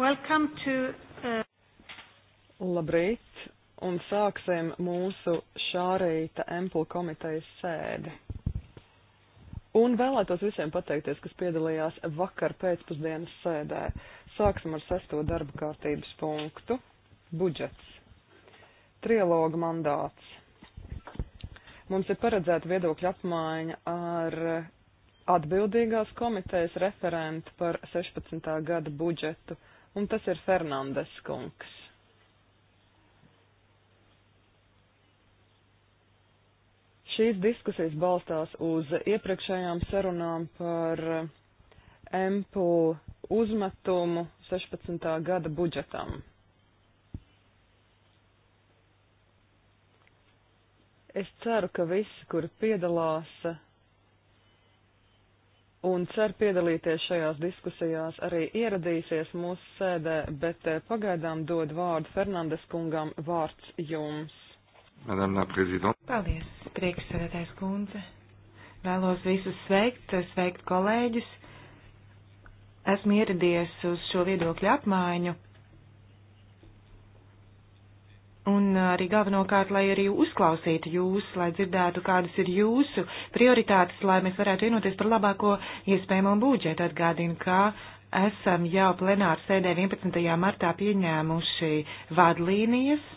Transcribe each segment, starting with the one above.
Welcome to. Uh... Labrīt, un sāksim mūsu šā rīta Empula komitejas sēdi. Un vēlētos visiem pateikties, kas piedalījās vakar pēcpusdienas sēdē. Sāksim ar sesto darba kārtības punktu - budžets. Trialoga mandāts. Mums ir paredzēta viedokļa apmaiņa ar atbildīgās komitejas referentu par 16. gada budžetu un tas ir Fernandes kungs. Šīs diskusijas balstās uz iepriekšējām sarunām par MPU uzmetumu 16. gada budžetam. Es ceru, ka visi, kuri piedalās un cer piedalīties šajās diskusijās arī ieradīsies mūsu sēdē, bet eh, pagaidām dod vārdu Fernandes kungam vārds jums. Madame la Présidente. Paldies, priekšsēdētājs kundze. Vēlos visus sveikt, sveikt kolēģus. Esmu ieradies uz šo viedokļu apmaiņu Un arī galvenokārt, lai arī uzklausītu jūs, lai dzirdētu, kādas ir jūsu prioritātes, lai mēs varētu vienoties par labāko iespējamo budžetu. Atgādinu, ka esam jau plenāru sēdē 11. martā pieņēmuši vadlīnijas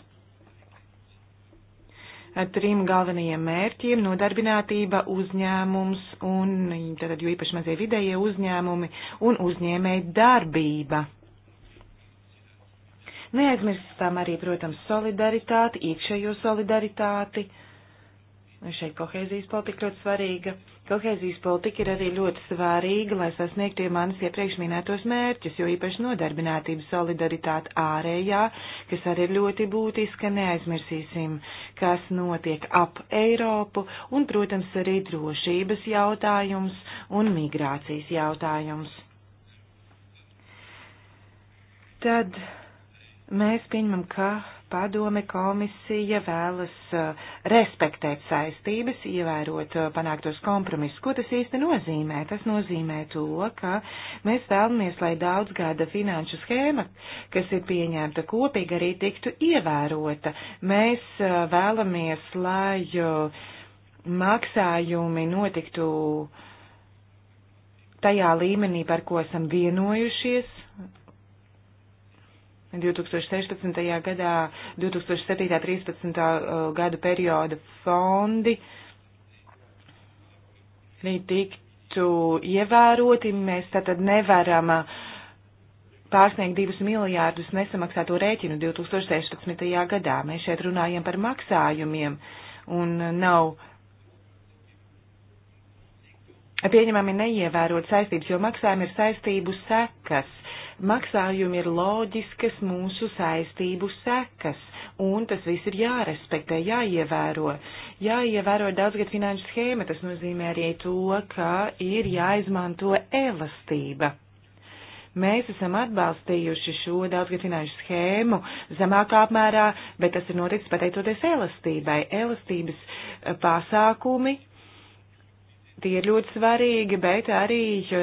trim galvenajiem mērķiem - nodarbinātība, uzņēmums un, tad, jo īpaši mazie vidējie uzņēmumi un uzņēmēji darbība. Neaizmirstam arī, protams, solidaritāti, iekšējo solidaritāti. Un šeit kohēzijas politika ļoti svarīga. Kohēzijas politika ir arī ļoti svarīga, lai sasniegtu manis iepriekš minētos mērķus, jo īpaši nodarbinātības solidaritāte ārējā, kas arī ir ļoti būtiska, neaizmirsīsim, kas notiek ap Eiropu, un, protams, arī drošības jautājums un migrācijas jautājums. Tad Mēs pieņemam, ka padome komisija vēlas uh, respektēt saistības, ievērot uh, panāktos kompromisus. Ko tas īsti nozīmē? Tas nozīmē to, ka mēs vēlamies, lai daudzgada finanšu schēma, kas ir pieņemta kopīgi, arī tiktu ievērota. Mēs uh, vēlamies, lai maksājumi notiktu tajā līmenī, par ko esam vienojušies 2016. gadā 2007.13. Uh, gadu perioda fondi arī tiktu ievēroti. Mēs tātad nevaram uh, pārsniegt 2 miljārdus nesamaksāto rēķinu 2016. gadā. Mēs šeit runājam par maksājumiem un nav pieņemami neievērot saistības, jo maksājumi ir saistību sekas maksājumi ir loģiskas mūsu saistību sekas, un tas viss ir jārespektē, jāievēro. Jāievēro daudzgad finanšu schēma, tas nozīmē arī to, ka ir jāizmanto elastība. Mēs esam atbalstījuši šo daudzgad finanšu schēmu zemākā apmērā, bet tas ir noticis pateicoties elastībai. Elastības pasākumi Tie ir ļoti svarīgi, bet arī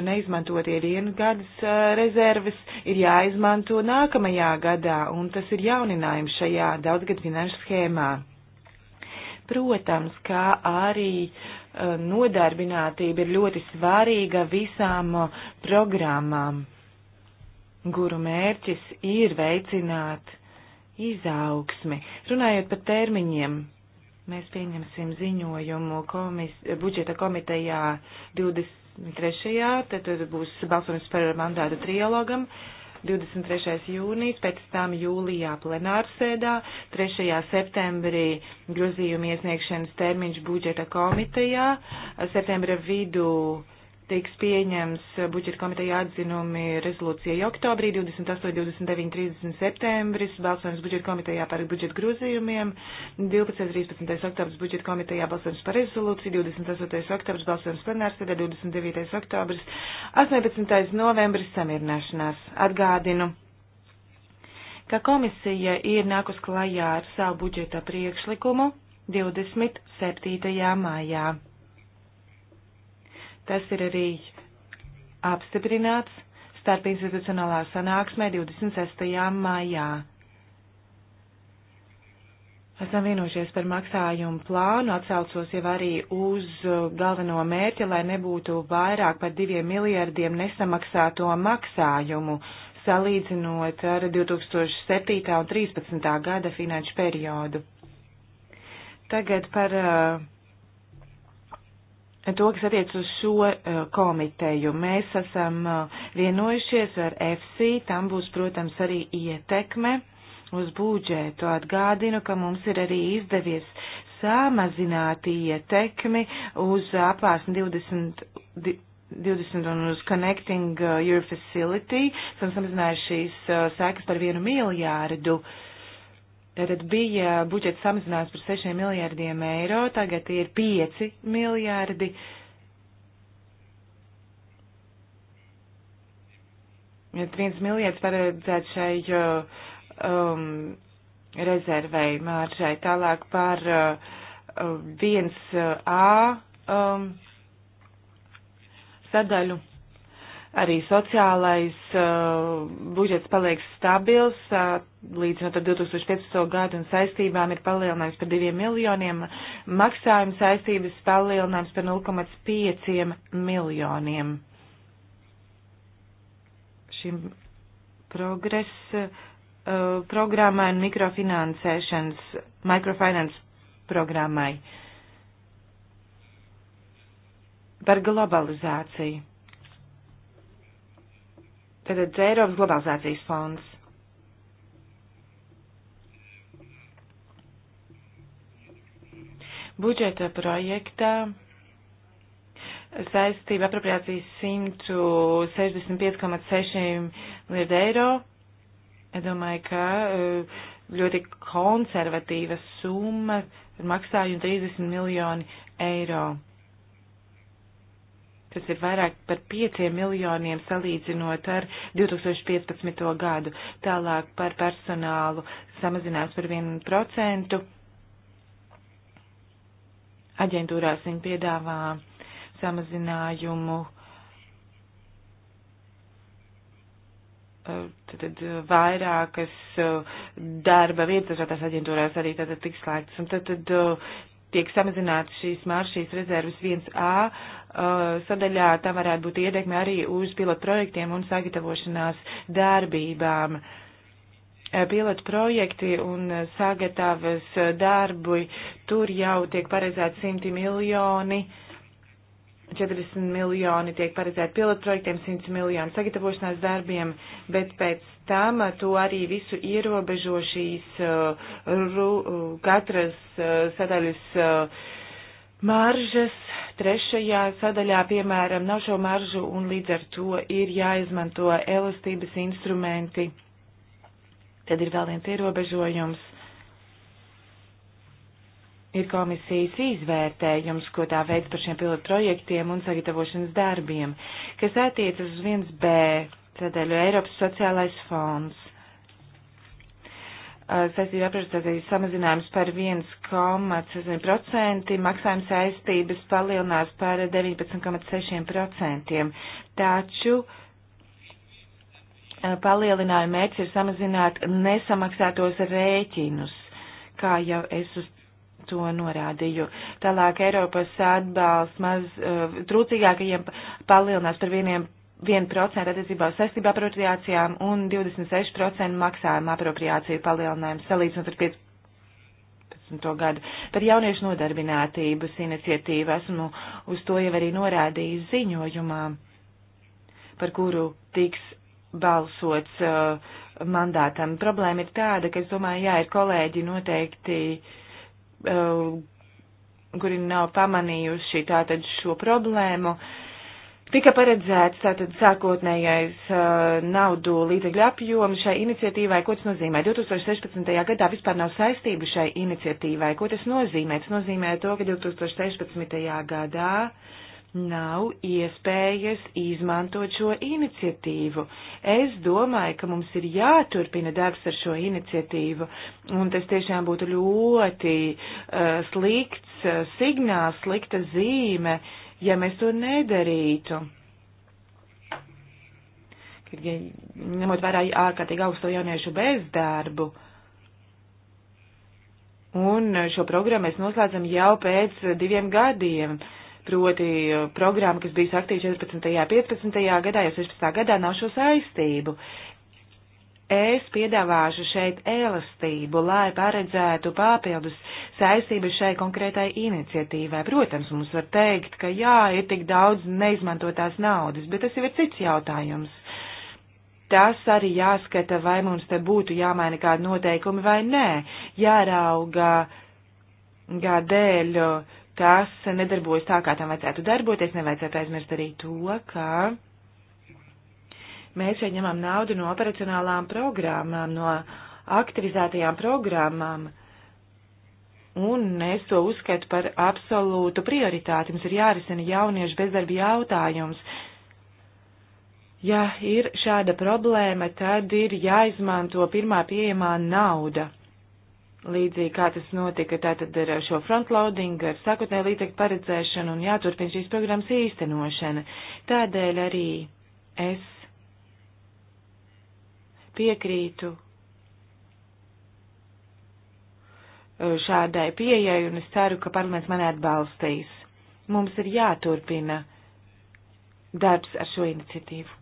neizmantotie vienu gadus rezerves ir jāizmanto nākamajā gadā, un tas ir jauninājums šajā daudzgad finanšu schēmā. Protams, kā arī nodarbinātība ir ļoti svarīga visām programmām, kuru mērķis ir veicināt izaugsmi. Runājot par termiņiem, Mēs pieņemsim ziņojumu komis, budžeta komitejā 23. Tad, tad būs balsojums par mandātu trialogam. 23. jūnijas, pēc tam jūlijā plenārsēdā, 3. septembrī grozījuma iesniegšanas termiņš budžeta komitejā, septembra vidū tiks pieņems budžeta komiteja atzinumi rezolūcijai oktobrī, 28, 29, 30 septembris, balsojums budžeta komitejā par budžeta grozījumiem, 12, 13 oktobrs budžeta komitejā balsojums par rezolūciju, 28 oktobrs balsojums plenārsēdē, 29 oktobrs, 18 novembris samierināšanās. Atgādinu ka komisija ir nākus klajā ar savu budžeta priekšlikumu 27. maijā. Tas ir arī apstiprināts starp institucionālā sanāksmē 26. maijā. Esam vienojušies par maksājumu plānu, atsaucos jau arī uz galveno mērķi, lai nebūtu vairāk par diviem miljardiem nesamaksāto maksājumu, salīdzinot ar 2007. un 2013. gada finanšu periodu. Tagad par uh, to, kas attiec uz šo eh, komiteju. Mēs esam eh, vienojušies ar FC, tam būs, protams, arī ietekme uz būdžetu. Atgādinu, ka mums ir arī izdevies samazināt ietekmi uz apārsni 20. 20 un uz Connecting Your eh, Facility, esam samazinājuši šīs sekas par vienu miljārdu uh, Tad bija budžets samazināts par 6 miljārdiem eiro, tagad ir 5 miljārdi. Bet viens miljards paredzēts šai um, rezervei māršai. Tālāk par uh, 1A uh, um, sadaļu arī sociālais uh, budžets paliek stabils uh, līdz no 2015. gadu un saistībām ir palielinājums par 2 miljoniem, maksājuma saistības palielinājums par 0,5 miljoniem. Šim progres uh, programmai un mikrofinansēšanas, mikrofinance programmai par globalizāciju Tātad Eiropas globalizācijas fonds. Budžeta projektā saistība apropriācijas 165,6 miljardu eiro. Es domāju, ka eh, ļoti konservatīva summa maksājuma 30 miljoni eiro. Tas ir vairāk par 5 miljoniem salīdzinot ar 2015. gadu. Tālāk par personālu samazinās par 1%. Aģentūrās viņi piedāvā samazinājumu tad vairākas darba vietas dažādās aģentūrās arī tātad tiks slēgtas. Un tad, tad tiek samazināts šīs maršīs rezervas 1A Uh, sadaļā tā varētu būt iedegme arī uz pilotu projektiem un sagatavošanās darbībām. Uh, pilotu projekti un sagatavas darbi, tur jau tiek paredzēti 100 miljoni, 40 miljoni tiek paredzēti pilotu projektiem, 100 miljoni sagatavošanās darbiem, bet pēc tam to arī visu ierobežo šīs uh, katras sadaļas maržas. Trešajā sadaļā, piemēram, nav šo maržu un līdz ar to ir jāizmanto elastības instrumenti. Tad ir vēl viens ierobežojums. Ir komisijas izvērtējums, ko tā veids par šiem pilotu projektiem un sagatavošanas darbiem, kas attiecas uz 1B sadaļu Eiropas sociālais fonds. Uh, saistību apreizācijas samazinājums par 1,6%, maksājuma saistības palielinās par 19,6%. Taču uh, palielinājuma mērķis ir samazināt nesamaksātos rēķinus, kā jau es uz to norādīju. Tālāk Eiropas atbalsts maz uh, trūcīgākajiem palielinās par vieniem 1% attiecībā uz saistību apropriācijām un 26% maksājumu apropriāciju palielinājumu salīdzinot ar 15. gadu. Par jauniešu nodarbinātības iniciatīvu nu, esmu uz to jau arī norādījis ziņojumā, par kuru tiks balsots uh, mandātam. Problēma ir tāda, ka es domāju, jā, ir kolēģi noteikti. Uh, kuri nav pamanījuši tātad šo problēmu, uh, Tika paredzēts tātad sākotnējais uh, naudu līdzekļu apjoms šai iniciatīvai. Ko tas nozīmē? 2016. gadā vispār nav saistību šai iniciatīvai. Ko tas nozīmē? Tas nozīmē to, ka 2016. gadā nav iespējas izmantot šo iniciatīvu. Es domāju, ka mums ir jāturpina darbs ar šo iniciatīvu, un tas tiešām būtu ļoti uh, slikts uh, signāls, slikta zīme. Uh, ja mēs to nedarītu. Kad, ja ņemot vērā ārkārtīgi augsto jauniešu bezdarbu, un šo programmu mēs noslēdzam jau pēc diviem gadiem, proti programma, kas bija aktīva 14. un 15. gadā, jau 16. gadā nav šo saistību es piedāvāšu šeit elastību, lai paredzētu papildus saistības šai konkrētai iniciatīvai. Protams, mums var teikt, ka jā, ir tik daudz neizmantotās naudas, bet tas jau ir cits jautājums. Tas arī jāskata, vai mums te būtu jāmaina kādi noteikumi vai nē, jārauga gādēļ, kas nedarbojas tā, kā tam vajadzētu darboties, nevajadzētu aizmirst arī to, ka. Kā Mēs ieņemam naudu no operacionālām programmām, no aktivizētajām programmām. Un es to uzskatu par absolūtu prioritāti. Mums ir jārisina jauniešu bezdarbi jautājums. Ja ir šāda problēma, tad ir jāizmanto pirmā pieejamā nauda. Līdzīgi kā tas notika tātad ar šo frontloading, ar sakotnēju līdzekļu paredzēšanu un jāturpina šīs programmas īstenošana. Tādēļ arī es piekrītu e, šādai pieejai, un es ceru, ka parlaments mani atbalstīs. Mums ir jāturpina darbs ar šo iniciatīvu.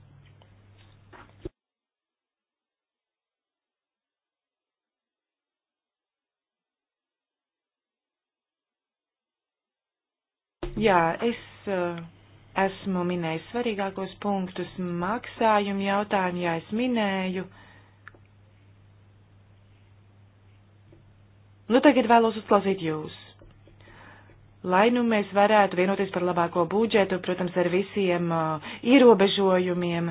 Jā, es uh, esmu minējis svarīgākos punktus maksājumu jautājumu, jā, es minēju. Uh, Nu, tagad vēlos uzklausīt jūs. Lai nu mēs varētu vienoties par labāko budžetu, protams, ar visiem uh, ierobežojumiem,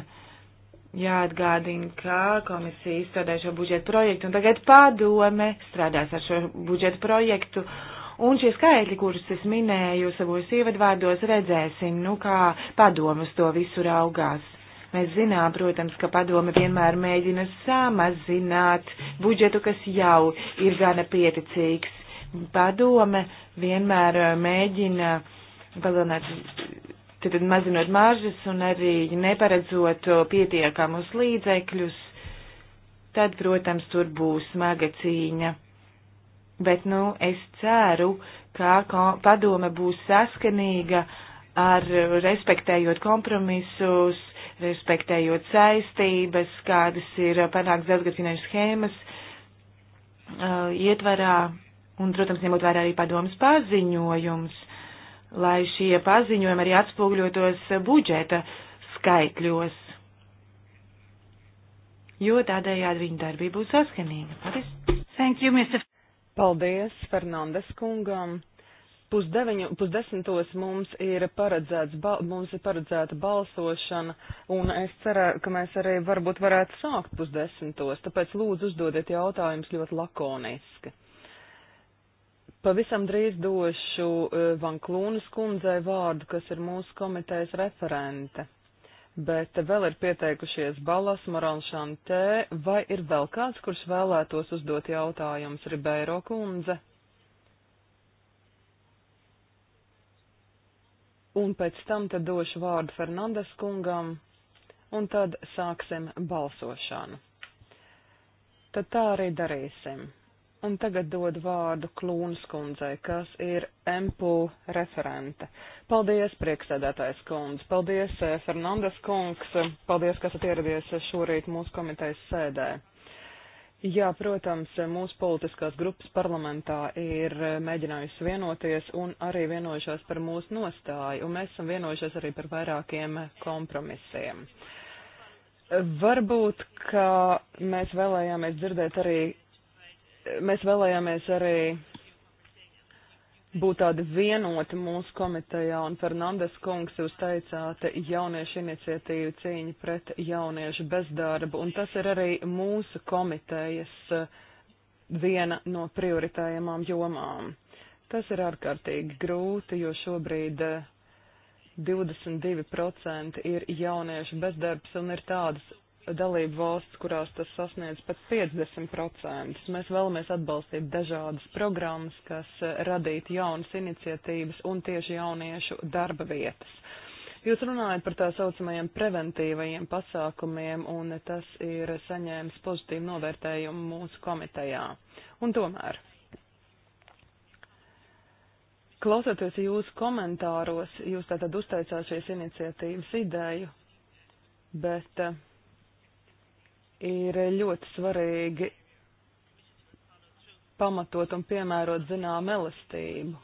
jāatgādina, ka komisija izstrādāja šo budžetu projektu, un tagad padome strādās ar šo budžetu projektu. Un šie skaitļi, kurus es minēju savos ievadvārdos, redzēsim, nu kā padomus to visu raugās. Mēs zinām, protams, ka padome vienmēr mēģina samazināt budžetu, kas jau ir gana pieticīgs. Padome vienmēr mēģina palielināt, tad mazinot maržas un arī neparedzot pietiekamus līdzekļus. Tad, protams, tur būs smaga cīņa. Bet, nu, es ceru, ka padome būs saskanīga ar respektējot kompromisus respektējot saistības, kādas ir panākts daudzgad finanšu schēmas uh, ietvarā un, protams, ņemot vērā arī padomas paziņojums, lai šie paziņojumi arī atspūgļotos budžeta skaitļos, jo tādējādi viņa darbība būs saskanīga. Paldies! Thank you, Mr. Paldies Fernandes kungam! Pusdeviņu, pusdesmitos mums ir, paredzēts, mums ir paredzēta balsošana, un es ceru, ka mēs arī varbūt varētu sākt pusdesmitos, tāpēc lūdzu uzdodiet jautājumus ļoti lakoniski. Pavisam drīz došu e, Vanklūnas kundzei vārdu, kas ir mūsu komitejas referente, bet vēl ir pieteikušies Balas, Maranšantē, vai ir vēl kāds, kurš vēlētos uzdot jautājumus Ribeiro kundze? un pēc tam tad došu vārdu Fernandes kungam, un tad sāksim balsošanu. Tad tā arī darīsim. Un tagad dodu vārdu Klūnas kundzei, kas ir MPU referente. Paldies, prieksēdētājs kundze. Paldies, eh, Fernandes kungs. Paldies, kas esat ieradies šorīt mūsu komitejas sēdē. Jā, protams, mūsu politiskās grupas parlamentā ir mēģinājusi vienoties un arī vienojušās par mūsu nostāju, un mēs esam vienojušies arī par vairākiem kompromisiem. Varbūt, ka mēs vēlējāmies dzirdēt arī, mēs vēlējāmies arī būt tādi vienoti mūsu komitejā, un Fernandes kungs jūs teicāt jauniešu iniciatīvu cīņa pret jauniešu bezdarbu, un tas ir arī mūsu komitejas eh, viena no prioritējumām jomām. Tas ir ārkārtīgi grūti, jo šobrīd 22% eh, ir jauniešu bezdarbs un ir tādas dalību valsts, kurās tas sasniedz pat 50%. Mēs vēlamies atbalstīt dažādas programmas, kas eh, radītu jaunas iniciatīvas un tieši jauniešu darba vietas. Jūs runājat par tā saucamajiem preventīvajiem pasākumiem, un tas ir saņēmis pozitīvu novērtējumu mūsu komitejā. Un tomēr, klausoties jūsu komentāros, jūs tātad uzteicāt šīs iniciatīvas ideju, bet uh, ir ļoti svarīgi pamatot un piemērot zinām elastību.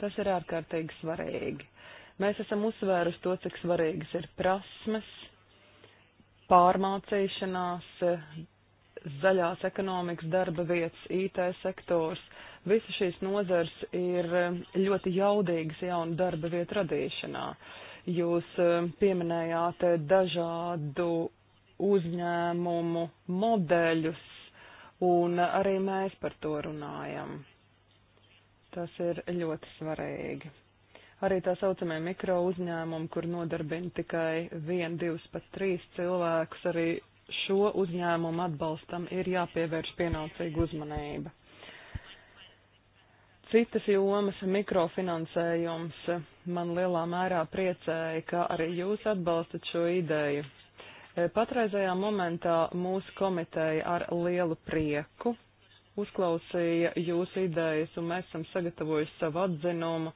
Tas ir ārkārtīgi svarīgi. Mēs esam uzsvēruši to, cik svarīgas ir prasmes, pārmācīšanās, zaļās ekonomikas darba vietas, IT sektors. Visi šīs nozars ir ļoti jaudīgas jaunu darba vietu radīšanā. Jūs eh, pieminējāt eh, dažādu uzņēmumu modeļus, un arī mēs par to runājam. Tas ir ļoti svarīgi. Arī tā saucamie mikro uzņēmumi, kur nodarbina tikai vien, divus, pat trīs cilvēkus, arī šo uzņēmumu atbalstam ir jāpievērš pienācīga uzmanība. Citas jomas mikrofinansējums man lielā mērā priecēja, ka arī jūs atbalstat šo ideju. E, patreizajā momentā mūsu komiteja ar lielu prieku uzklausīja jūsu idejas, un mēs esam sagatavojuši savu atzinumu.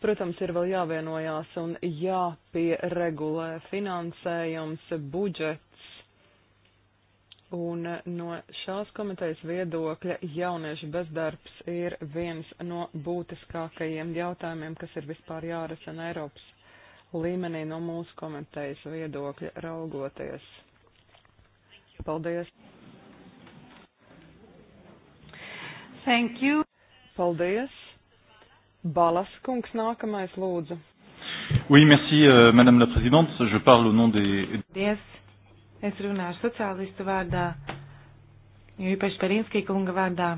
Protams, ir vēl jāvienojās un jāpieregulē finansējums, budžets. Un e, no šās komitejas viedokļa jauniešu bezdarbs ir viens no būtiskākajiem jautājumiem, kas ir vispār jārisina Eiropas līmenī no mūsu komitejas viedokļa raugoties. Paldies! Thank you! Paldies! Balas kungs nākamais lūdzu. Oui, merci, euh, madame la présidente. Je parle au nom des... Paldies! Es runāju sociālistu vārdā, jo īpaši par Inskī kunga vārdā.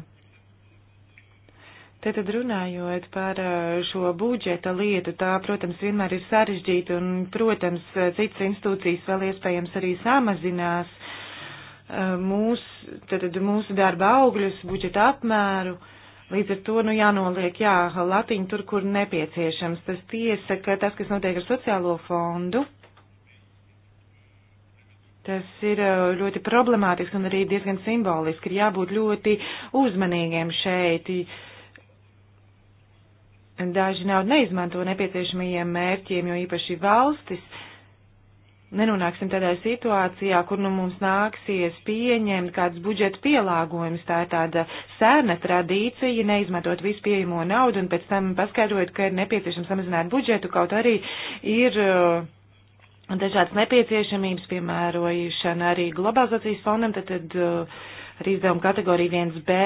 Tātad runājot par uh, šo budžeta lietu, tā, protams, vienmēr ir sarežģīta un, protams, uh, citas institūcijas vēl iespējams arī samazinās uh, mūsu, tātad, mūsu darba augļus, budžeta apmēru. Līdz ar to, nu, jānoliek, jā, latiņu tur, kur nepieciešams. Tas tiesa, ka tas, kas notiek ar sociālo fondu, Tas ir ļoti problemātisks un arī diezgan simboliski. Ir jābūt ļoti uzmanīgiem šeit. Uh, daži naudu neizmanto nepieciešamajiem mērķiem, jo īpaši valstis nenonāksim tādā situācijā, kur nu mums nāksies pieņemt kāds budžeta pielāgojums. Tā ir tāda sērna tradīcija, neizmantot visu pieejamo naudu un pēc tam paskaidrojot, ka ir nepieciešams samazināt budžetu, kaut arī ir uh, dažādas nepieciešamības, piemērojušana arī globalizācijas fondam, tad, tad uh, arī izdevuma kategorija 1B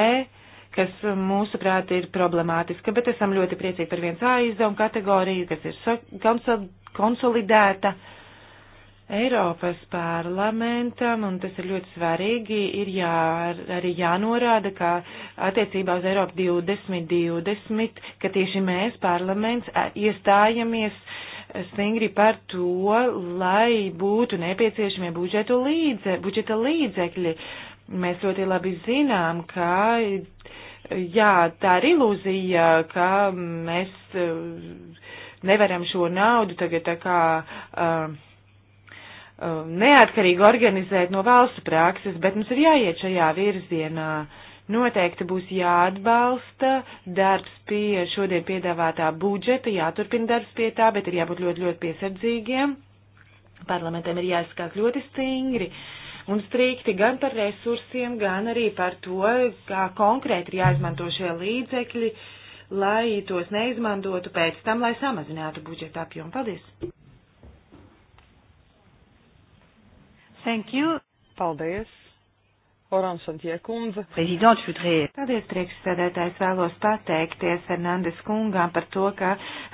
kas eh, mūsuprāt ir problemātiska, bet esam ļoti priecīgi par viens A izdevumu kategoriju, kas ir konsolidēta Eiropas parlamentam, un tas ir ļoti svarīgi, ir jā, arī jānorāda, ka attiecībā uz Eiropu 2020, ka tieši mēs, parlaments, iestājamies stingri par to, lai būtu nepieciešamie budžeta līdzekļi. Mēs ļoti labi zinām, ka jā, tā ir ilūzija, ka mēs eh, nevaram šo naudu tagad tā kā uh, neatkarīgi organizēt no valstu prakses, bet mums ir jāiet šajā virzienā. Noteikti būs jāatbalsta darbs pie šodien piedāvātā budžeta, jāturpina darbs pie tā, bet ir jābūt ļoti, ļoti piesardzīgiem. Parlamentiem ir jāizskāk ļoti stingri. Uh, un strikti gan par resursiem, gan arī par to, kā konkrēti ir jāizmanto šie līdzekļi, lai tos neizmantotu pēc tam, lai samazinātu budžeta apjomu. Paldies! Thank you! Paldies! Orāns un Tiekundze. Prezidents, šutrē. Paldies, priekšsēdētājs, vēlos pateikties Fernandes kungām par to, ka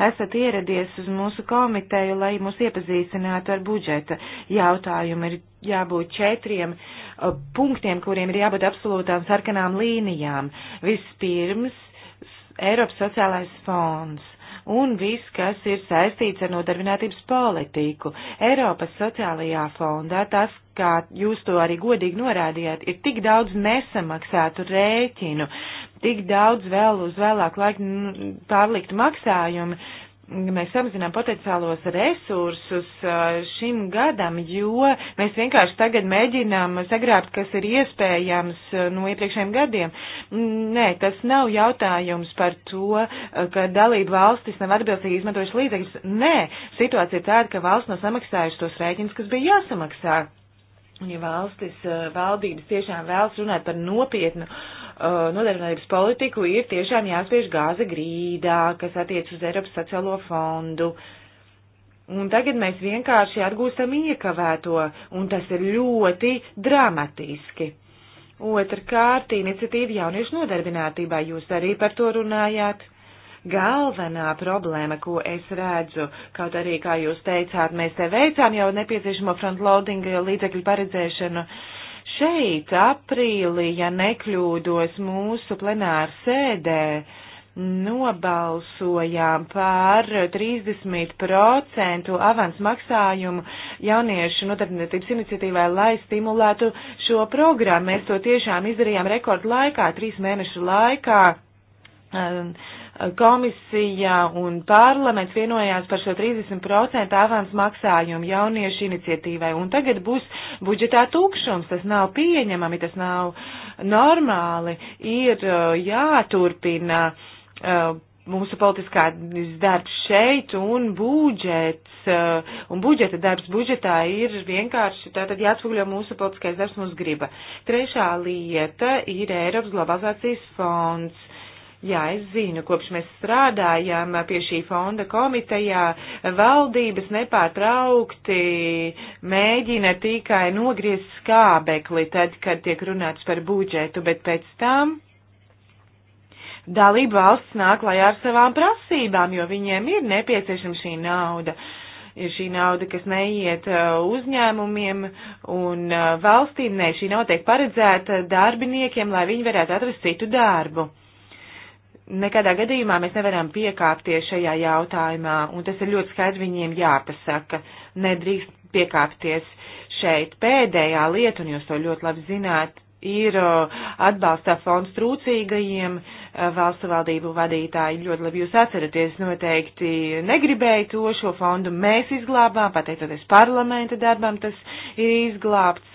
esat ieradies uz mūsu komiteju, lai mūs iepazīstinātu ar budžeta jautājumu. Ir jābūt četriem uh, punktiem, kuriem ir jābūt absolūtām sarkanām līnijām. Vispirms, Eiropas sociālais fonds un viss, kas ir saistīts ar nodarbinātības politiku. Eiropas sociālajā fondā tas, kā jūs to arī godīgi norādījāt, ir tik daudz nesamaksātu rēķinu, tik daudz vēl uz vēlāku laiku pārlikt maksājumi, mēs samazinām potenciālos resursus uh, šim gadam, jo mēs vienkārši tagad mēģinām sagrābt, kas ir iespējams uh, no iepriekšējiem gadiem. Mm, nē, tas nav jautājums par to, uh, ka dalība valstis nav atbilstīgi izmantojuši līdzekļus. Nē, situācija ir tāda, ka valsts nav samaksājuši tos rēķinus, kas bija jāsamaksā. Un ja valstis, valdības tiešām vēlas runāt par nopietnu uh, nodarbinātības politiku ir tiešām jāspiež gāza grīdā, kas attiec uz Eiropas sociālo fondu. Un tagad mēs vienkārši atgūstam iekavēto, un tas ir ļoti dramatiski. Otrkārt, iniciatīva jauniešu nodarbinātībā jūs arī par to runājāt. Galvenā problēma, ko es redzu, kaut arī, kā jūs teicāt, mēs te veicām jau nepieciešamo frontloading līdzekļu paredzēšanu, uh, Šeit aprīlī, ja nekļūdos, mūsu plenāra sēdē nobalsojām par 30% avans maksājumu jauniešu nodarbinātības iniciatīvai, lai stimulētu šo programmu. Mēs to tiešām izdarījām rekord laikā, trīs mēnešu laikā. Ehm, komisija un parlaments vienojās par šo 30% avans maksājumu jauniešu iniciatīvai, un tagad būs budžetā tūkšums, tas nav pieņemami, tas nav normāli, ir uh, jāturpina uh, mūsu politiskā darbs šeit un budžets, uh, un budžeta darbs budžetā ir vienkārši tātad jāatspūgļo mūsu politiskais darbs mūsu griba. Trešā lieta ir Eiropas globalizācijas fonds Jā, es zinu, kopš mēs strādājam pie šī fonda komitejā, valdības nepārtraukti mēģina tikai nogriezt skābekli tad, kad tiek runāts par budžetu, bet pēc tam dalība valsts nāk lajā ar savām prasībām, jo viņiem ir nepieciešama šī nauda. Ir šī nauda, kas neiet uh, uzņēmumiem un uh, valstīm, nē, šī nauda tiek paredzēta darbiniekiem, lai viņi varētu atrast citu darbu. Nekādā gadījumā mēs nevaram piekāpties šajā jautājumā, un tas ir ļoti skaidri viņiem jāpasaka. Nedrīkst piekāpties šeit. Pēdējā lieta, un jūs to ļoti labi zināt, ir atbalsta fonds trūcīgajiem valstu valdību vadītāji. Ļoti labi jūs atceraties, noteikti negribēju to šo fondu. Mēs izglābām, pateicoties parlamenta darbam, tas ir izglābts.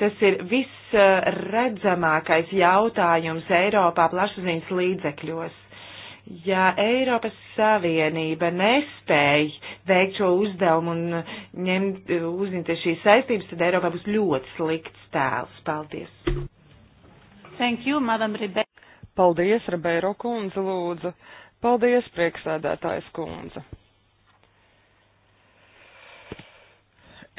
Tas ir visredzamākais jautājums Eiropā plašsaziņas līdzekļos. Ja Eiropas Savienība nespēj veikt šo uzdevumu un ņemt, uzņemties šīs saistības, tad Eiropā būs ļoti slikts tēls. Paldies! Thank you, Madam Ribeiro. Paldies, Ribeiro kundze, lūdzu. Paldies, prieksēdētājs kundze.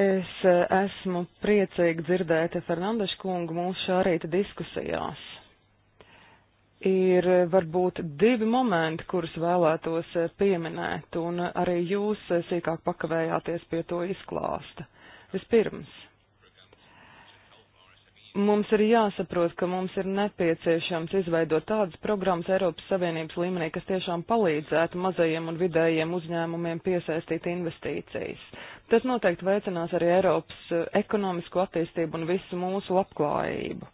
Es esmu priecīgi dzirdēt Fernandešu kungu mūsu šā rīta diskusijās. Ir varbūt divi momenti, kurus vēlētos pieminēt, un arī jūs sīkāk pakavējāties pie to izklāsta. Vispirms, Mums ir jāsaprot, ka mums ir nepieciešams izveidot tādas programmas Eiropas Savienības līmenī, kas tiešām palīdzētu mazajiem un vidējiem uzņēmumiem piesaistīt investīcijas. Tas noteikti veicinās arī Eiropas eh, ekonomisko attīstību un visu mūsu labklājību.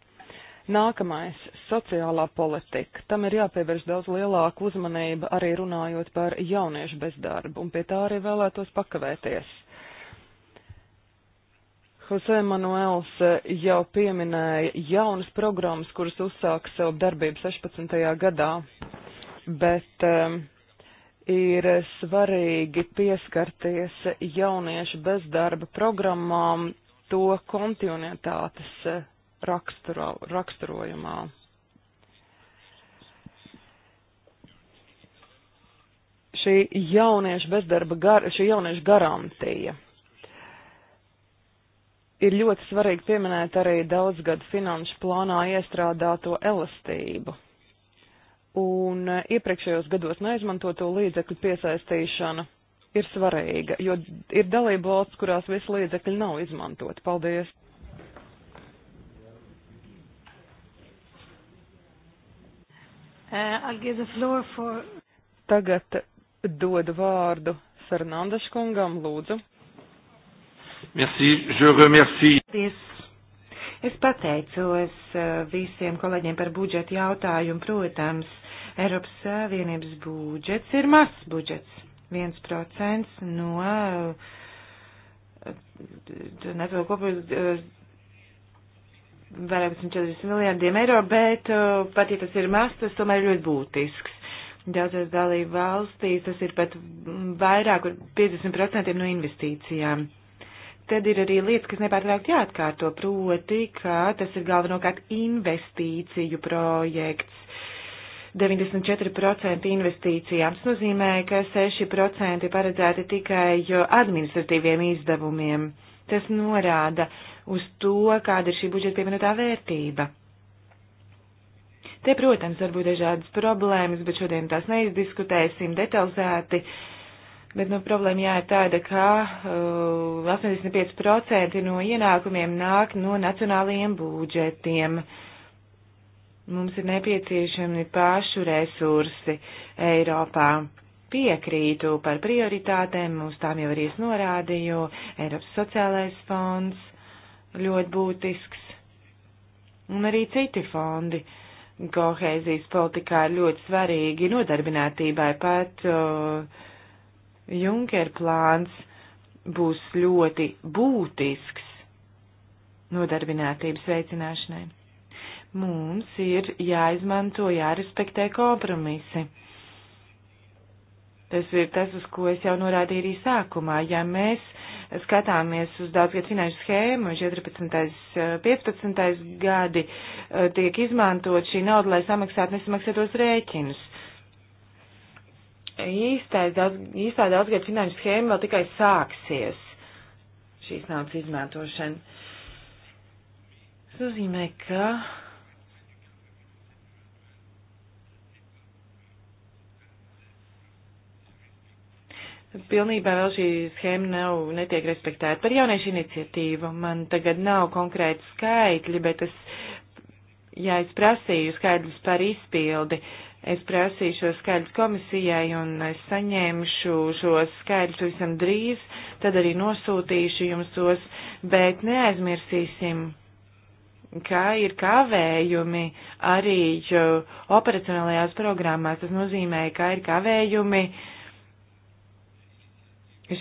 Nākamais - sociālā politika. Tam ir jāpievērš daudz lielāka uzmanība arī runājot par jauniešu bezdarbu, un pie tā arī vēlētos pakavēties. Jose Manuels eh, jau pieminēja jaunas programmas, kuras uzsāka savu darbību 16. gadā, bet um, ir svarīgi pieskarties jauniešu bezdarba programmām to kontinuitātes eh, raksturo, raksturojumā. Šī jauniešu bezdarba gar, šī jauniešu garantija ir ļoti svarīgi pieminēt arī daudzgadu finanšu plānā iestrādāto elastību. Un e, iepriekšējos gados neizmantoto līdzekļu piesaistīšana ir svarīga, jo ir dalība valsts, kurās visi līdzekļi nav izmantoti. Paldies! Uh, for... Tagad dodu vārdu Fernandes kungam, lūdzu. Merci, je remercie. Paldies. Es pateicos eh, visiem kolēģiem par budžetu jautājumu. Protams, Eiropas Savienības budžets ir mazs budžets. 1% no eh, neto kopīgas eh, vairāk 140 miljārdiem eiro, bet pat ja tas ir mazs, tas tomēr ir ļoti būtisks. Daudzās dalību valstīs tas ir pat mm, vairāk, 50% no investīcijām tad ir arī lietas, kas nepārtraukti jāatkārto, proti, ka tas ir galvenokārt investīciju projekts. 94% investīcijām. Tas nozīmē, ka 6% paredzēti tikai administratīviem izdevumiem. Tas norāda uz to, kāda ir šī budžeta pievienotā vērtība. Te, protams, var būt dažādas problēmas, bet šodien tās neizdiskutēsim detalizēti. Uh, Bet nu, problēma jā, ir tāda, ka uh, 85% no ienākumiem nāk no nacionālajiem būdžetiem. Mums ir nepieciešami pašu resursi Eiropā. Piekrītu par prioritātēm, uz tām jau arī es norādīju. Eiropas sociālais fonds ļoti būtisks. Un arī citi fondi. Kohēzijas politikā ir ļoti svarīgi nodarbinātībai pat. Uh, Junker plāns būs ļoti būtisks nodarbinātības veicināšanai. Mums ir jāizmanto, jārespektē kompromisi. Tas ir tas, uz ko es jau norādīju arī sākumā. Ja mēs skatāmies uz daudzgad finanšu schēmu, 14. 15. Eh, gadi eh, tiek izmantot šī nauda, lai samaksātu nesamaksātos rēķinus īstais daudz, īstā daudzgad finanšu schēma vēl tikai sāksies šīs naudas izmantošana. Tas nozīmē, ka Pilnībā vēl šī schēma nav, netiek respektēta par jauniešu iniciatīvu. Man tagad nav konkrēti skaitļi, bet es, ja es prasīju skaidrs par izpildi, uh, Es prasīju šo skaidru komisijai un es saņēmušu šo skaidru visam drīz, tad arī nosūtīšu jums tos, bet neaizmirsīsim, ka ir kavējumi arī operacionālajās programmās. Tas nozīmē, ka ir kavējumi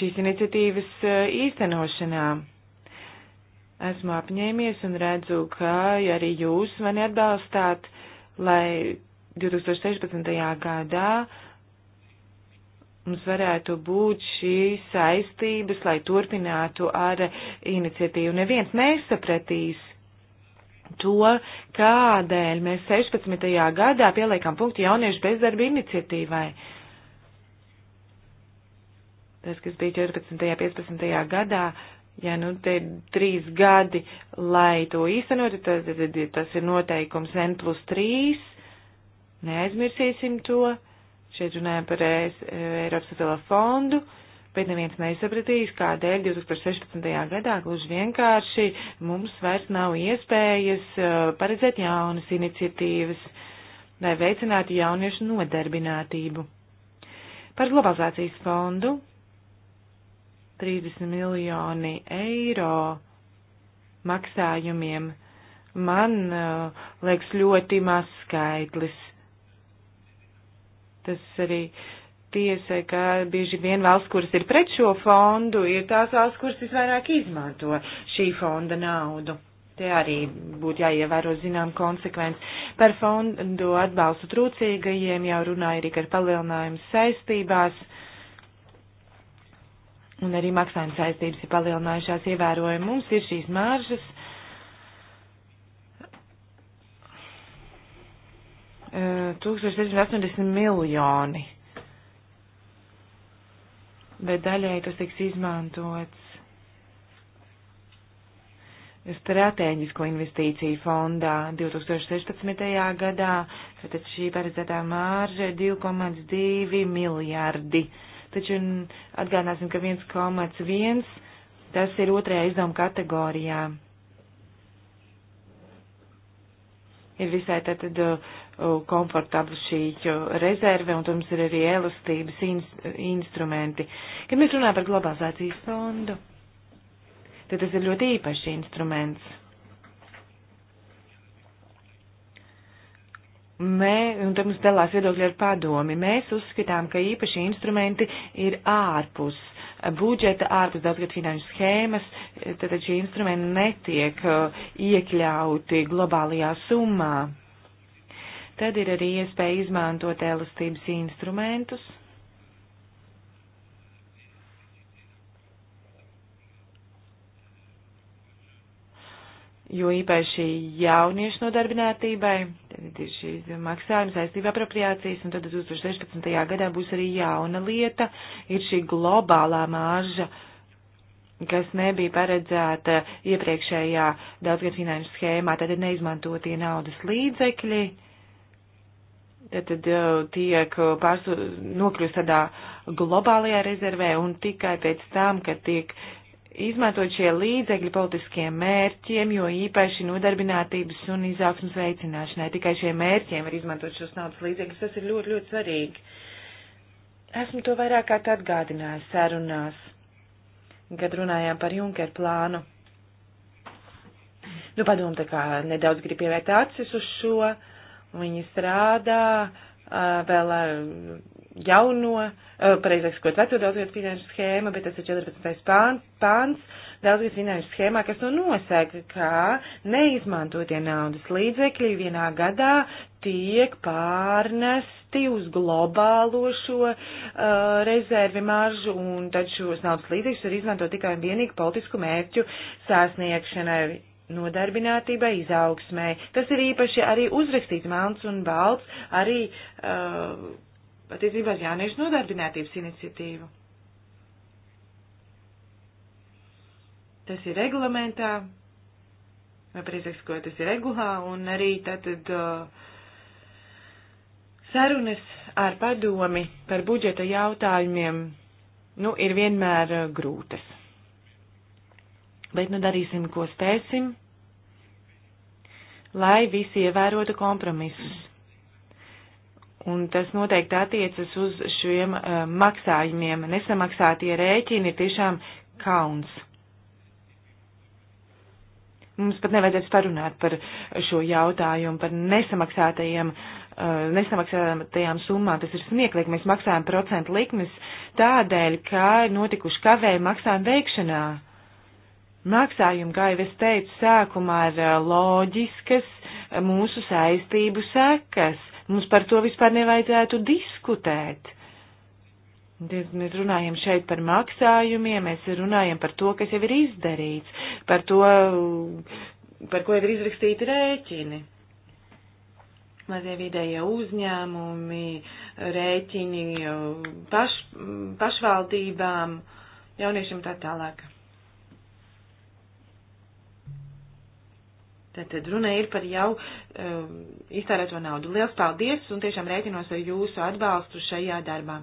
šīs iniciatīvas eh, īstenošanā esmu apņēmies un redzu, ka arī jūs mani atbalstāt, lai 2016. gadā mums varētu būt šīs saistības, lai turpinātu ar iniciatīvu. Neviens nesapratīs to, kādēļ mēs 16. gadā pieliekam punktu jauniešu bezdarba iniciatīvai. Tas, kas bija 14. un 15. gadā, ja nu te ir trīs gadi, lai to īstenotu, tad, tad, tad tas ir noteikums N plus 3 Neaizmirsīsim to. Šeit runājam par e, Eiropas sociālo fondu, bet neviens neizsapratīs, kādēļ 2016. gadā gluži vienkārši mums vairs nav iespējas e, paredzēt jaunas iniciatīvas, lai veicinātu jauniešu nodarbinātību. Par globalizācijas fondu 30 miljoni eiro maksājumiem man uh, liekas ļoti maz skaitlis. Tas arī tiesa, ka bieži vien valsts, kuras ir pret šo fondu, ir tās valsts, kuras visvairāk izmanto šī fonda naudu. Te arī būtu jāievēro zinām konsekvenci. Par fondu atbalstu trūcīgajiem jau runāja arī ar palielinājumu saistībās. Un arī maksājuma saistības ir palielinājušās ievērojami. Mums ir šīs māržas 1780 miljoni. Bet daļai tas tiks izmantots stratēģisko investīciju fondā 2016. gadā, tad šī paredzētā mārža 2,2 miljardi. Taču atgādāsim, ka 1,1 tas ir otrajā izdevuma kategorijā. Ir visai tātad. Uh, Uh, komfortabla šī rezerve, un, protams, ir arī elastības in instrumenti. Kad mēs runājam par globalizācijas fondu, tad tas ir ļoti īpašs instruments. Mē, un tad mums dalās viedokļi ar padomi. Mēs uzskatām, ka īpaši instrumenti ir ārpus budžeta, ārpus daudzgad finanšu schēmas, tad šie instrumenti netiek uh, iekļauti globālajā summā Tad ir arī iespēja izmantot elastības instrumentus. Jo īpaši jauniešu nodarbinātībai, tad ir šīs maksājums saistība apropriācijas, un tad 2016. gadā būs arī jauna lieta, ir šī globālā mārža, kas nebija paredzēta iepriekšējā daudzgad finanšu schēmā, tad ir neizmantotie naudas līdzekļi, uh, tad eh, tiek pārsu, nokļūst tādā globālajā rezervē un tikai pēc tam, kad tiek izmantot šie līdzekļi politiskiem mērķiem, jo īpaši nodarbinātības un izaugsmas veicināšanai, tikai šiem mērķiem var izmantot šos naudas līdzekļus, tas ir ļoti, ļoti svarīgi. Esmu to vairāk kārt atgādinājis sarunās, kad runājām par Junker plānu. Nu, padomu tā kā nedaudz grib pievērt acis uz šo. Uh, Viņi strādā vēl ar jauno, pareizāk sakot, veco daudzgadu finanšu schēmu, bet tas ir 14. pāns, pāns daudzgadu finanšu schēmā, kas nu nosaka, ka neizmantotie naudas līdzekļi vienā gadā tiek pārnesti uz globālo šo uh, rezervi maržu, un tad šos naudas līdzekļus var izmantot tikai un vienīgi politisku mērķu sasniegšanai nodarbinātībai, izaugsmai. Tas ir īpaši arī uzrakstīts melns un balts, arī uh, attiecībā uz jauniešu nodarbinātības iniciatīvu. Tas ir reglamentā, vai precīzāk, ko tas ir regulā, un arī tātad uh, sarunas ar padomi par budžeta jautājumiem, nu, ir vienmēr uh, grūtas bet nu darīsim, ko spēsim lai visi ievērotu kompromisus. Un tas noteikti attiecas uz šiem uh, maksājumiem. Nesamaksātie rēķini ir tiešām kauns. Mums pat nevajadzētu parunāt par šo jautājumu, par nesamaksātajiem, uh, nesamaksātajām summām. Tas ir smieklīgi, mēs maksājam procentu likmes tādēļ, ka ir notikuši kavēji maksājuma veikšanā. Uh, Maksājumi, kā jau es teicu, sākumā ir eh, loģiskas eh, mūsu saistību sekas. Mums par to vispār nevajadzētu diskutēt. Mēs runājam šeit par maksājumiem, mēs runājam par to, kas jau ir izdarīts, par to, par ko jau ir izrakstīti rēķini. Mazie vidējie uzņēmumi, rēķini paš, pašvaldībām, jauniešiem tā tālāk. Tātad runa ir par jau um, iztērēto naudu. Liels paldies un tiešām rēķinos ar jūsu atbalstu šajā darbā.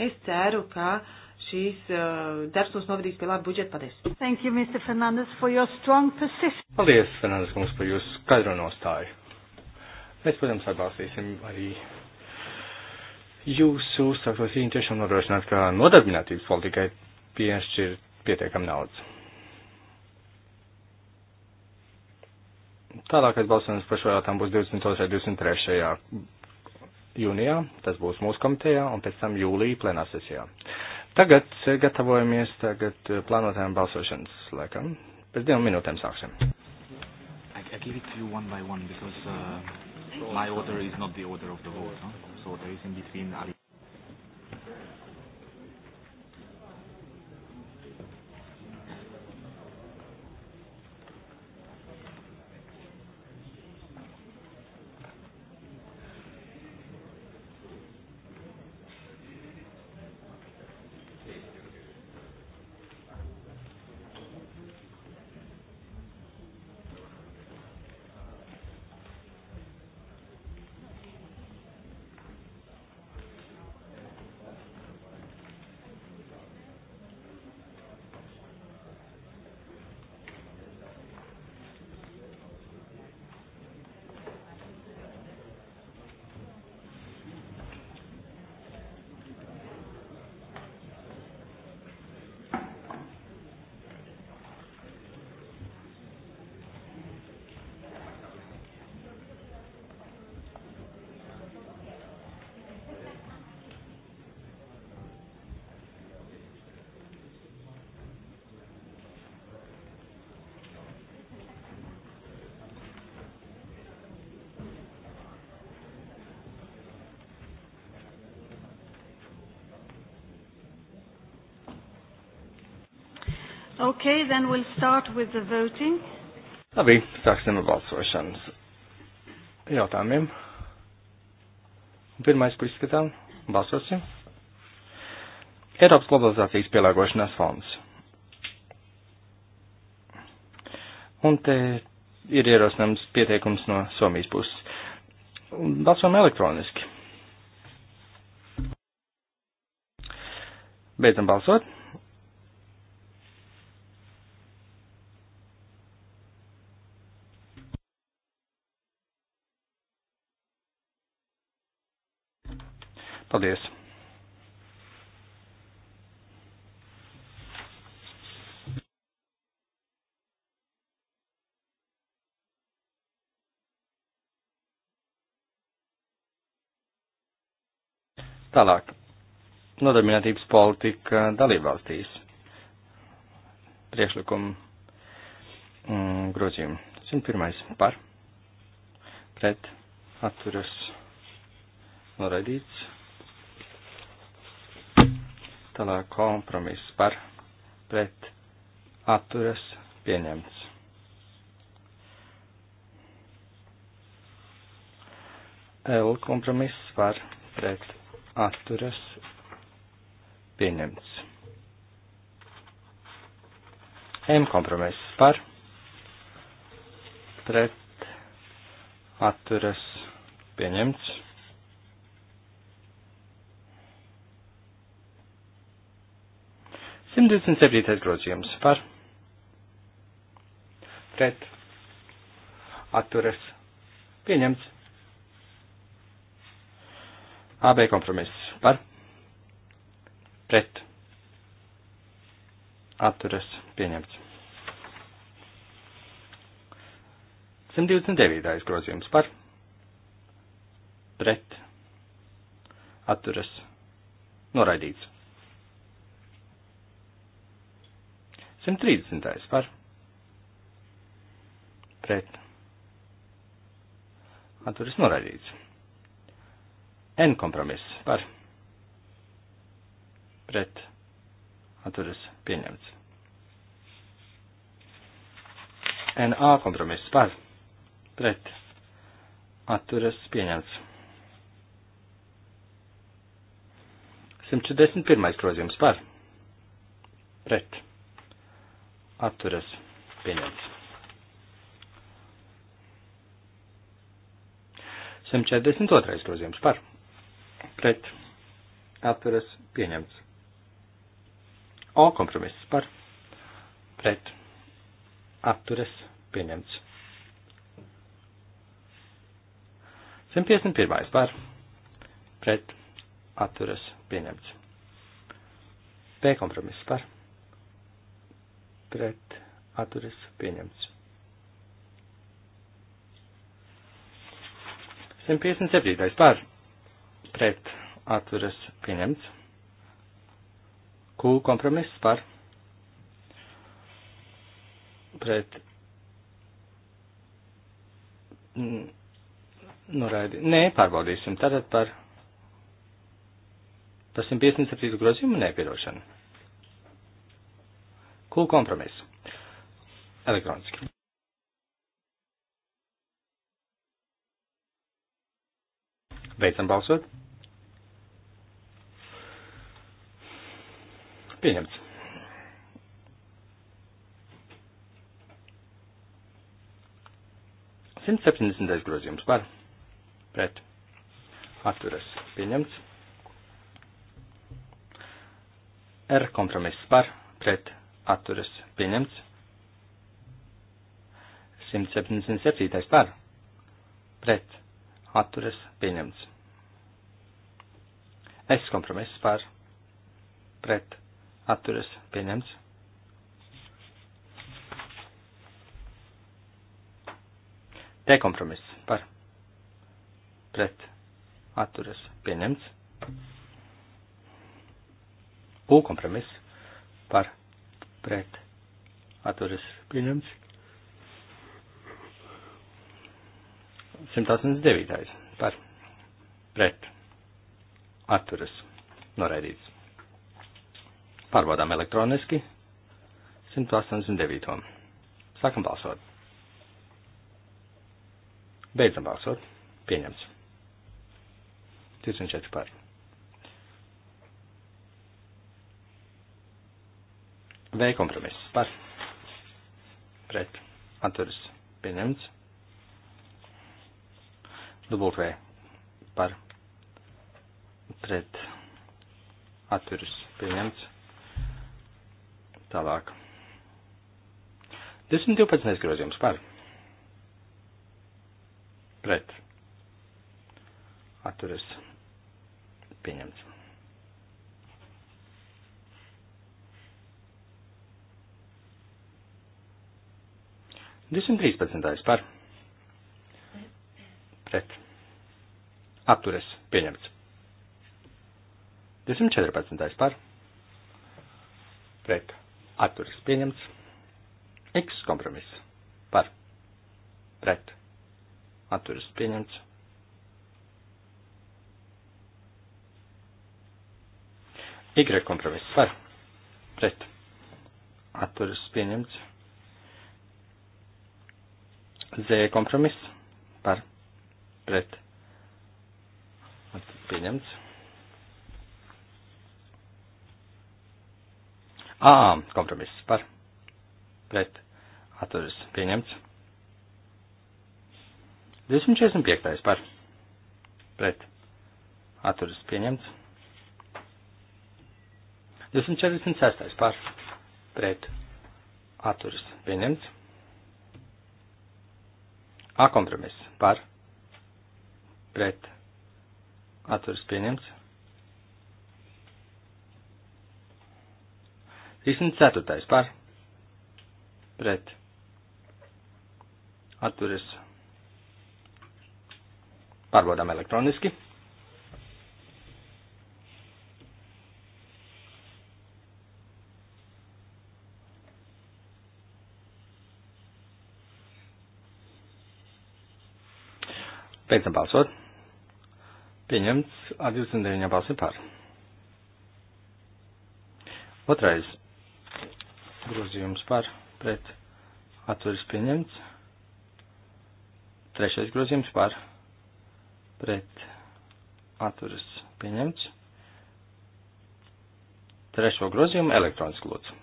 Es ceru, ka šīs uh, darbs mums novadīs pie laba budžeta. Paldies. Thank you, Mr. Fernandes, for your strong persistence. Paldies, Fernandes, mums par jūsu skaidro nostāju. Mēs, protams, atbalstīsim arī jūsu uzsāktos īņu tiešām nodrošināt, ka nodarbinātības politikai piešķir pietiekam naudas. Tālākais balsojums par šo jautājumu būs 22. un 23. jūnijā, tas būs mūsu komitejā, un pēc tam jūlija plenāsesijā. Tagad eh, gatavojamies tagad eh, plānotajam balsošanas laikam. Pēc divām minūtēm sāksim. I, I give it to you one by one because uh, my order is not the order of the vote, no? so there is in between. Okay, then we'll start with the voting. Labi, sāksim ar balsošanas jautājumiem. Pirmais, ko izskatām, balsosim. Eiropas globalizācijas pielāgošanās fonds. Un te ir ierosinājums pieteikums no Somijas puses. Balsojam elektroniski. Beidzam balsot. Paldies! Tālāk. Nodarbinātības politika dalībvalstīs. Priekšlikumu mm, grozījumu. 101. par. Pret. Atturas. Noraidīts. Tālāk kompromiss par pret atturas pieņemts. L kompromiss par pret atturas pieņemts. M kompromiss par pret atturas pieņemts. 127. grozījums par pret atturas pieņemts. AB kompromiss par pret atturas pieņemts. 129. grozījums par pret atturas noraidīts. 130. par pret. Atturis noraidīts. N kompromiss par pret. Atturis pieņemts. NA kompromiss par pret. Atturis pieņemts. 141. grozījums par pret atturas pieņemts. 142. grozījums par pret atturas pieņemts. O kompromiss par pret atturas pieņemts. 151. par pret atturas pieņemts. P kompromiss par pret pret atturas pieņemts. 157. par pret atturas pieņemts. Q kompromiss par pret noraidi. Nu, nē, pārbaudīsim. Tātad par tas 157. grozījumu nepiedošanu. Q kompromis. Elektroniski. Beidzam balsot. Pieņemts. Simt septiņdesmitais grozījums par pret atturas pieņemts. R kompromiss par pret atturas pieņemts. 177. par pret atturas pieņemts. Es kompromiss par pret atturas pieņemts. T kompromiss par pret atturas pieņemts. U kompromiss par pret atturas pieņemts. 189. par pret atturas noraidīts. Pārbaudām elektroniski 189. Sākam balsot. Beidzam balsot. Pieņemts. 24 par. V kompromiss par pret atturas pieņemts. Dubult V par pret atturas pieņemts. Tālāk. 212. grozījums par pret atturas pieņemts. 213. par pret atturas pieņemts. 214. par pret atturas pieņemts. X kompromiss par pret atturas pieņemts. Y kompromiss par pret atturas pieņemts. Z kompromiss par pret pieņemts. Ā, kompromiss par pret atturis pieņemts. 245. par pret atturis pieņemts. 246. par pret atturis pieņemts. A kompromiss par pret atturas pieņemts. 34. par pret atturas pārbaudām elektroniski. Beidzam balsot. Pieņemts ar 29 balsīm par. Otrais grozījums par pret atveris pieņemts. Trešais grozījums par pret atveris pieņemts. Trešo grozījumu elektroniski lūdzu.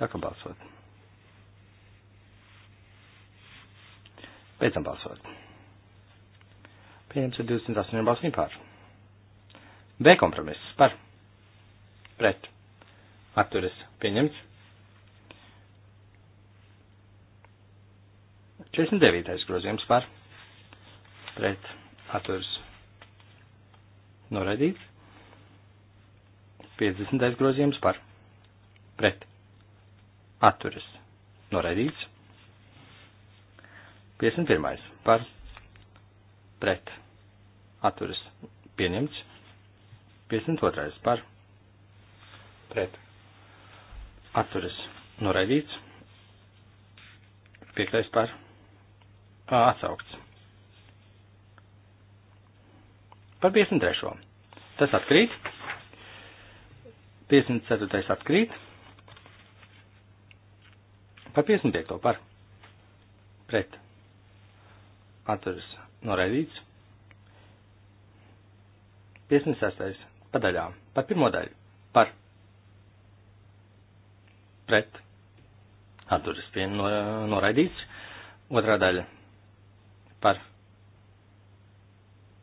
Saka balsot. Beidzam balsot. Pieņems ar 28 balsīm pār. B kompromiss par. Pret. Atturis. Pieņemts. 49. grozījums par. Pret. Atturis. Noraidīts. 50. grozījums par. Pret. Atturis. Noraidīts. 51. par. Pret atturas pieņemts. 52. par pret atturas noraidīts. 5. par atsaukts. Par 53. Tas atkrīt. 54. atkrīt. Par 55. par pret atturas noraidīts. 56. padaļā par pirmo daļu par pret atturas pie no, noraidīts, otrā daļa par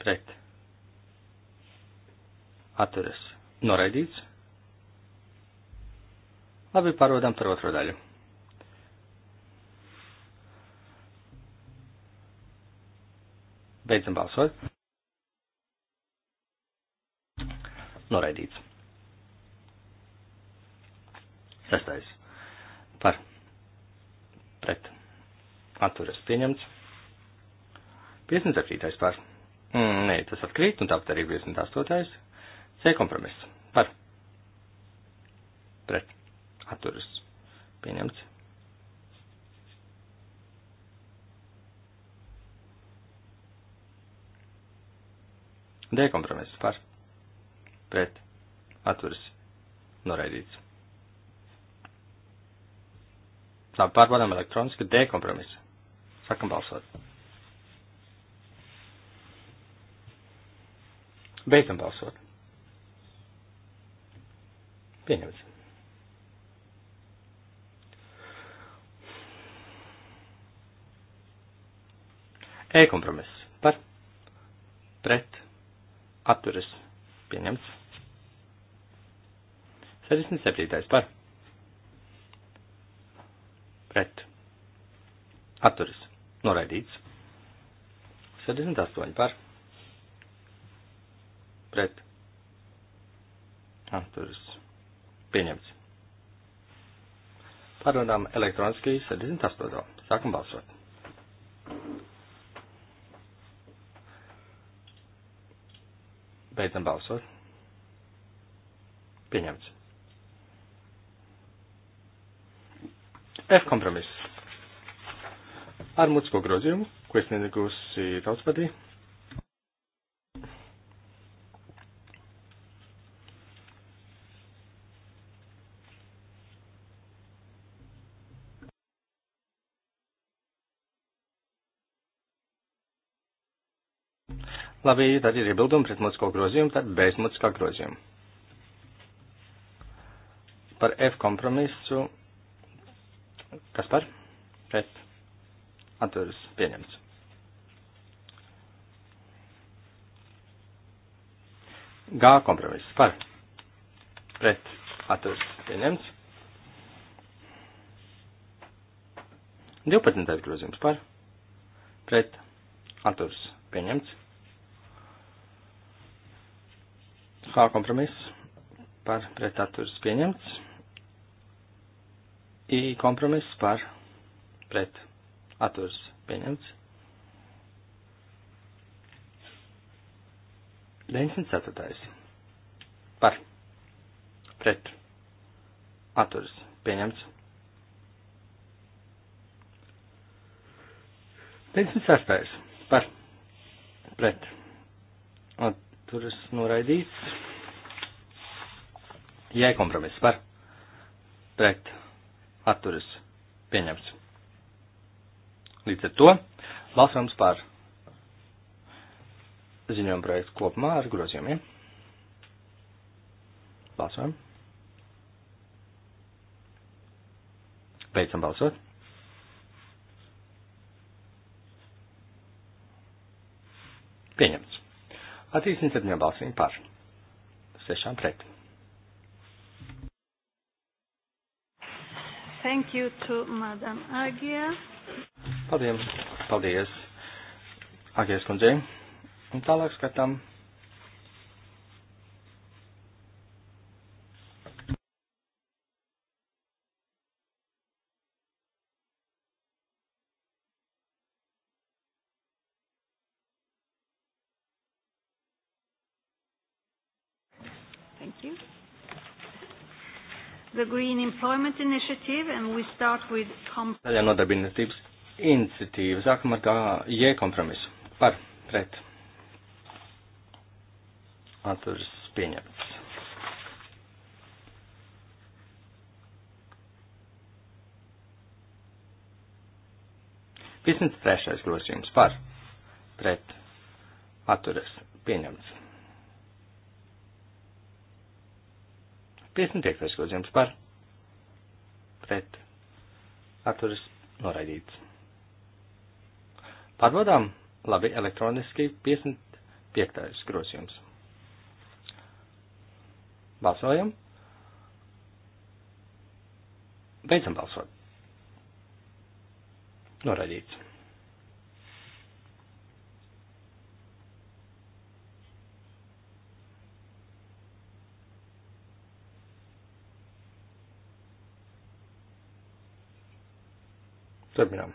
pret atturas noraidīts. Labi, pārodam par otro daļu. Beidzam balsot. Noraidīts. Sestais. Par. Pret. Atturas pieņemts. 57. par. Mm, nē, tas atkrīt, un tāpat arī 58. C kompromiss. Par. Pret. Atturas pieņemts. D kompromiss. Par pret atturas noraidīts. Labi, pārbaudām elektroniski D kompromisu. Sākam balsot. Beidzam balsot. Pieņemts. E kompromiss par pret atturas pieņemts. 67. par. Pret. Atturis. Noraidīts. 68 par. Pret. Atturis. Pieņemts. Pārvadām elektroniski 68. Sākam balsot. Beidzam balsot. Pieņemts. F kompromiss. Ar mutisko grozījumu, ko es nenegusi tautspatī. Labi, tad ir iebildumi pret mutisko grozījumu, tad bez mutiskā grozījuma. Par F kompromisu Kas par? Pret. Atveras pieņemts. G kompromiss par. Pret. Atveras pieņemts. 12. grozījums par. Pret. Atveras pieņemts. H kompromiss par. Pret. Atveras pieņemts. I kompromiss par pret atturs pieņemts. 94. par pret atturs pieņemts. 96. par pret atturs noraidīts. Jai kompromiss par pret atturas pieņemts. Līdz ar to balsojums par ziņojumu projektu kopumā ar grozījumiem. Balsojam. Beidzam balsot. Pieņemts. Attīstīsim septiņiem balsīm par. Sešām pret. Thank you to Madam Agija. Paldies. Paldies. Agijas kundzei. Un tālāk skatām. Thank you the Green Employment Initiative, and we start with Zaļā nodarbinātības iniciatīva. Sākam ar kā J kompromisu. Par, pret. Atturas pieņemts. Piecdesmit trešais grozījums par, pret, atturas pieņemts. 55. grozījums par pret atturas noraidīts. Pārbaudām, labi, elektroniski 55. grozījums. Balsojam. Beidzam balsot. Noraidīts. Terminăm.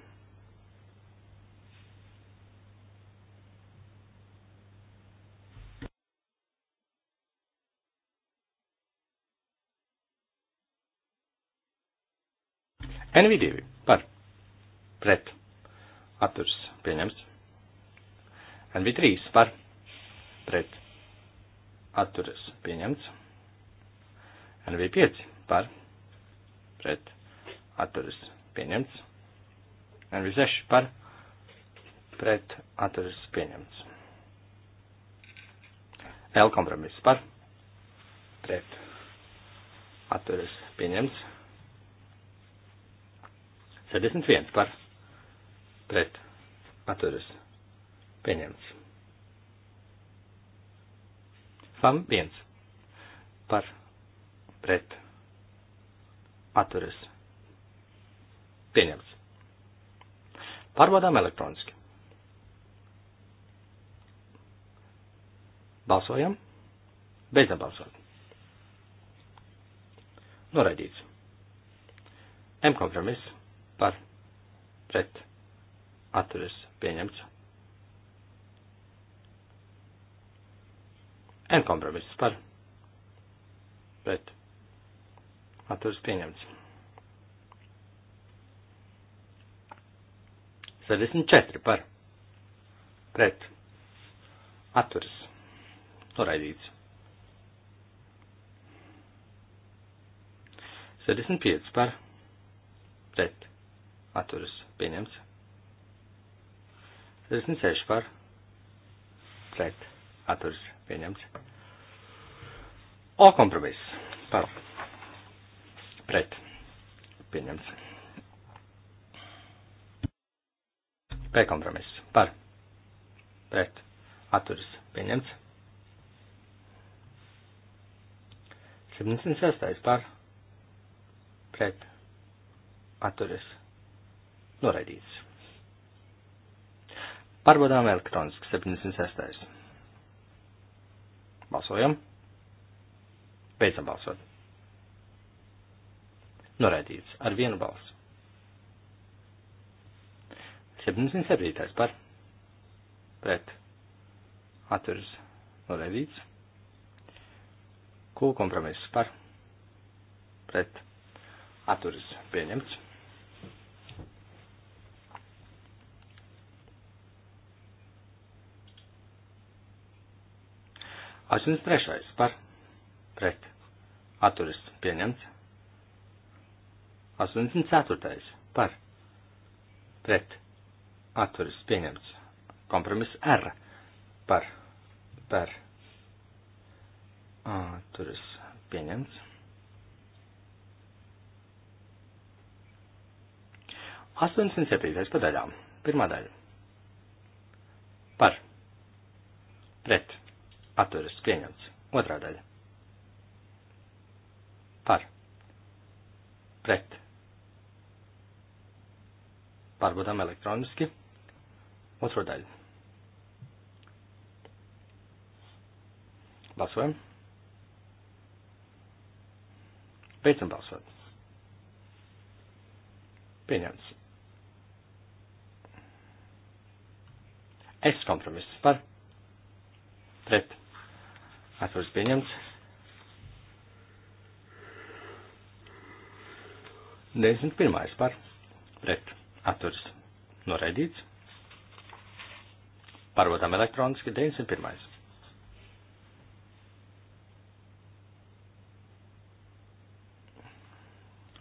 NV2 par pret atturs pieņemts. NV3 par pret atturs pieņemts. NV5 par pret atturs pieņemts. NV6 par pret atturas pieņemts. L kompromiss par pret atturas pieņemts. 71 par pret atturas pieņemts. FAM 1 par pret atturas pieņemts. Pārbaudām elektroniski. Balsojam. Beidzam balsot. Noraidīts. M kompromiss par pret atturis pieņemts. N kompromiss par pret atturis pieņemts. 64 par pret atturas noraidīts. 65 par pret atturas pieņemts. 66 par pret atturas pieņemts. O kompromiss par pret pieņemts. P kompromiss par pret atturas pieņemts. 76. par pret atturas noraidīts. Pārbaudām elektroniski 76. Balsojam. Beidzam balsot. Noraidīts ar vienu balsu. 77. par pret atturas norēdīts. Q kompromiss par pret atturas pieņemts. Asins trešais par pret atturas pieņemts. 84. par pret atturas pieņemts. Kompromiss R par, par, atturas pieņemts. Astoņdesmit septītais pa daļām. Pirmā daļa. Par. Pret. Atturas pieņemts. Otrā daļa. Par. Pret. Pārbaudām elektroniski. Otro daļu. Balsojam. Beidzam balsot. Pieņemts. Es kompromiss par. Pret. Atvaras pieņemts. Desmit pirmais par. Pret. Atvaras noraidīts. Pārbaudām elektroniski 901.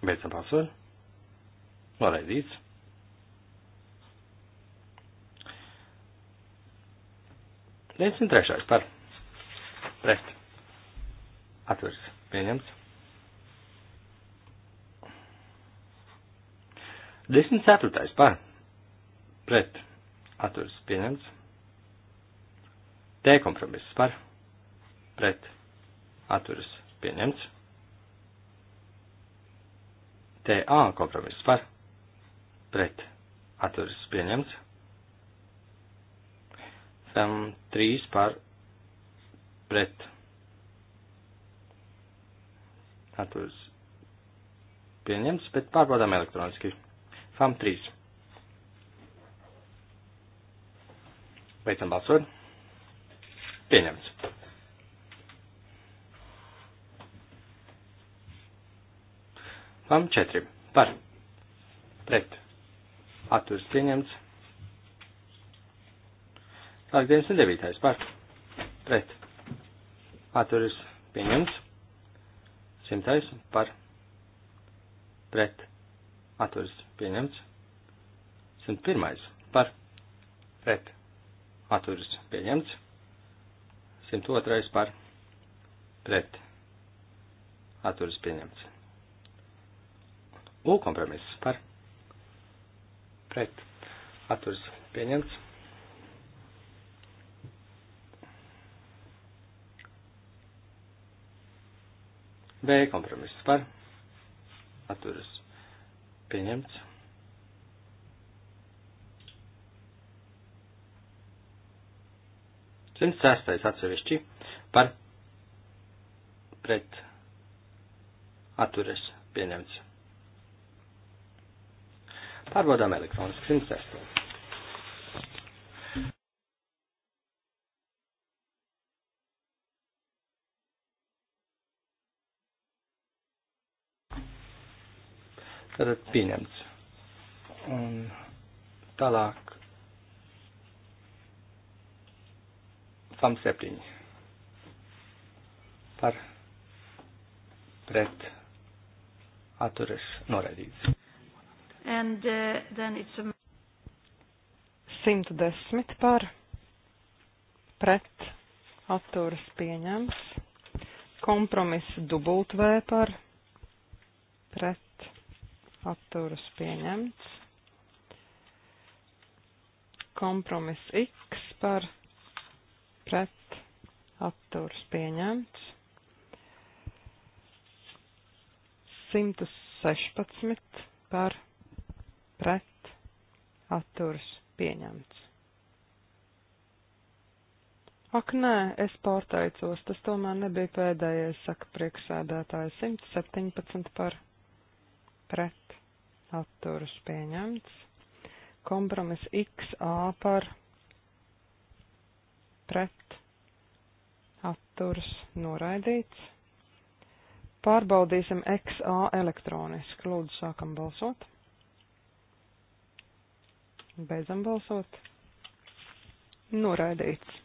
Beidzam balsot. Noraidīts. Desmit trešais par pret. Atvers. Pieņemts. Desmit ceturtais par pret. Atvers. Pieņemts. T kompromiss par pret atturas pieņemts. TA kompromiss par pret atturas pieņemts. Fem 3 par pret atturas pieņemts, bet pārbaudām elektroniski. Fem 3. Beidzam balsot. Pieņemts. Pam 4. Par. Pret. Atturs pieņemts. Tālāk 99. Par. Pret. Atturs pieņemts. 100. Par. Pret. Atturs pieņemts. 101. Par. Pret. Atturs pieņemts. 102. par pret atturas pieņemts. U kompromiss par pret atturas pieņemts. B kompromiss par atturas pieņemts. 106. atsevišķi par pret atturas pieņemts. Pārbaudām elektroniski 106. Tad pieņemts. Un tālāk FAM 7 par pret atturas noraidīts. And uh, then it's a... 110 par pret atturas pieņems. Kompromiss dubultvē par pret atturas pieņemts. Kompromiss X par pret pret atturs pieņemts. 116 par pret atturs pieņemts. Ak, nē, es pārteicos, tas tomēr nebija pēdējais, saka priekšsēdētājs, 117 par pret atturus pieņemts, kompromis XA par pret pret, atturas, noraidīts. Pārbaudīsim XA elektroniski. Lūdzu, sākam balsot. Beidzam balsot. Noraidīts.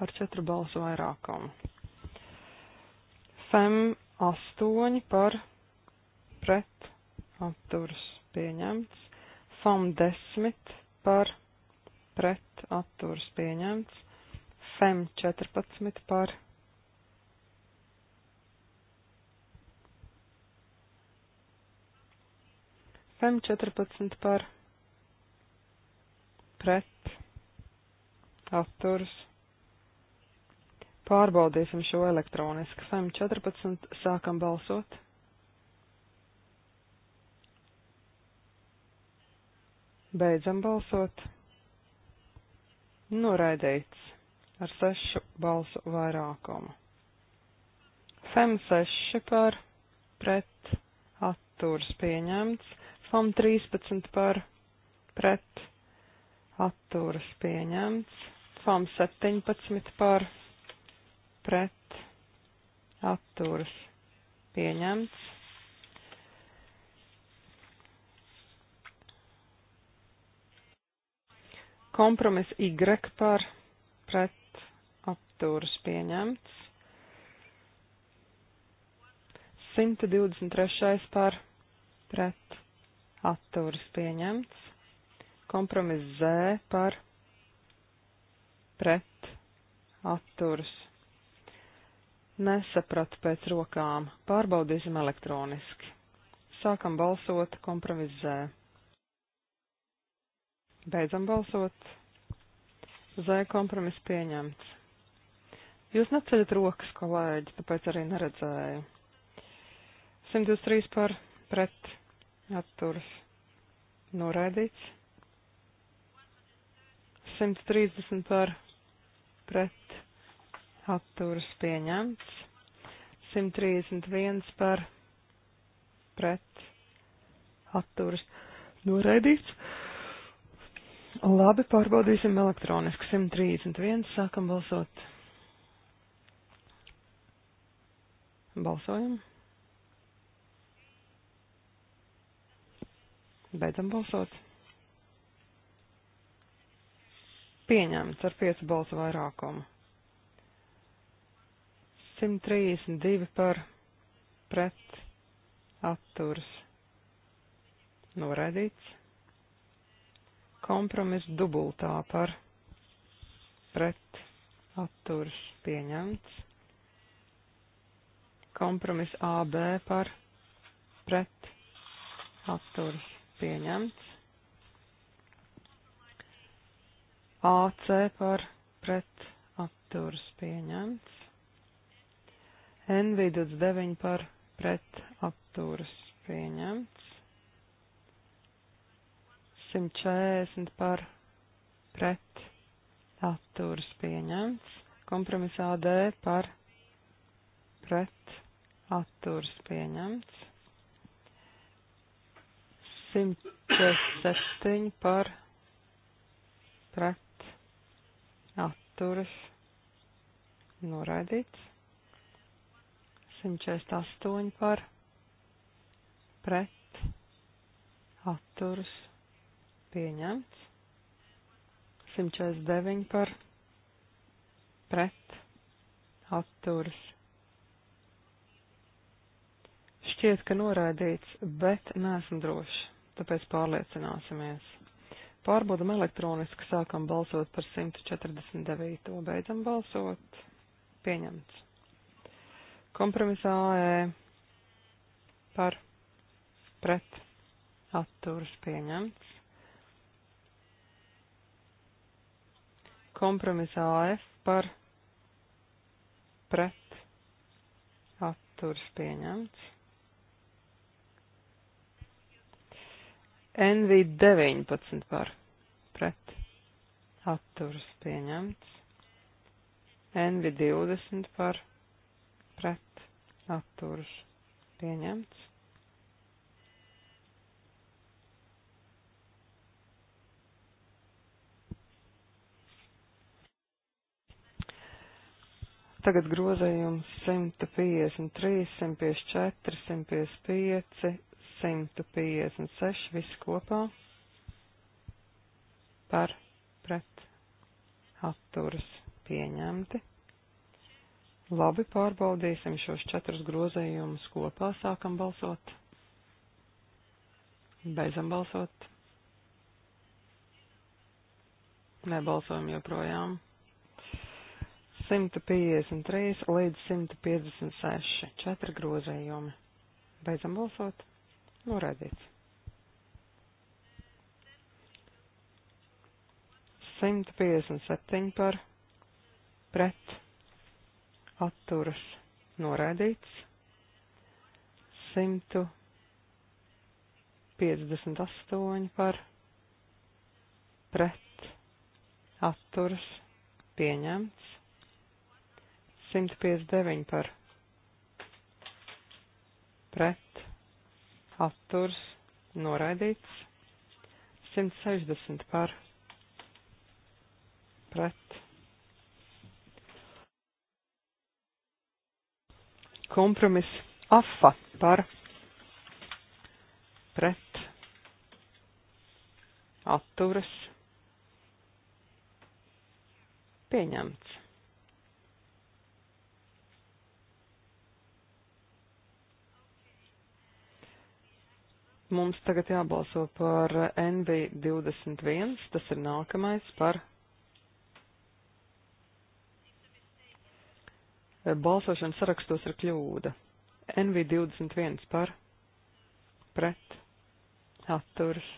Ar četru balsu vairākumu. FEM 8 par pret atturas pieņemts. FEM 10 par pret atturas pieņemts. FEM 14 par. FEM 14 par. Pret. Atturs. Pārbaudīsim šo elektronisku. FEM 14 sākam balsot. Beidzam balsot. Noraidīts ar sešu balsu vairākumu. FEM 6 par pret atturs pieņemts, FEM 13 par pret atturs pieņemts, FEM 17 par pret atturs pieņemts. kompromis Y par pret atturas pieņemts. 123. par pret atturas pieņemts. Kompromiss Z par pret atturas. Nesapratu pēc rokām. Pārbaudīsim elektroniski. Sākam balsot kompromiss Z. Beidzam balsot. Z kompromiss pieņemts. Jūs neceļat rokas, kolēģi, tāpēc arī neredzēju. 123 par pret atturas noraidīts. 130 par pret atturas pieņemts. 131 par pret atturas noraidīts. Labi, pārbaudīsim elektroniski. 131 sākam balsot. Balsojam. Beidzam balsot. Pieņemts ar 5 balsu vairākumu. 132 par pret atturs noraidīts. Kompromis dubultā par pret atturs pieņemts. Kompromis AB par pret atturas pieņemts. AC par pret atturas pieņemts. Enviduds 9 par pret atturas pieņemts. 140 par pret atturas pieņemts. Kompromisā D par pret atturs pieņemts. 107 par pret atturas noraidīts. 148 par pret atturas pieņemts. 149 par pret atturas Šķiet, ka noraidīts, bet nesmu droši, tāpēc pārliecināsimies. Pārbaudam elektroniski, sākam balsot par 149. Beidzam balsot. Pieņemts. Kompromisā AE par pret atturas pieņemts. Kompromisā AF par pret atturas pieņemts. NV19 par pret atturas pieņemts. NV20 par pret atturas pieņemts. Tagad grozējums 153, 154, 155 156 visi kopā par pret atturas pieņemti. Labi, pārbaudīsim šos četrus grozējumus kopā, sākam balsot, beidzam balsot, nebalsojam joprojām. 153 līdz 156, četri grozējumi. Beidzam balsot. Noraidīts. Nu, 157 par pret atturas noraidīts. 158 par pret atturas pieņemts. 159 par pret atturs, noraidīts, 160 par, pret. Kompromis afa par, pret, atturas, pieņemts. Mums tagad jābalso par NV21, tas ir nākamais par balsošanas sarakstos ir kļūda. NV21 par pret atturs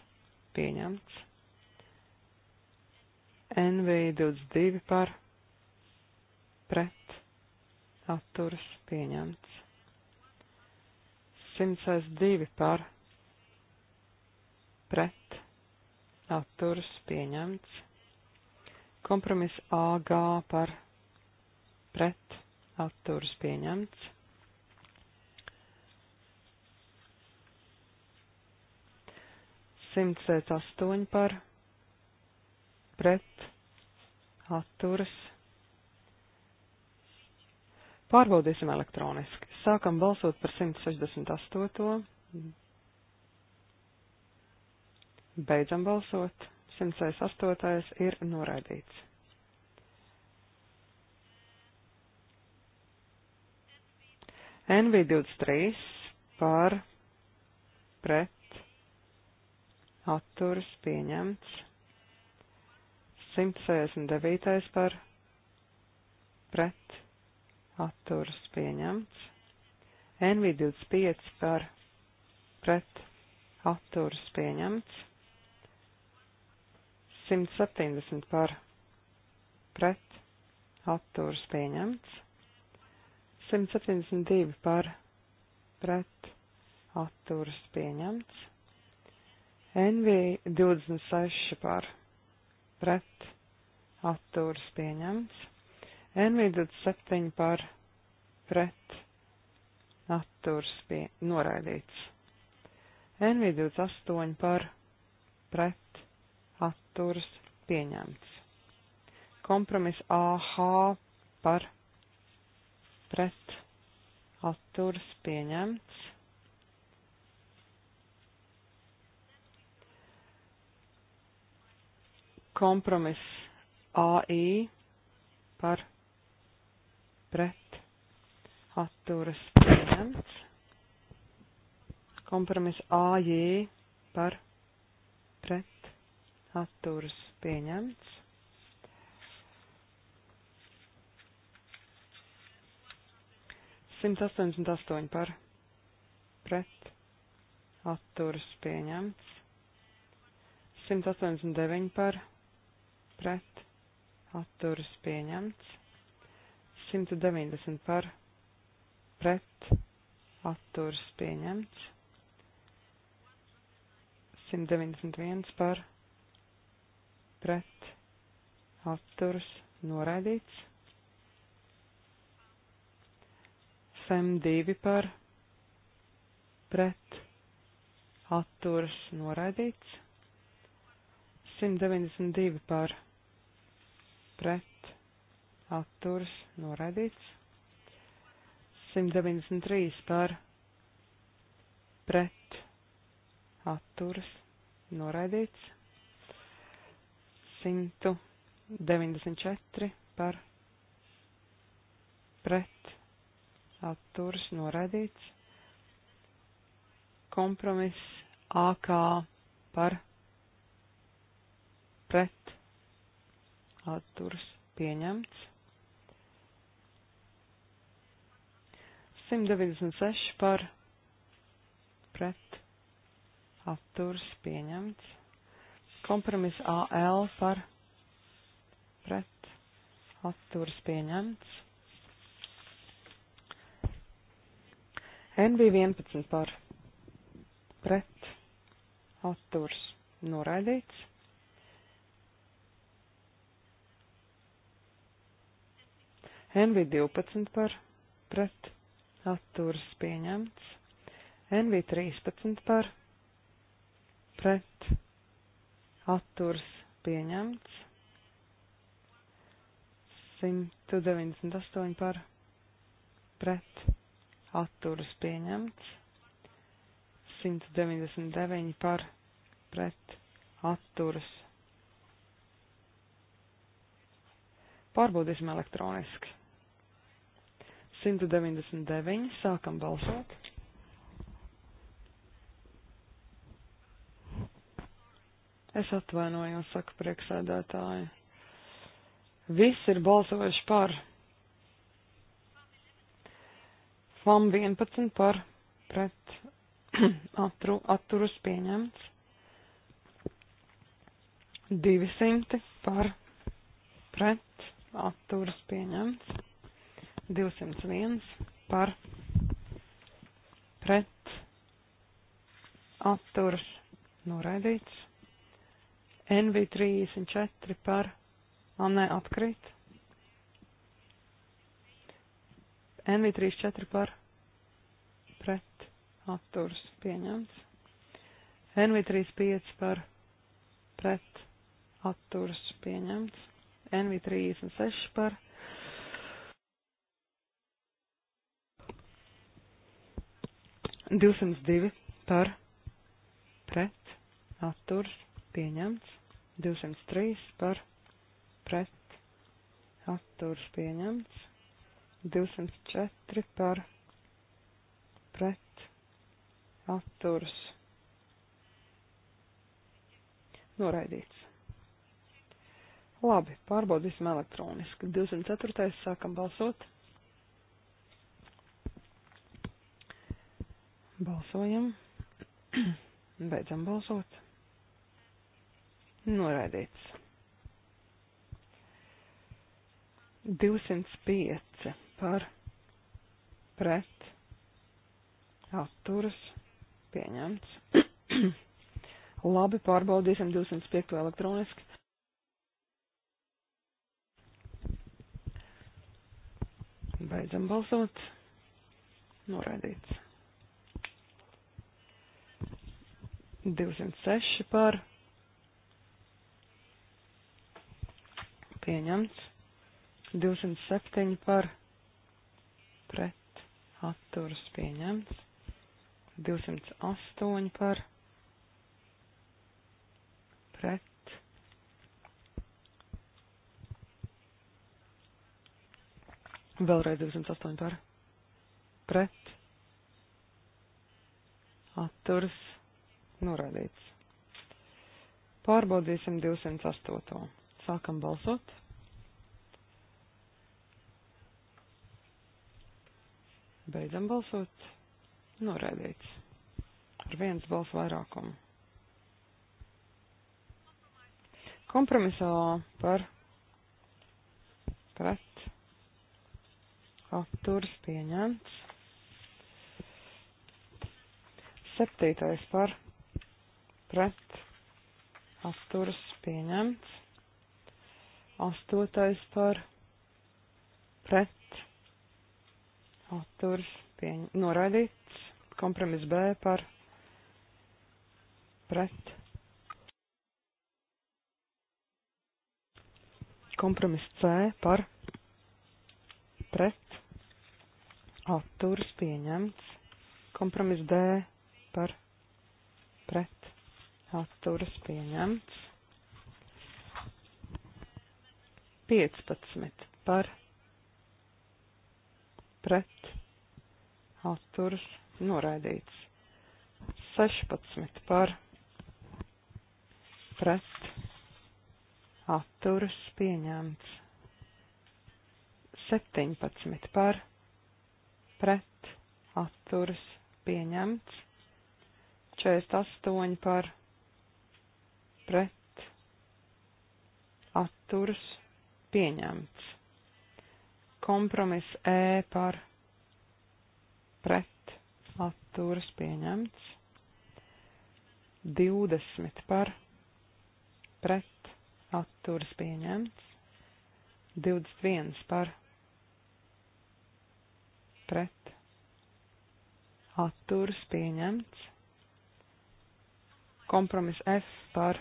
pieņemts. NV22 par pret atturs pieņemts. 102 par pret pret atturas pieņemts. Kompromiss AG par pret atturas pieņemts. Simtsēc astoņi par pret atturas. Pārbaudīsim elektroniski. Sākam balsot par 168. Beidzam balsot. 108. ir noraidīts. NV23 par pret atturas pieņemts. 169. par pret atturas pieņemts. NV25 par pret atturas pieņemts. 170 par pret atturs pieņemts, 172 par pret atturs pieņemts, NV 26 par pret atturs pieņemts, NV 27 par pret atturs pie noraidīts, NV 28 par pret atturas pieņemts. Kompromis AH par pret atturas pieņemts. Kompromis AI par pret atturas pieņemts. Kompromis AJ par pret atturas pieņemts. Simt astoņdesmit astoņi par pret atturas pieņemts. Simt astoņdesmit deviņi par pret atturas pieņemts. Simt deviņdesmit par pret atturas pieņemts. 191 par pret atturas noraidīts. Sem divi par pret atturas noraidīts. 192 par pret atturas noraidīts. 193 par pret atturas noraidīts. 194 par pret atturas noraidīts. Kompromiss AK par pret atturas pieņemts. 196 par pret atturas pieņemts. Kompromis AL par pret atturas pieņemts. NV11 par pret atturs noraidīts. NV12 par pret atturs pieņemts. NV13 par pret atturs pieņemts. 198 par pret atturas pieņemts. 199 par pret atturas. Pārbaudīsim elektroniski. 199 sākam balsot. Es atvainojos, saka prieksēdētāji. Viss ir balsojuši par. FAM 11 par pret atru, atturus pieņemts. 200 par pret atturus pieņemts. 201 par pret atturus noraidīts. NV34 par Annē atkrīt. NV34 par pret atturs pieņemts. NV35 par pret atturs pieņemts. NV36 par Divsimt divi par pret atturs pieņemts. 203 par pret atturas pieņemts, 204 par pret atturas noraidīts. Labi, pārbaudīsim elektroniski. 204. sākam balsot. Balsojam. Beidzam balsot. Noraidīts. 205 par pret atturas pieņemts. Labi, pārbaudīsim 205 elektroniski. Beidzam balsot. Noraidīts. 206 par pieņemts. 207 par pret atturas pieņemts. 208 par pret. Vēlreiz 208 par pret. Atturs norādīts. Pārbaudīsim 208. Sākam balsot. Beidzam balsot. Noraidīts. Ar viens balsu vairākumu. Kompromisā par pret apturs pieņemts. Septītais par pret apturs pieņemts astotais par pret atturs pieņ... noraidīts, kompromiss B par pret kompromiss C par pret atturs pieņemts, kompromiss D par pret atturs pieņemts. 15 par pret atturas noraidīts. 16 par pret atturas pieņemts. 17 par pret atturas pieņemts. 48 par pret atturas pieņemts pieņemts. Kompromis E par pret atturas pieņemts. 20 par pret atturas pieņemts. 21 par pret atturas pieņemts. Kompromis F par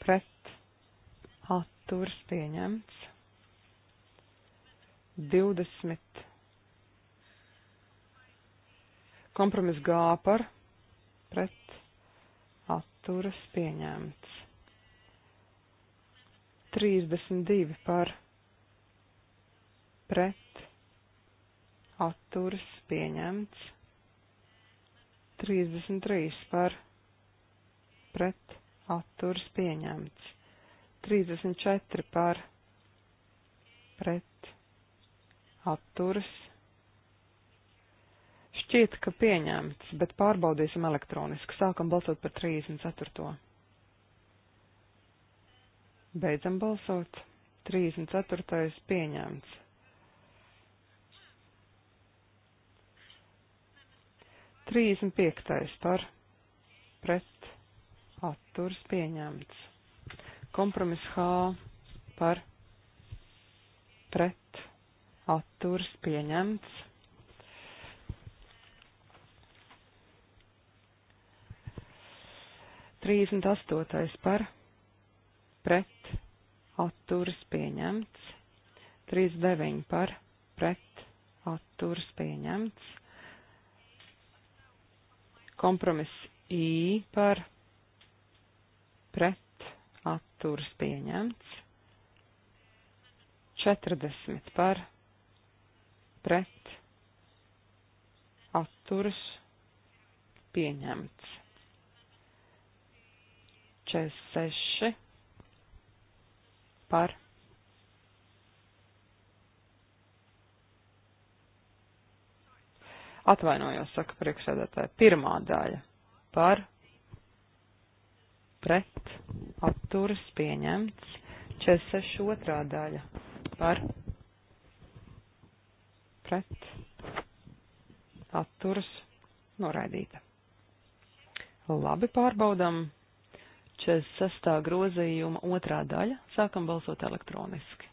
pret atturas pieņemts. 20. Kompromis G par pret atturas pieņemts. 32 par pret atturas pieņemts. 33 par pret atturas pieņemts. 34 par pret atturas. Šķiet, ka pieņemts, bet pārbaudīsim elektroniski. Sākam balsot par 34. Beidzam balsot. 34. pieņemts. Trīsdesmit piektais par pret atturs pieņemts. Kompromis H par pret atturs pieņemts. Trīsdesmit astotais par pret atturs pieņemts. Trīs deviņi par pret atturs pieņemts. Kompromiss I par pret atturas pieņemts. 40 par pret atturas pieņemts. 46 par Atvainojos, saka priekšsēdētāja, pirmā daļa par pret apturas pieņemts. 46 otrā daļa par pret atturas noraidīta. Labi pārbaudam 46. grozījuma otrā daļa. Sākam balsot elektroniski.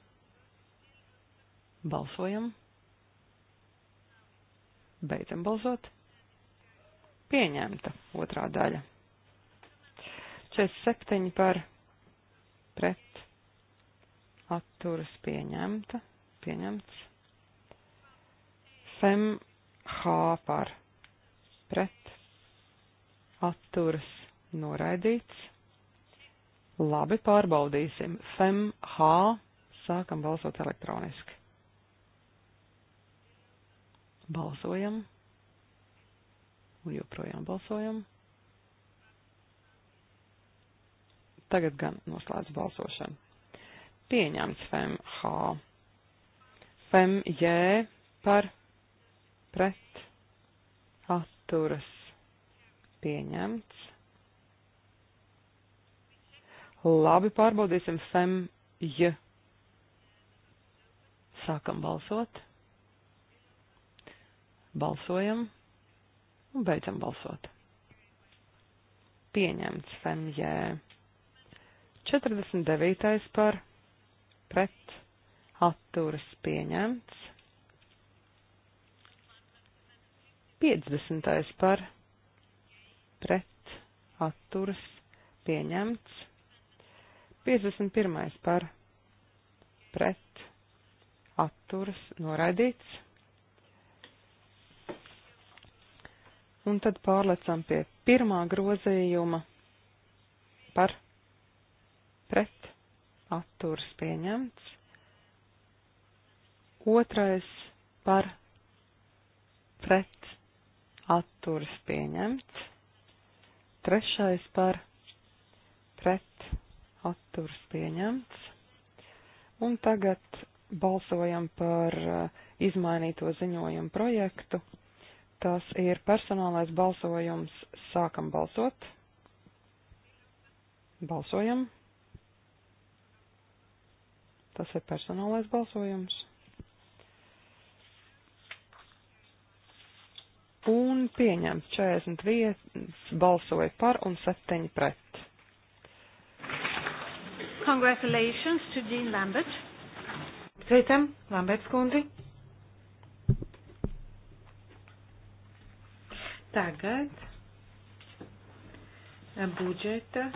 Balsojam. Beidzam balsot. Pieņemta otrā daļa. 47 par pret atturas pieņemta, pieņemts. Sem H par pret atturas noraidīts. Labi, pārbaudīsim. Fem H sākam balsot elektroniski. Balsojam un joprojām balsojam. Tagad gan noslēdz balsošanu. Pieņemts FMH. FMJ par pret atturas pieņemts. Labi, pārbaudīsim FMJ. Sākam balsot. Balsojam un beidzam balsot. Pieņemts FMJ. 49. par pret atturas pieņemts. 50. par pret atturas pieņemts. 51. par pret atturas noraidīts. Un tad pārlecam pie pirmā grozījuma par pret pret atturs pieņemts. Otrais par pret atturs pieņemts. Trešais par pret atturs pieņemts. Un tagad balsojam par uh, izmainīto ziņojumu projektu. Tas ir personālais balsojums. Sākam balsot. Balsojam. Tas ir personālais balsojums. Un pieņemts 41 balsoja par un 7 pret. Congratulations to Jean Lambert. Sveicam, Lamberts kundzi. Tagad budžeta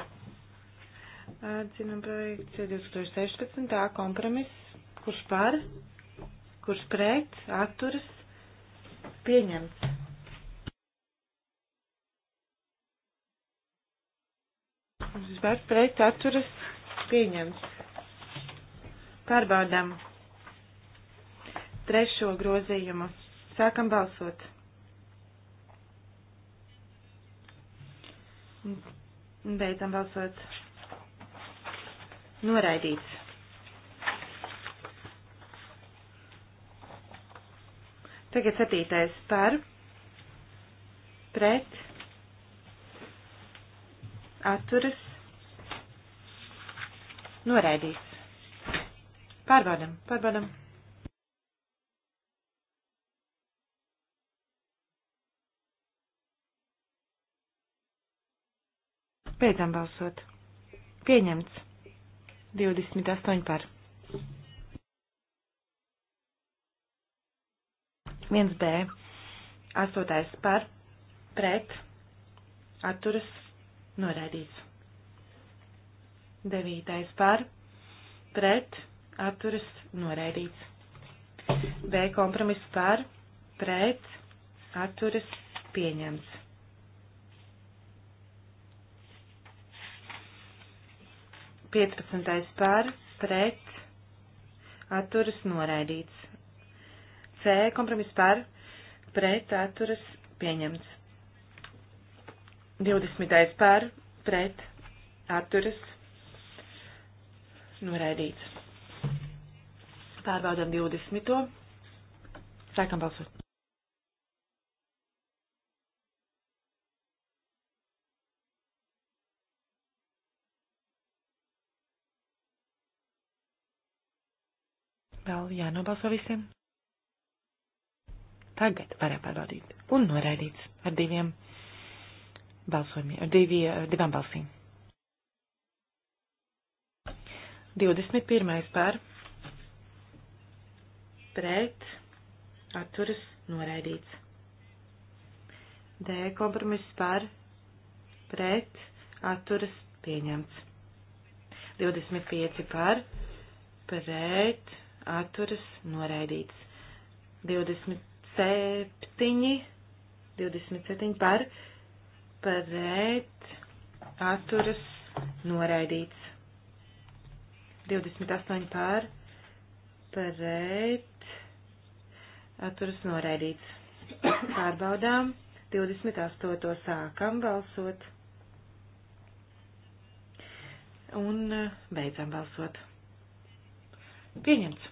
Atzinam projekts 2016. kompromiss. Kurš par? Kurš pret? Atturas? Pieņemts. Kurš par? Pret? Atturas? Pieņemts. Pārbaudām trešo grozījumu. Sākam balsot. Beidzam balsot. Noraidīts. Tagad septītais par, pret, atturas, noraidīts. Pārbaudam, pārbaudam. Beidzam balsot. Pieņemts. 28 par. 1B. 8 par. Pret. Atturas. Noraidīts. 9 par. Pret. Atturas. Noraidīts. B kompromiss par. Pret. Atturas. Pieņemts. 15. par pret atturas noraidīts. C. Kompromiss par pret atturas pieņemts. 20. par pret atturas noraidīts. Pārbaudām 20. Sākam balsot. Vēl jānobalso visiem. Tagad varam pārbaudīt un noraidīts ar diviem balsojumiem, ar divi, ar divām balsīm. 21. pār pret atturas noraidīts. D kompromiss par pret atturas pieņemts. 25 par pret atturas noraidīts. 27, 27 par, pret, atturas noraidīts. 28 par, pret, atturas noraidīts. Pārbaudām, 28. sākam balsot. Un eh, beidzam balsot. Pieņemts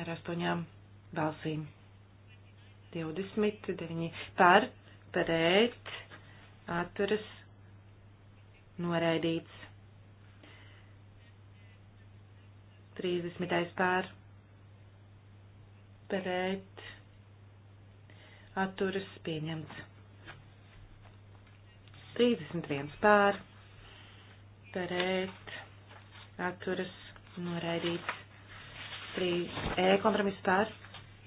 ar astoņām balsīm. 29 par, pret, atturas, noraidīts. 30 par, pret, atturas, pieņemts. 31 pār, pret, atturas, noraidīts. 3E kompromiss par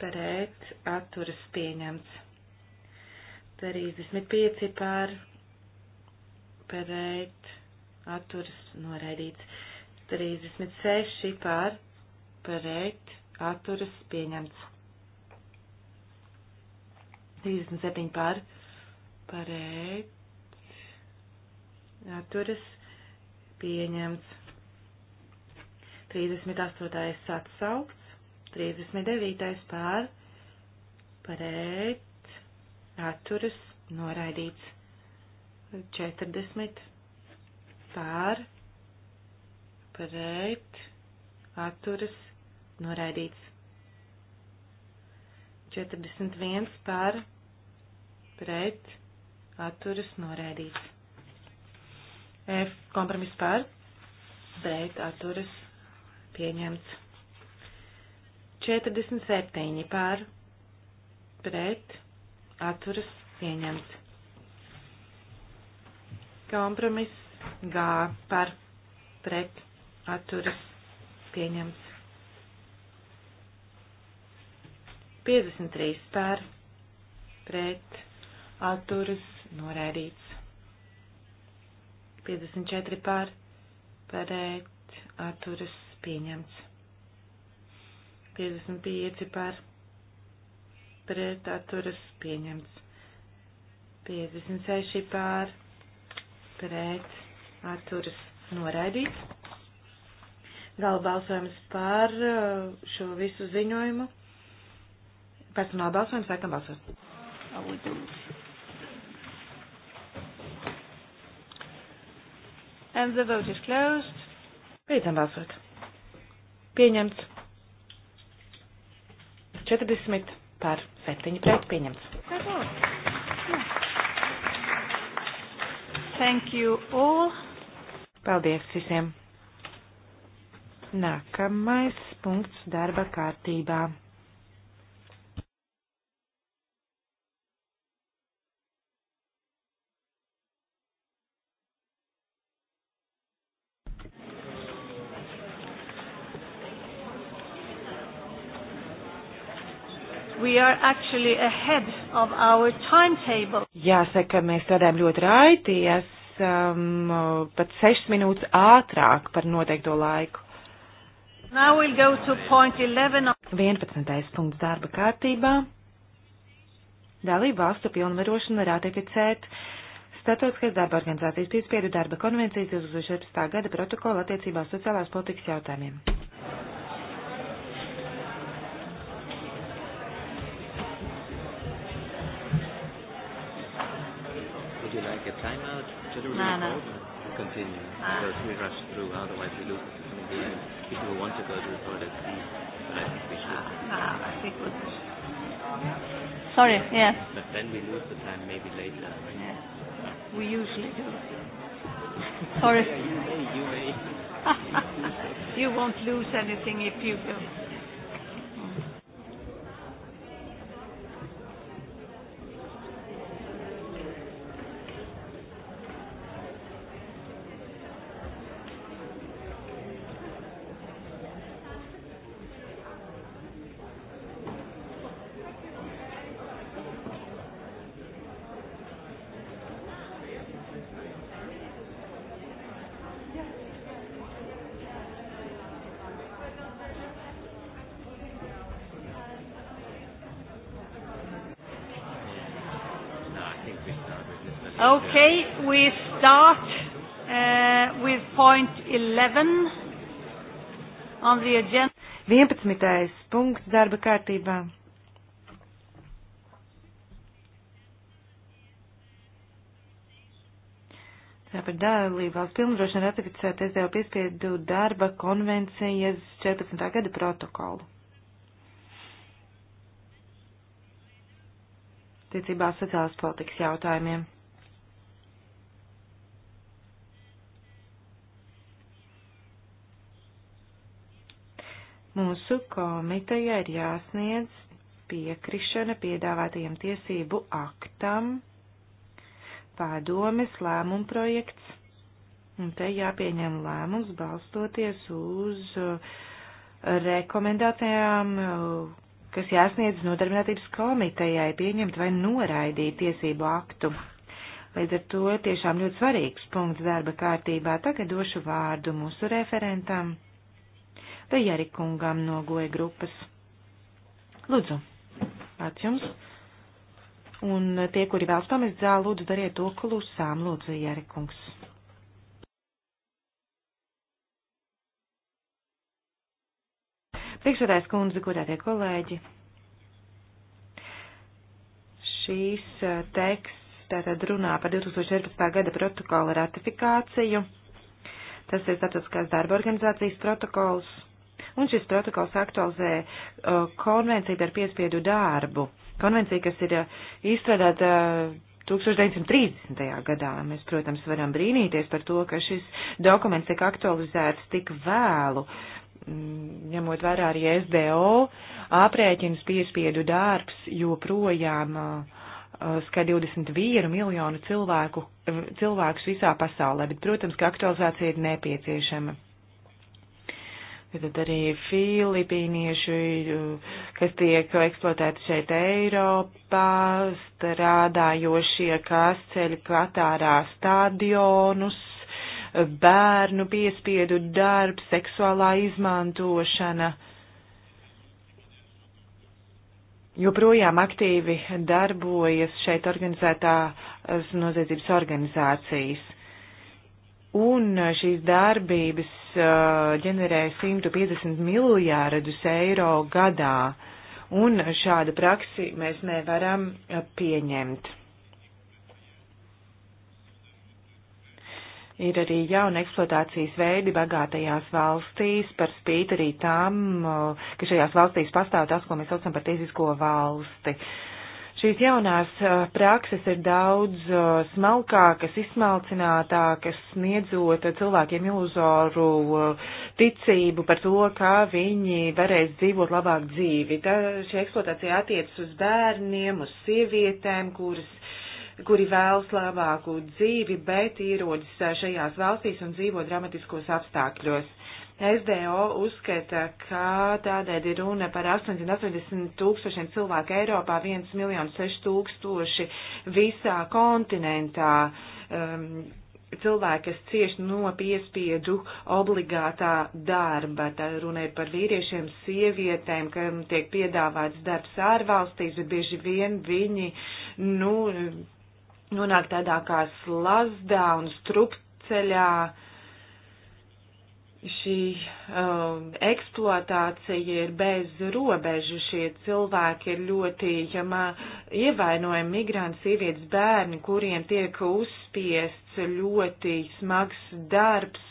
pret atturas pieņemts. 35 par pret atturas noraidīts. 36 par pret atturas pieņemts. 37 par pret atturas pieņemts. 38. atsaukts, 39. pār, pret, atturas, noraidīts, 40. pār, pret, atturas, noraidīts, 41. pār, pret, atturas, noraidīts. F kompromiss pār, pret, atturas, pieņemts. 47 pār pret atturas pieņemts. Kompromiss G par pret atturas pieņemts. 53 pār pret atturas norēdīts. 54 pār pret atturas pieņemts. 55 par pret atturas pieņemts. 56 par pret atturas noraidīts. Galva balsojums par uh, šo visu ziņojumu. Personāla balsojums, sākam balsot. And the vote is closed. Beidzam balsot pieņemts. 40 par 7 pret pieņemts. Thank you all. Paldies visiem. Nākamais punkts darba kārtībā. we are actually ahead of our timetable. Jāsaka, mēs strādājam ļoti raiti, esam pat 6 minūtes ātrāk par noteikto laiku. Now we'll go to point 11. 11. punkts darba kārtībā. Dalību valstu pilnvarošana var ratificēt Startautiskās darba organizācijas piespiedu darba konvencijas 2014. gada protokola attiecībā uz sociālās politikas jautājumiem. timeout? Just no, no. Continue. Ah. Because we rush through, otherwise we lose some of the end. If we want to go to the product, but I think we should. Ah, ah, I think we should. Sorry, yes. But then we lose the time maybe later. Right? Yes. We usually do. Sorry. you won't lose anything if you do. Okay, we start uh, with point 11 on the agenda. 11. punkts darba kārtībā. Tāpēc dalību valsts pilnvarošana ratificēt SDO piespiedu darba konvencijas 14. gada protokolu. Tiecībā sociālās politikas jautājumiem. Mūsu komiteja ir jāsniedz piekrišana piedāvātajam tiesību aktam, pārdomes lēmuma projekts, un te jāpieņem lēmums balstoties uz uh, rekomendācijām, uh, kas jāsniedz nodarbinātības komitejai pieņemt vai noraidīt tiesību aktu. Līdz ar to tiešām ļoti svarīgs punkts darba kārtībā. Tagad došu vārdu mūsu referentam te Jarikungam no goja grupas. Lūdzu, pats jums. Un tie, kuri vēlas pamest zāli, lūdzu dariet to klusām, lūdzu, Jarikungs. Priekšsēdājas kundze, godātie kolēģi, šīs teksts tātad runā par 2014. gada protokola ratifikāciju. Tas ir starptautiskās darba organizācijas protokols un šis protokols aktualizē uh, konvenciju par piespiedu darbu. Konvencija, kas ir uh, izstrādāta uh, 1930. gadā. Mēs, protams, varam brīnīties par to, ka šis dokuments tiek aktualizēts tik vēlu, mm, ņemot vērā arī SDO aprēķins piespiedu darbs joprojām uh, uh skar 21 miljonu cilvēku, uh, cilvēkus visā pasaulē, bet, protams, ka aktualizācija ir nepieciešama. Tad arī filipīnieši, kas tiek eksploatēti šeit Eiropā, strādājošie, kas ceļ Katārā stadionus, bērnu piespiedu darbs, seksuālā izmantošana. Joprojām aktīvi darbojas šeit organizētās noziedzības organizācijas. Un eh, šīs darbības uh, ģenerē 150 miljārdus eiro gadā. Un šādu praksi mēs nevaram eh, pieņemt. Ir arī jauna eksploatācijas veidi bagātajās valstīs, par spīti arī tam, ka šajās valstīs pastāv tas, ko mēs saucam par tiesisko valsti. Uh, Šīs jaunās uh, prakses ir daudz uh, smalkākas, izsmalcinātākas, sniedzot cilvēkiem iluzoru uh, ticību par to, kā viņi varēs dzīvot labāk dzīvi. Tā, šī eksploatācija attiecas uz bērniem, uz sievietēm, kuras kuri vēlas labāku dzīvi, bet ierodas šajās valstīs un dzīvo dramatiskos apstākļos. SDO uzskata, ka tādēļ ir runa par 880 tūkstošiem cilvēku Eiropā, 1 miljonu 6 tūkstoši visā kontinentā. Um, cilvēki, kas cieši no piespiedu obligātā darba. Tā runa ir par vīriešiem, sievietēm, kam tiek piedāvāts darbs ārvalstīs, bet bieži vien viņi, nu, nonāk tādā kā slazdā un strupceļā. Uh, šī um, eksploatācija ir bez robežu. Šie cilvēki ir ļoti ja mā, ievainojami migranti, sievietes, bērni, kuriem tiek uzspiests ļoti smags darbs,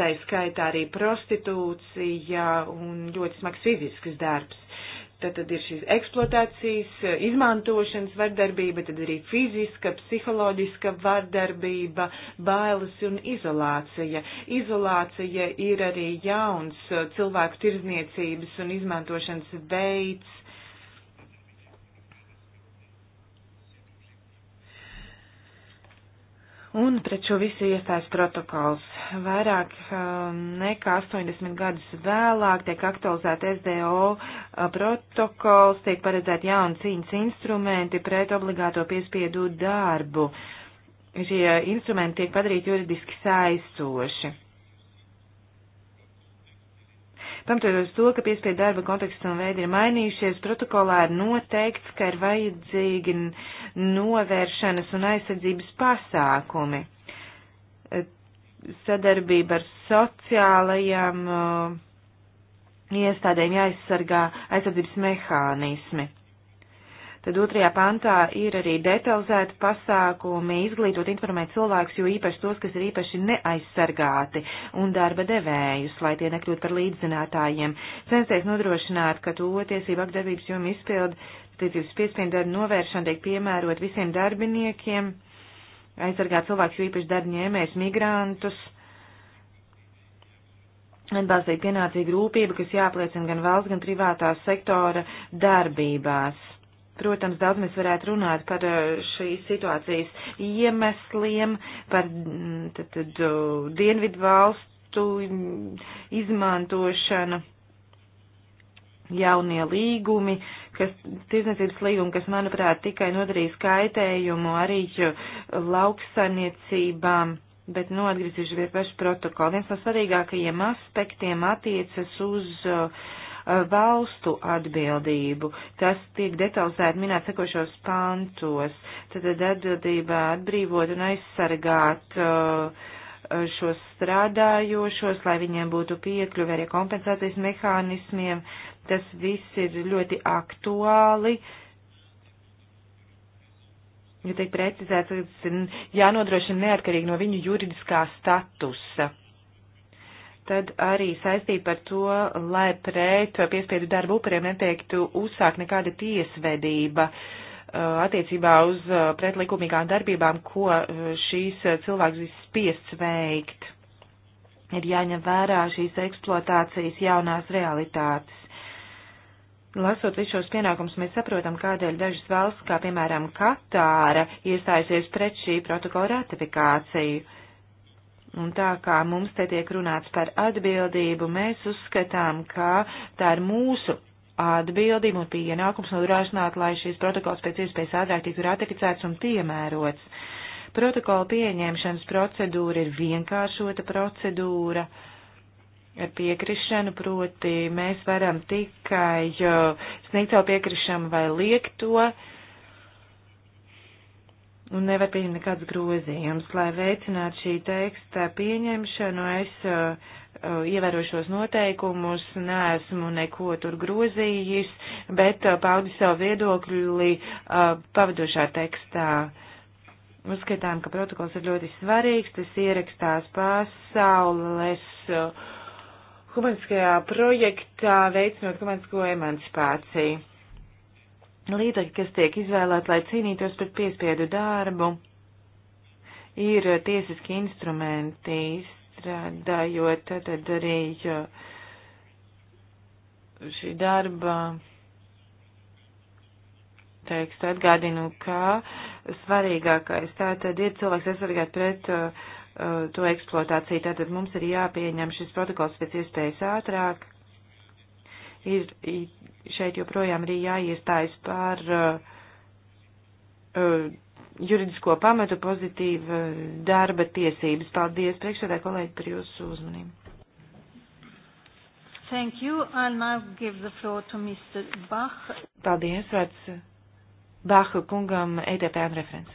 tā ir skaitā arī prostitūcija un ļoti smags fizisks darbs. Tad, tad ir šīs eksploatācijas, eh, izmantošanas vardarbība, tad arī fiziska, psiholoģiska vardarbība, bailes un izolācija. Izolācija ir arī jauns eh, cilvēku tirzniecības un izmantošanas veids, Un pret šo visu iestājas protokols. Vairāk uh, nekā 80 gadus vēlāk tiek aktualizēta SDO uh, protokols, tiek paredzēti jauni cīņas instrumenti pret obligāto piespiedu darbu. Šie instrumenti tiek padarīti juridiski saistoši. Pamatoties to, ka piespiedu darba konteksts un veidi ir mainījušies, protokolā ir noteikts, ka ir vajadzīgi novēršanas un aizsardzības pasākumi. E, sadarbība ar sociālajām e, iestādēm jāaizsargā aizsardzības mehānismi. Tad otrajā pantā ir arī detalizēti pasākumi, izglītot, informēt cilvēkus, jo īpaši tos, kas ir īpaši neaizsargāti un darba devējus, lai tie nekļūtu par līdzzinātājiem, censties nodrošināt, ka to tiesību akdevības jomu izpildu, tiesības piespiedu darbu novēršana tiek piemērot visiem darbiniekiem, aizsargāt cilvēkus, jo īpaši darbņēmējs, migrantus atbalstīt pienācīgu rūpību, kas jāpliecina gan valsts, gan privātās sektora darbībās. Protams, daudz mēs varētu runāt par eh, šīs situācijas iemesliem, par mm, tad, tad, dienvidu valstu mm, izmantošanu, jaunie līgumi, kas, tirsniecības līgumi, kas, manuprāt, tikai nodarīs kaitējumu arī lauksaniecībām, bet noatgriezīšu pie pašu protokolu. Viens no svarīgākajiem aspektiem attiecas uz uh, Uh, valstu atbildību. Tas tiek detalizēti minēt sekošos pantos. Tad atbildībā atbrīvot un aizsargāt uh, uh, šos strādājošos, lai viņiem būtu piekļuvi arī kompensācijas mehānismiem. Tas viss ir ļoti aktuāli. Ja tiek precizēts, jānodrošina neatkarīgi no viņu juridiskā statusa tad arī saistība ar to, lai pret piespiedu darbu upuriem neteiktu uzsākt nekāda tiesvedība uh, attiecībā uz uh, pretlikumīgām darbībām, ko uh, šīs cilvēks ir spiests veikt. Ir jāņem vērā šīs eksploatācijas jaunās realitātes. Lasot visus šos pienākumus, mēs saprotam, kādēļ dažas valsts, kā piemēram Katāra, iestājusies pret šī protokola ratifikāciju. Uh, Un tā kā mums te tiek runāts par atbildību, mēs uzskatām, ka tā ir mūsu atbildība un pienākums nodrošināt, lai šīs protokols pēc iespējas ātrāk tiktu ratificēts un piemērots. Protokola pieņemšanas procedūra ir vienkāršota procedūra. Ar piekrišanu, proti, mēs varam tikai uh, sniegt savu piekrišanu vai liekt to, uh, un nevar pieņemt nekāds grozījums. Lai veicinātu šī teksta pieņemšanu, es uh, uh ievēroju šos noteikumus, neesmu neko tur grozījis, bet uh, paudi savu viedokli uh, pavadošā tekstā. Uzskatām, ka protokols ir ļoti svarīgs, tas ierakstās pasaules uh, humaniskajā projektā veicinot humanisko emancipāciju līdzekļi, kas tiek izvēlēti, lai cīnītos pret piespiedu darbu, ir tiesiski instrumenti, izstrādājot tad arī šī darba tekstu. Atgādinu, ka svarīgākais tātad ir cilvēks aizsargāt pret uh, to eksploatāciju. Tātad mums ir jāpieņem šis protokols pēc iespējas ātrāk ir šeit joprojām arī jāiestājas par uh, uh, juridisko pamatu pozitīva darba tiesības. Paldies, priekšsēdē kolēģi, par jūsu uzmanību. Thank you. I'll now give the floor to Mr. Bach. Paldies, vārds Bahu kungam, EDP referents.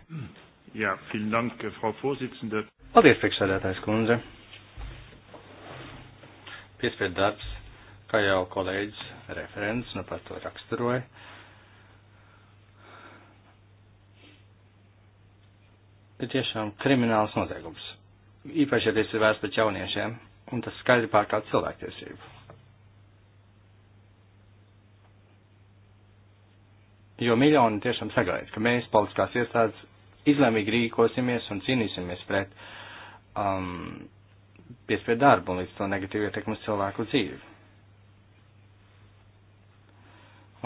Jā, ja, vielen dank, Frau Vorsitzende. Paldies, priekšsēdētājs kundze. Piespiedu darbs kā jau kolēģis referents nu par to raksturoja. Ir tiešām krimināls noziegums. Īpaši, ja tas ir vērsts pret jauniešiem, un tas skaidri pārkāp cilvēktiesību. Jo miljoni tiešām sagaida, ka mēs, politiskās iestādes, izlēmīgi rīkosimies un cīnīsimies pret um, piespiedu darbu un līdz to negatīvu ietekmu uz cilvēku dzīvi.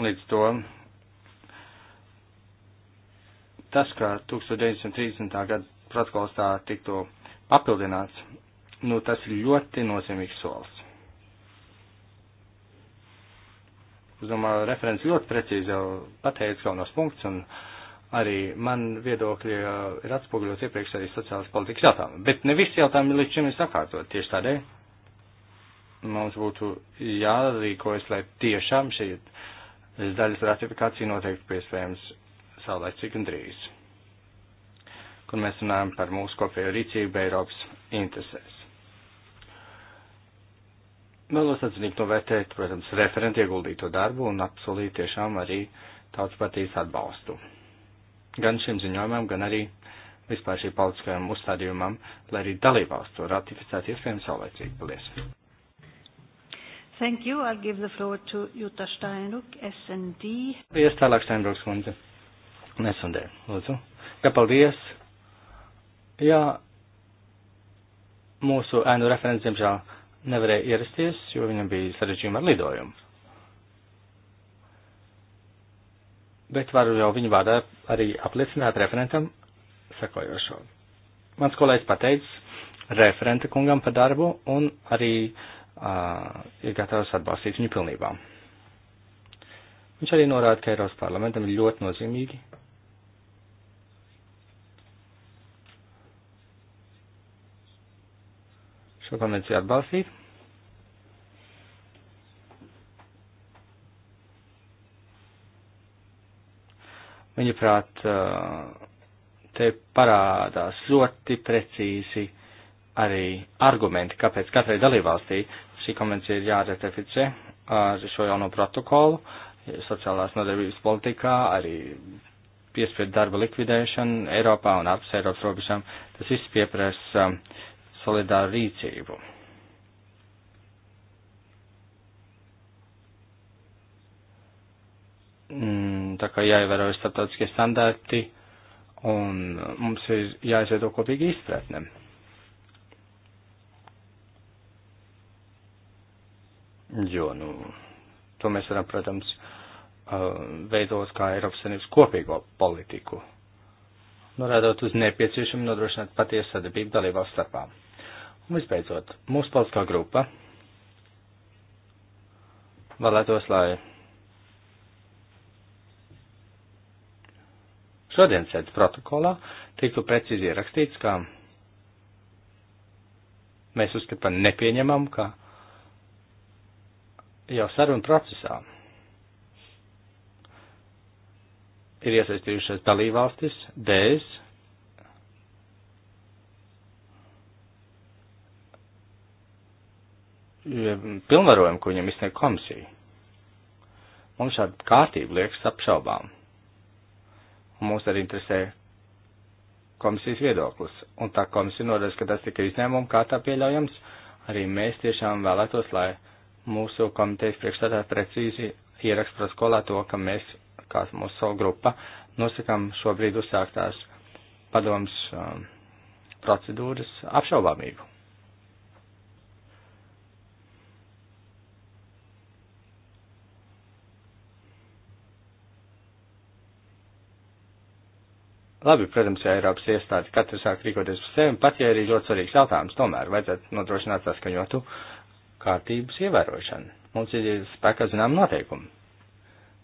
Līdz to tas, ka 1930. gada protokols tā tiktu papildināts, nu tas ir ļoti nozīmīgs solis. Es domāju, referents ļoti precīzi jau pateica galvenos punktus, un arī man viedokļi uh, ir atspoguļot iepriekš arī sociālas politikas jautājumu. Bet ne visi jautājumi līdz šim ir sakārtot. Tieši tādēļ mums būtu jārīkojas, lai tiešām šeit daļas ratifikācija noteikti piespējams saulēcīgi un drīz, kur mēs runājam par mūsu kopējo rīcību Eiropas interesēs. Vēlos atzinīgi novērtēt, protams, referentu ieguldīto darbu un apsolīt tiešām arī tautas partijas atbalstu. Gan šim ziņojumam, gan arī vispār šī politiskajam uzstādījumam, lai arī dalībvalsts to ratificētu iespējami saulēcīgi. Paldies! Thank you. I'll give the floor to Jutta Steinruck, S&D. Paldies, tālāk Steinrucks kundze. Nesundē, lūdzu. Jā, paldies. Jā, mūsu ēnu referents, diemžēl, nevarēja ierasties, jo viņam bija sarežģījumi ar lidojumu. Bet varu jau viņu vārdā arī apliecināt referentam sakojošo. Mans kolēģis pateicis referenta kungam par darbu un arī uh, ir gatavs atbalstīt viņu pilnībā. Viņš arī norāda, ka Eiropas parlamentam ir ļoti nozīmīgi šo konvenciju atbalstīt. Viņuprāt, te parādās ļoti precīzi arī argumenti, kāpēc katrai dalībvalstī šī konvencija ir jāratificē ar šo jauno protokolu sociālās nodarbības politikā, arī piespiedu darba likvidēšanu Eiropā un ārpus Eiropas robežām. Tas viss pieprasa um, solidāru rīcību. Mm, tā kā jāievērojas starptautiskie standarti un uh, mums ir jāizveido kopīgi izpratnēm. jo, nu, to mēs varam, protams, veidot kā Eiropas Savienības kopīgo politiku, norādot nu, uz nepieciešamu nodrošināt patiesu sadarbību dalībās starpā. Un visbeidzot, mūsu politiskā grupa vēlētos, lai šodien sēdz protokolā tiktu precīzi ierakstīts, ka mēs uzskatām nepieņemam, ka jau sarunu procesā ir iesaistījušās dalībvalstis, dēļ, pilnvarojumu, ko viņam izsniedz komisija. Mums šāda kārtība liekas apšaubām. Un mums arī interesē komisijas viedoklis. Un tā komisija norāda, ka tas tikai izņēmumi, kā tā pieļaujams. Arī mēs tiešām vēlētos, lai mūsu komitejas priekšstādā precīzi ierakst protokolā to, ka mēs, kā mūsu savu grupa, nosakām šobrīd uzsāktās padoms um, procedūras apšaubāmību. Labi, protams, ja Eiropas iestāde katrs sāk rīkoties par sevi, pat ja ir ļoti svarīgs jautājums, tomēr vajadzētu nodrošināt saskaņotu uh, kārtības ievērošana. Mums ir spēkā zinām noteikumi,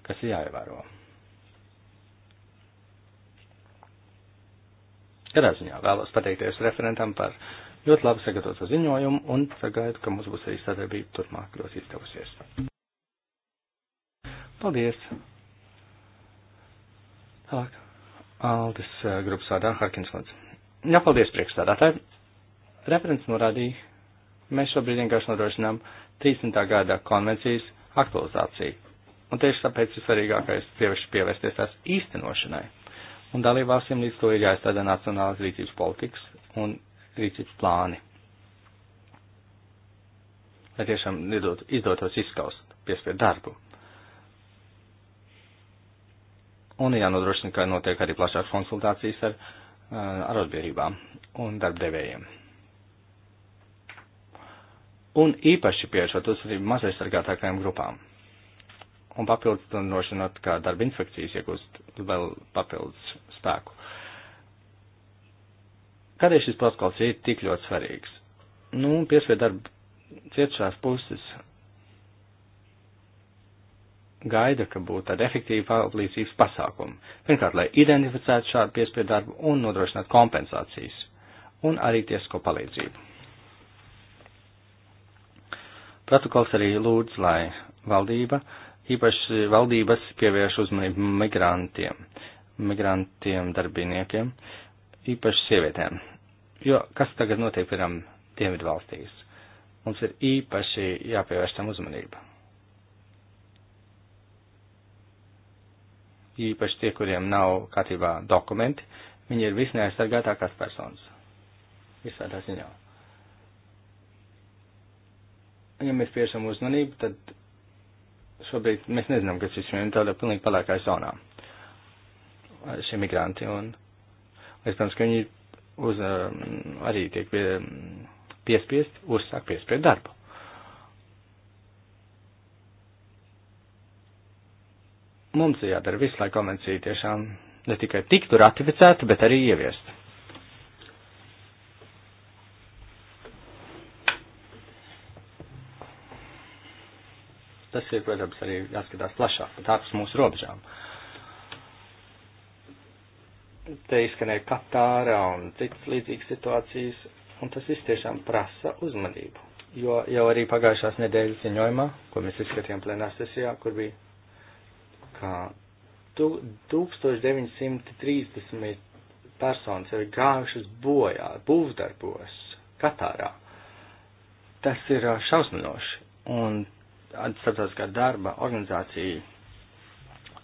kas ir jāievēro. Katrā ziņā vēlos pateikties referentam par ļoti labi sagatavotu ziņojumu un sagaidu, ka mums būs arī sadarbība turpmāk ļoti izdevusies. Paldies! Tālāk. Aldis eh, grupas vārdā Harkins Lodz. Jā, paldies priekšstādātāji. Referents norādīja, Mēs šobrīd vienkārši nodrošinām 30. gada konvencijas aktualizāciju. Un tieši tāpēc ir svarīgākais tieši pievērsties tās īstenošanai. Un dalībvalstīm līdz to ir jāizstāda nacionālas rīcības politikas un rīcības plāni. Lai tiešām izdot, izdotos izskaust piespied darbu. Un jānodrošina, ka notiek arī plašākas konsultācijas ar eh, arotbiedrībām ar un darbdevējiem un īpaši pievēršot uzmanību mazai sargātākajām grupām. Un papildus nošanot, ka darba inspekcijas iegūst vēl papildus spēku. Kādēļ šis protokols ir tik ļoti svarīgs? Nu, piespiedu darba cietušās puses gaida, ka būtu tāda efektīva palīdzības pasākuma. Pirmkārt, lai identificētu šādu piespiedu darbu un nodrošinātu kompensācijas un arī tiesko palīdzību. Protokols arī lūdz, lai valdība, īpaši valdības pievērš uzmanību migrantiem, migrantiem darbiniekiem, īpaši sievietēm. Jo kas tagad notiek, piemēram, Dienvidu valstīs? Mums ir īpaši jāpievērš tam uzmanība. Īpaši tie, kuriem nav kārtībā dokumenti, viņi ir visneaizsargātākās personas. Visādā ziņā ja mēs piešam uzmanību, tad šobrīd mēs nezinām, kas ir viņiem tādā pilnīgi palākā zonā. Šie migranti. Un es domāju, ka viņi uz, um, arī tiek pie, um, piespiest, uzsāk piespiest darbu. Mums ir jādara viss, lai konvencija tiešām ne tikai tiktu ratificēta, bet arī ieviesta. tas ir, protams, arī jāskatās plašāk, pat ārpus mūsu robežām. Te izskanēja Katāra un citas līdzīgas situācijas, un tas viss tiešām prasa uzmanību. Jo jau arī pagājušās nedēļas ziņojumā, ko mēs izskatījām plenārsesijā, kur bija kā 1930 personas jau ir gājušas bojā, būvdarbos Katārā. Tas ir šausminoši. Un starptautiskā darba organizācija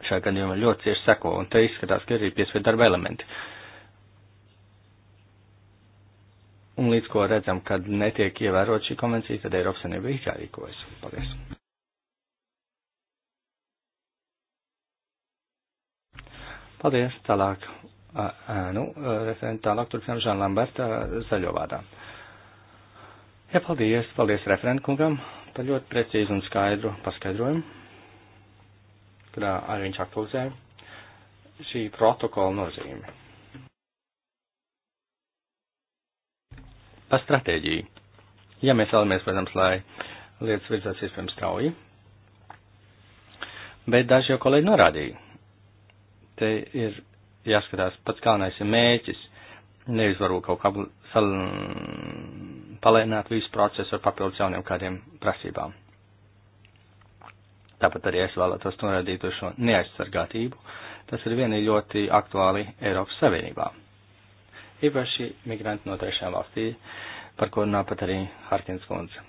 šajā gadījumā ļoti cieši seko, un te izskatās, ka ir arī piespiedu darba elementi. Un līdz ko redzam, kad netiek ievērot šī konvencija, tad Eiropas Savienība ir jārīkojas. Paldies. Paldies. Tālāk. Nu, referenta tālāk turpinām Žāna Lamberta zaļo vārdā. Jā, paldies. Paldies referentkungam par ļoti precīzu un skaidru paskaidrojumu, kurā arī viņš aktualizē šī protokola nozīme. Par stratēģiju. Ja mēs vēlamies, protams, lai lietas virzās iespējams strauji, bet daži jau kolēģi norādīja, te ir jāskatās pats galvenais ir mērķis, nevis varbūt kaut kā sal palēnināt visu procesu ar papildus jauniem kādiem prasībām. Tāpat arī es vēlētos norādīt uz šo neaizsargātību. Tas ir viena ļoti aktuāli Eiropas Savienībā. Īpaši migranti no trešām valstī, par ko runā pat arī Harkins kundze.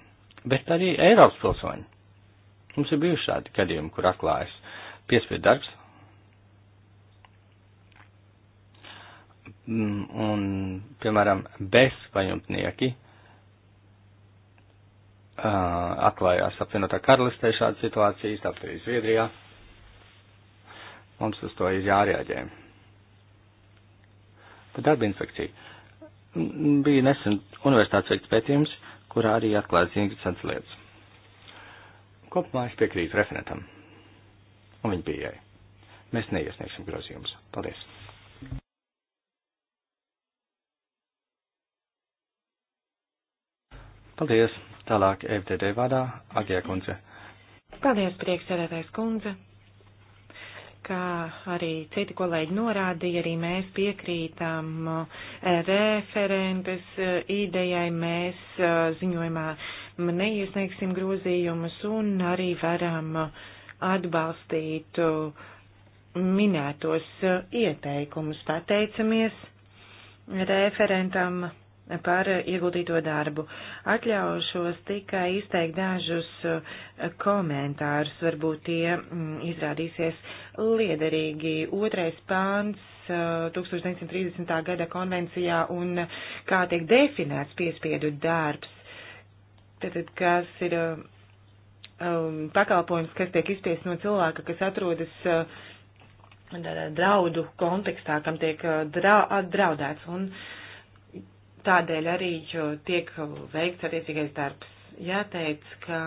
Bet arī Eiropas pilsoņi. Mums ir bijuši šādi gadījumi, kur atklājas piespiedu darbs, mm, un, piemēram, bezpajumtnieki atklājās apvienotā karalistē šāda situācija, tāpat arī Zviedrijā. Mums uz to ir jārēģē. Par darba inspekciju. Bija nesen universitātes veikts pētījums, kurā arī atklājas interesants lietas. Kopumā es piekrītu referentam un viņa pieejai. Mēs neiesniegsim grozījumus. Paldies! Paldies! Tālāk FDD vadā Agijā kundze. Paldies, priekšsēdētājs kundze. Kā arī citi kolēģi norādīja, arī mēs piekrītam referentes idejai, mēs ziņojumā neiesniegsim grozījumus un arī varam atbalstīt minētos ieteikumus. Pateicamies referentam par ieguldīto darbu. Atļaušos tikai izteikt dažus eh, komentārus, varbūt tie mm, izrādīsies liederīgi. Otrais pāns 1930. Eh, gada konvencijā un eh, kā tiek definēts piespiedu darbs. Tātad, kas ir um, pakalpojums, kas tiek izspiests no cilvēka, kas atrodas uh, draudu kontekstā, kam tiek uh, draudēts. Un, uh, Tādēļ arī tiek veikts attiecīgais darbs. Jāteic, ka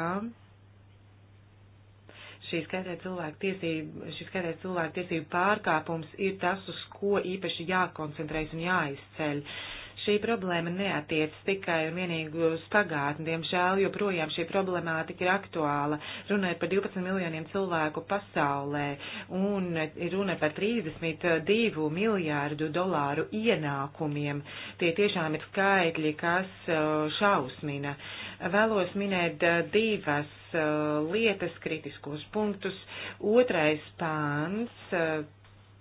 šīs skaitēs cilvēku tiesību, šīs skaitēs cilvēku tiesību pārkāpums ir tas, uz ko īpaši jākoncentrējas un jāizceļ. Uh, šī problēma neatiec tikai un vienīgi uz pagātni. Diemžēl joprojām šī problemātika ir aktuāla. Runājot par 12 miljoniem cilvēku pasaulē un runājot par 32 miljārdu dolāru ienākumiem, tie tiešām ir skaitļi, kas uh, šausmina. Vēlos minēt uh, divas uh, lietas, kritiskos punktus. Otrais pāns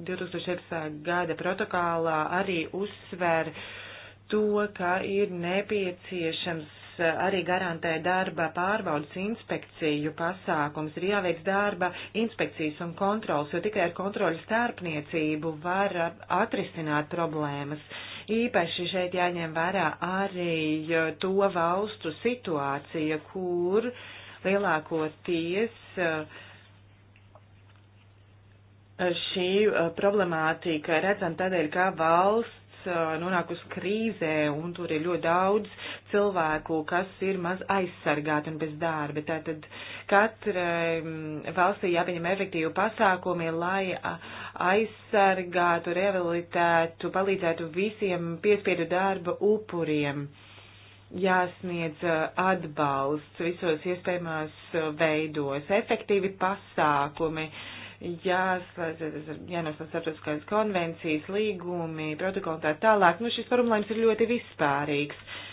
2017. gada protokolā arī uzsver to, ka ir nepieciešams eh, arī garantē darba pārbaudas inspekciju pasākums, ir jāveic darba inspekcijas un kontrols, jo tikai ar kontroļu starpniecību var eh, atrisināt problēmas. Īpaši šeit jāņem vērā arī eh, to valstu situācija, kur lielākoties šī problemātika redzam tādēļ, ka valsts Eh, nonāk uz krīzē, un tur ir ļoti daudz cilvēku, kas ir maz aizsargāti un bez darba. Tātad katrai mm, valstī jāpieņem efektīvi pasākumi, lai aizsargātu, rehabilitētu, palīdzētu visiem piespiedu darba upuriem. Jāsniedz eh, atbalsts visos iespējamās eh, veidos, efektīvi pasākumi. Uh, jānoslēdz starptautiskās konvencijas, līgumi, protokoli tā tālāk. Nu, šis formulējums ir ļoti vispārīgs.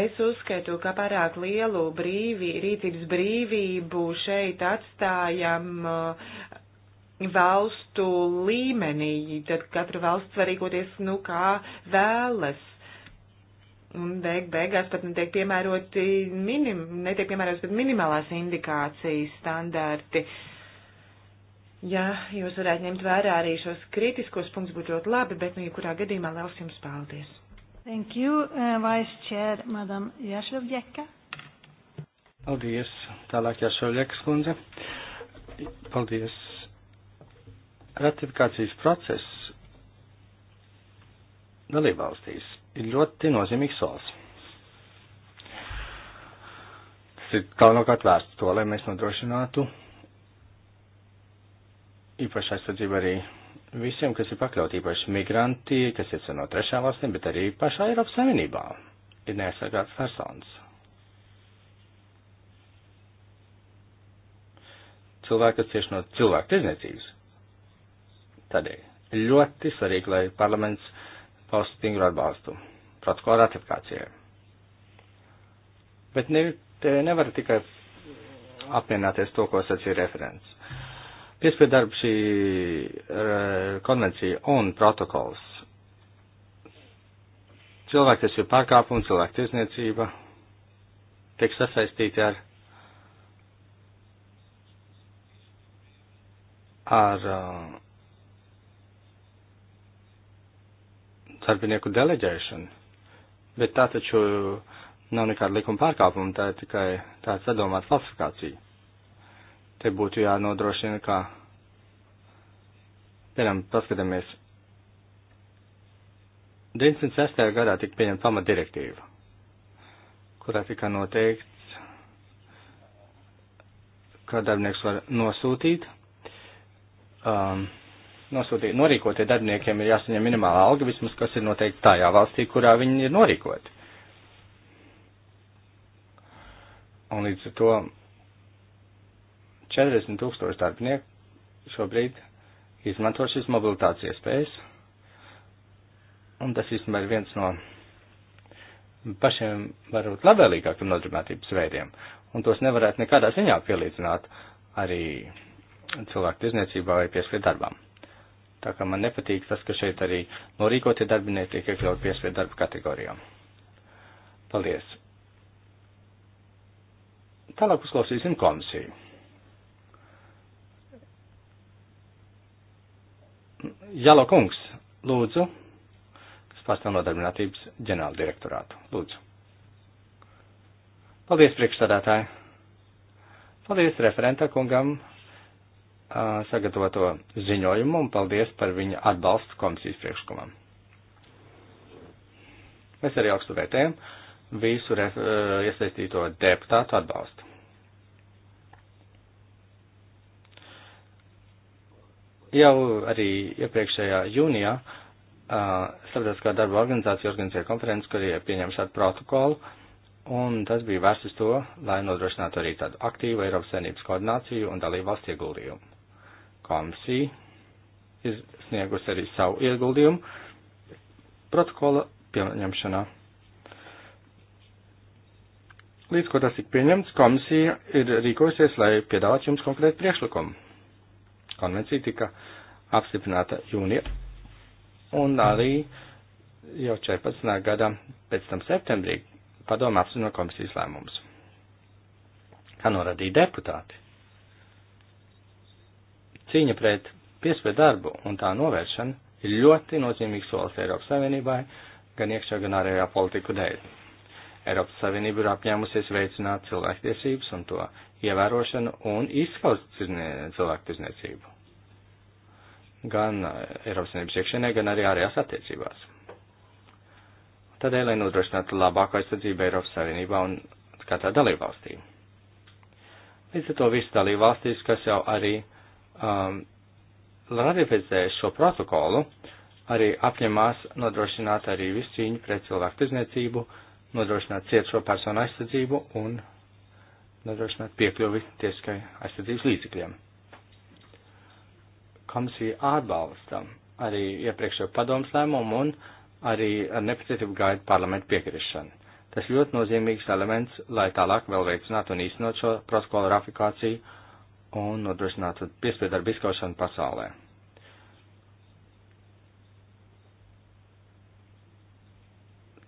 Es uzskatu, ka pārāk lielu brīvī, rīcības brīvību šeit atstājam uh, valstu līmenī, tad katra valsts var rīkoties, nu, kā vēlas. Un beig, beigās pat netiek piemēroti minim, netiek piemērots pat minimālās indikācijas standarti. Uh, Ja jūs varētu ņemt vērā arī šos kritiskos punktus, būtu ļoti labi, bet nu, jebkurā gadījumā liels jums paldies. Thank you, uh, Vice Chair, Madam Jašļovģeka. Paldies, tālāk Jašļovģekas kundze. Paldies. Ratifikācijas process dalībvalstīs ir ļoti nozīmīgs solis. Tas ir galvenokārt vērsts to, lai mēs nodrošinātu īpaši aizsardzība arī visiem, kas ir pakļauti īpaši migranti, kas ir no trešām valstīm, bet arī pašā Eiropas Savienībā ir neaizsargāts personas. Cilvēki, kas cieši no cilvēku tirzniecības. Tādēļ ļoti svarīgi, lai parlaments paustu stingru atbalstu protokola ratifikācijai. Bet ne, te nevar tikai apvienāties to, ko sacīja referents. Piespiedu darba šī e, konvencija un protokols. Cilvēktiesību pārkāpumi, cilvēktiesniecība tiek sasaistīti ar, ar e, darbinieku deleģēšanu. Bet tā taču nav nekāda likuma pārkāpuma, tā ir tikai tāds sadomāta falsifikācija te būtu jānodrošina, kā, piemēram, paskatāmies, 96. gadā tika pieņemta pamatdirektīva, kurā tika noteikts, ka darbinieks var nosūtīt, um, nosūtīt, norīkotie darbiniekiem ir jāsaņem minimāla alga, vismaz kas ir noteikti tajā valstī, kurā viņi ir norīkoti. Un līdz ar to 40 tūkstoši darbinieku šobrīd izmanto šīs mobilitātes iespējas, un tas īstenībā ir viens no pašiem varbūt labvēlīgākiem nodarbinātības veidiem, un tos nevarētu nekādā ziņā pielīdzināt arī cilvēku tirzniecībā vai piespiedu darbām. Tā kā man nepatīk tas, ka šeit arī norīkotie darbinieki tiek iekļaut piespiedu darba kategorijām. Paldies! Tālāk uzklausīsim komisiju. Jalo kungs, lūdzu, kas pārstāv nodarbinātības ģenerāla direktorātu. Lūdzu. Paldies, priekšstādātāji. Paldies referenta kungam uh, sagatavoto ziņojumu un paldies par viņa atbalstu komisijas priekšlikumam. Mēs arī augstu vērtējam visu ref, uh, iesaistīto deputātu atbalstu. Jau arī iepriekšējā jūnijā uh, Starptautiskā darba organizācija organizēja konferenci, kur pieņem šādu protokolu, un tas bija vērsts uz to, lai nodrošinātu arī tādu aktīvu Eiropas saimnības koordināciju un dalību valsts ieguldījumu. Komisija ir sniegusi arī savu ieguldījumu protokola pieņemšanā. Līdz ko tas tika pieņemts, komisija ir rīkojusies, lai piedāvātu jums konkrētu priekšlikumu konvencija tika apstiprināta jūnija un arī jau 14. gada pēc tam septembrī padomu apstiprina komisijas lēmumus. Kā norādīja deputāti, cīņa pret piespiedu darbu un tā novēršana ir ļoti nozīmīgs solis Eiropas Savienībai gan iekšā, gan ārējā politiku dēļ. Eiropas Savienība ir apņēmusies veicināt cilvēktiesības un to ievērošanu un izskaust cilvēku tirzniecību. Gan eh, Eiropas Savienības iekšienē, gan arī ārējās attiecībās. Tādēļ, lai nodrošinātu labāko aizsardzību Eiropas Savienībā un katrā dalībvalstī. Līdz ar to visu dalībvalstīs, kas jau arī um, ratificējuši šo protokolu, arī apņemās nodrošināt arī visu cīņu pret cilvēku tirzniecību, uh, nodrošināt cietušo personu aizsardzību un nodrošināt piekļuvi tiesiskai aizsardzības līdzekļiem. Komisija atbalsta arī iepriekšējo padomus lēmumu un arī ar nepacietību gaida parlamentu piekrišanu. Tas ļoti nozīmīgs elements, lai tālāk vēl veicinātu un īstenot šo protokolu ratifikāciju un nodrošinātu piespiedu darbu izkaušanu pasaulē.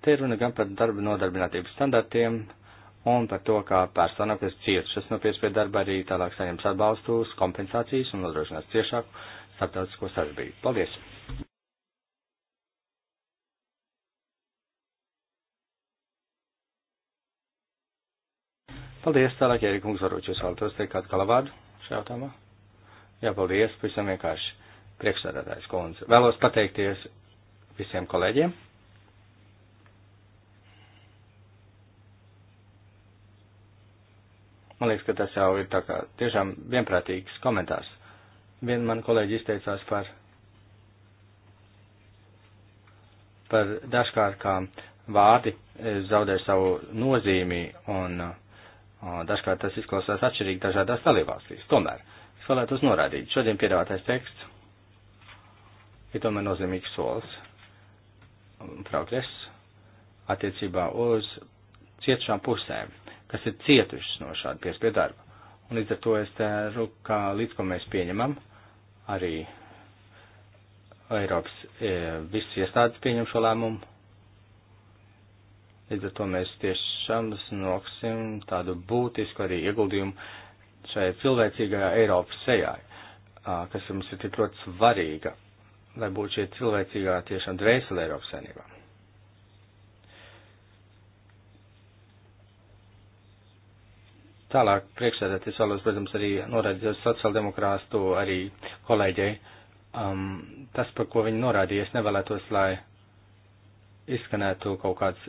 Te ir runa gan par darba nodarbinātības standartiem un par to, kā persona, kas ciešas no piespiedu darba, arī tālāk saņems atbalstus, kompensācijas un nodrošinās ciešāku starptautisko sadarbību. Paldies! Paldies, tālāk, Jēri kungs, varbūt jūs vēlatos teikt kādu kalavādu šajā jautājumā? Jā, paldies, pavisam vienkārši priekšsēdētājs kundze. Vēlos pateikties visiem kolēģiem. Man liekas, ka tas jau ir tā kā tiešām vienprātīgs komentārs. Viena man kolēģi izteicās par, par dažkārt kā vārdi e, zaudē savu nozīmi un e, dažkārt tas izklausās atšķirīgi dažādās dalībvalstīs. Tomēr es vēlētu uz norādīt, šodien piedāvātais teksts ir tomēr nozīmīgs solis un um, progress attiecībā uz cietušām pusēm kas ir cietušas no šāda piespiedu darba. Un līdz ar to es ceru, ka līdz ko mēs pieņemam, arī Eiropas e, visas iestādes pieņem šo lēmumu. Līdz ar to mēs tiešām noksim tādu būtisku arī ieguldījumu šai cilvēcīgajā Eiropas sejā, kas mums ir tik ļoti svarīga, lai būtu šie cilvēcīgā tiešām dvēseli Eiropas saimnībām. Tālāk priekšsēdētājs vēlos, protams, arī norādīt sociāldemokrāstu arī kolēģei. Um, tas, par ko viņi norādīja, es nevēlētos, lai izskanētu kaut kāds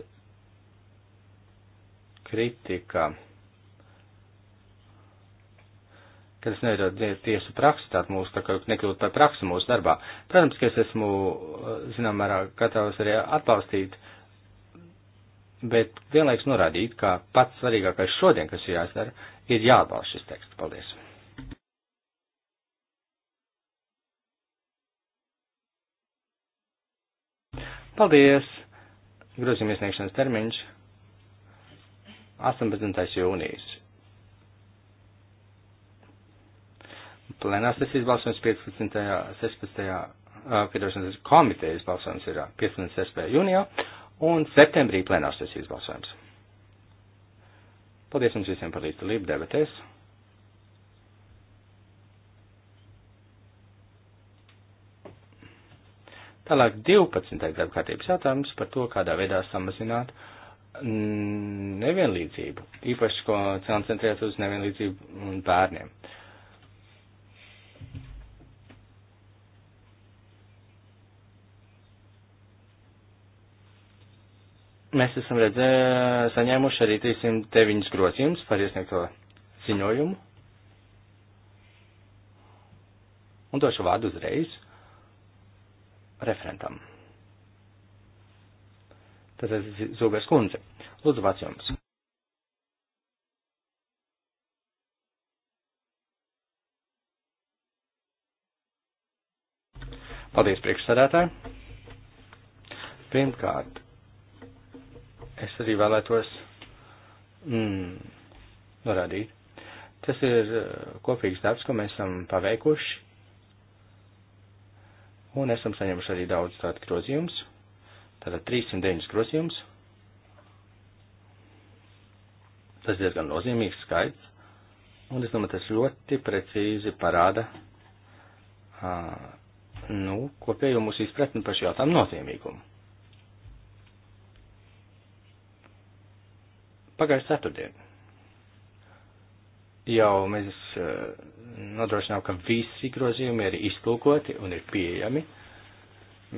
kritika, ka es nedaru tiesu praksi, tātad mūsu, tā kā nekļūt par praksi mūsu darbā. Protams, ka es esmu, zinām, mērā gatavs arī atbalstīt uh, bet vienlaiks norādīt, ka pats svarīgākais šodien, kas ir jāizdara, ir jāatbalsta šis teksts. Paldies! Paldies! Grozījuma iesniegšanas termiņš 18. jūnijas. Plenās sesijas balsojums 15. 16. Uh, komitejas balsojums ir 15. 16. jūnijā un septembrī plenārsesijas balsojums. Paldies jums visiem par līdzdalību debatēs. Tālāk 12. darba kārtības jautājums par to, kādā veidā samazināt nevienlīdzību, īpaši, ko centrēties uz nevienlīdzību bērniem. Uh, Mēs esam redzē, saņēmuši arī 309 grozījumus par iesniegto ziņojumu. Un došu vārdu uzreiz referentam. Tātad Zūbērs kundze, lūdzu vārds jums. Paldies, priekšsādātāji! Pirmkārt, es arī vēlētos mm, norādīt. Tas ir eh, kopīgs darbs, ko mēs esam paveikuši, un esam saņemuši arī daudz tādu grozījumus, tātad 309 grozījumus. Tas ir diezgan nozīmīgs skaits, un es domāju, tas ļoti precīzi parāda, uh, nu, kopējo mūsu izpratni par šo jautājumu nozīmīgumu. Pagājušā ceturtdiena jau mēs eh, nodrošinām, ka visi grozījumi ir iztulkoti un ir pieejami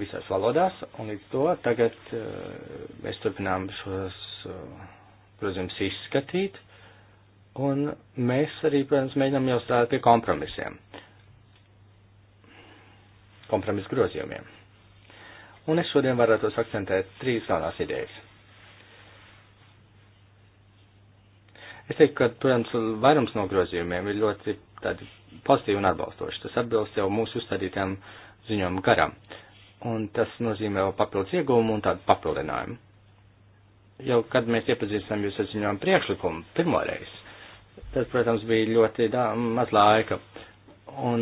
visās valodās, un līdz to tagad eh, mēs turpinām šos eh, grozījumus izskatīt, un mēs arī, protams, mēģinām jau strādāt pie kompromisiem, kompromisu grozījumiem. Un es šodien varētu akcentēt trīs galvenās idejas. Es teiktu, ka, protams, vairums no grozījumiem ir ļoti tādi pozitīvi un atbalstoši. Tas atbilst jau mūsu uzstādītām ziņojumu garam. Un tas nozīmē jau papildus iegūmu un tādu papildinājumu. Jau kad mēs iepazīstam jūs ar ziņojumu priekšlikumu pirmoreiz, tas, protams, bija ļoti dā, maz laika. Un,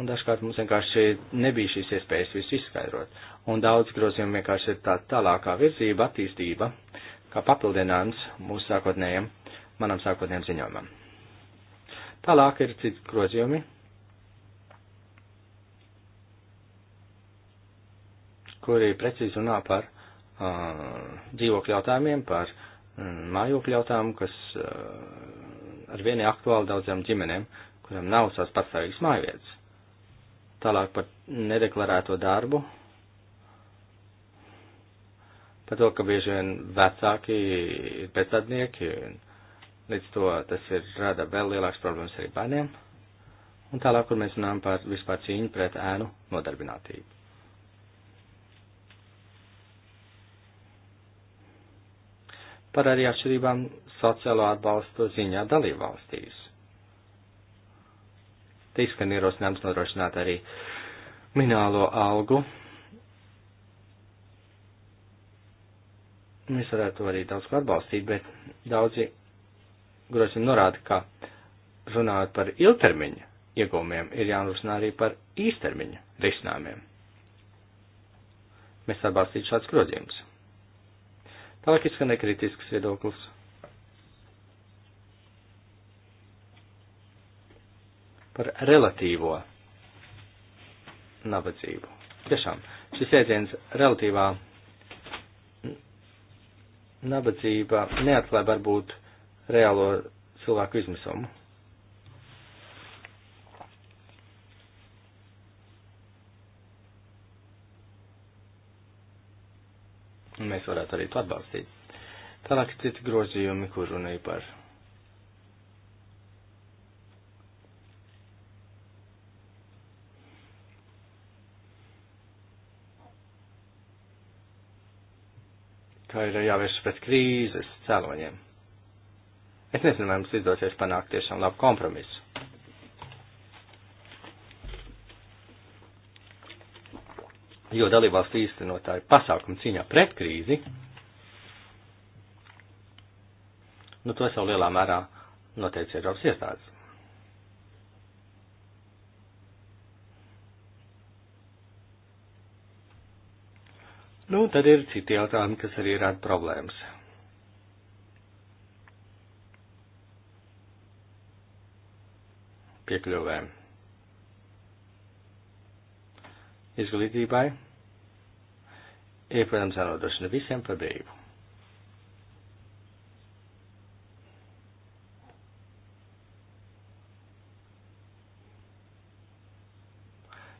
un dažkārt mums vienkārši nebija šīs iespējas visu izskaidrot. Un daudz grozījumu vienkārši ir tā tālākā virzība, attīstība, kā papildinājums mūsu sākotnējiem, manam sākotnējiem ziņojumam. Tālāk ir citi grozījumi, kuri precīzi runā par uh, dzīvokļu jautājumiem, par um, mājokļu jautājumu, kas uh, ar vienu aktuāli daudziem ģimenēm, kuram nav savas pastāvīgas mājvietas. Tālāk par nedeklarēto darbu par to, ka bieži vien vecāki ir bezdarbnieki, un līdz to tas ir rada vēl lielāks problēmas arī bērniem. Un tālāk, kur mēs runājam par vispār cīņu pret ēnu nodarbinātību. Par arī atšķirībām sociālo atbalstu ziņā dalībvalstīs. Tiks, ka ierosinājums nodrošināt arī minimālo algu mēs varētu arī daudz ko atbalstīt, bet daudzi grozījumi norāda, ka runājot par ilgtermiņa iegūmiem, ir jānurunā arī par īstermiņa risinājumiem. Mēs atbalstītu šāds grozījums. Tālāk izskan nekritisks viedoklis. Par relatīvo nabadzību. Tiešām, šis jēdziens relatīvā nabadzība neatklāja varbūt reālo cilvēku izmisumu. Un mēs varētu arī to atbalstīt. Tālāk citi grozījumi, kur runāja par ka ir jāvērš pret krīzes cēloņiem. Es nezinu, vai mums izdosies panākt tiešām labu kompromisu. jo dalībvalstu īstenotāju pasākumu cīņā pret krīzi, nu to jau lielā mērā noteica Eiropas iestādes. Nu, tad ir citi jautājumi, kas arī rada problēmas. Piekļuvēm. Izglītībai ir, protams, jānodrošina visiem par brīvu.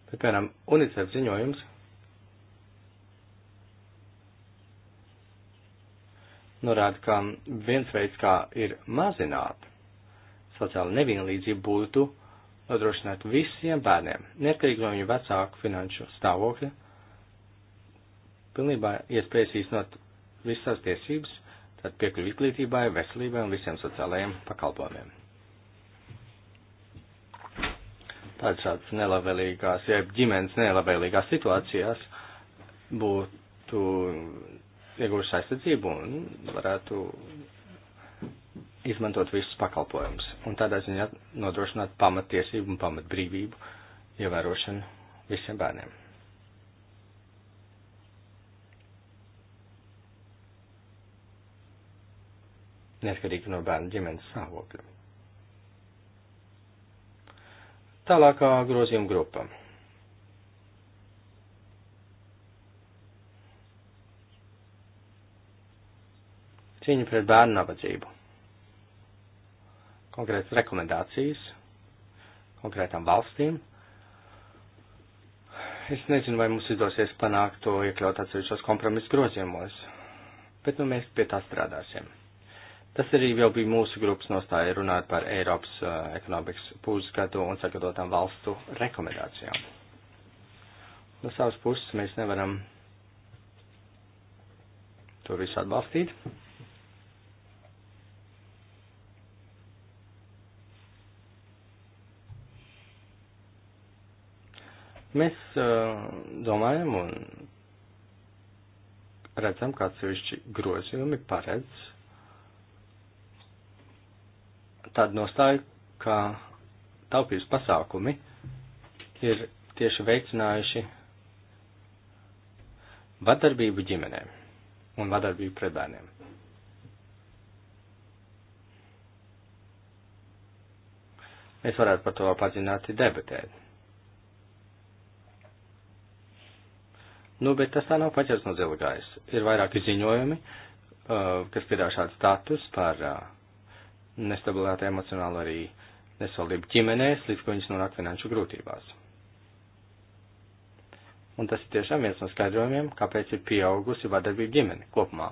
Piemēram, UNICEF ziņojums norāda, ka viens veids, kā ir mazināt sociālo nevienlīdzību, būtu nodrošināt visiem bērniem, neatkarīgi no viņu vecāku finanšu stāvokļa, pilnībā iespējas īstenot visas tiesības, tad piekļuvi izglītībai, veselībai un visiem sociālajiem pakalpojumiem. Tāds šāds nelabvēlīgās, jeb ģimenes nelabvēlīgās situācijās būtu ieguvuši aizsardzību un varētu izmantot visus pakalpojumus un tādā ziņā nodrošināt pamatiesību un pamatbrīvību ievērošanu visiem bērniem. Neatkarīgi no bērna ģimenes stāvokļa. Tālākā grozījuma grupa. cīņa pret bērnu nabadzību, konkrētas rekomendācijas konkrētām valstīm. Es nezinu, vai mums izdosies panākt to iekļaut atsevišķos kompromisu grozījumos, bet nu mēs pie tā strādāsim. Tas arī jau bija mūsu grupas nostāja runāt par Eiropas uh, ekonomikas pusgadu un sagatavotām valstu rekomendācijām. No savas puses mēs nevaram to visu atbalstīt. Mēs uh, domājam un redzam, kā atsevišķi grozījumi paredz tādu nostāju, ka taupības pasākumi ir tieši veicinājuši vadarbību ģimenēm un vadarbību pret bērniem. Mēs varētu par to padziļināti debatēt. Nu, bet tas tā nav paķers no zila gaisa. Ir vairāki ziņojumi, uh, kas piedāvā šādu status par uh, nestabilitāti emocionāli arī nesvaldību ģimenēs, līdz ko viņas nonāk finanšu grūtībās. Un tas ir tiešām viens no skaidrojumiem, kāpēc ir pieaugusi vardarbība ģimene kopumā.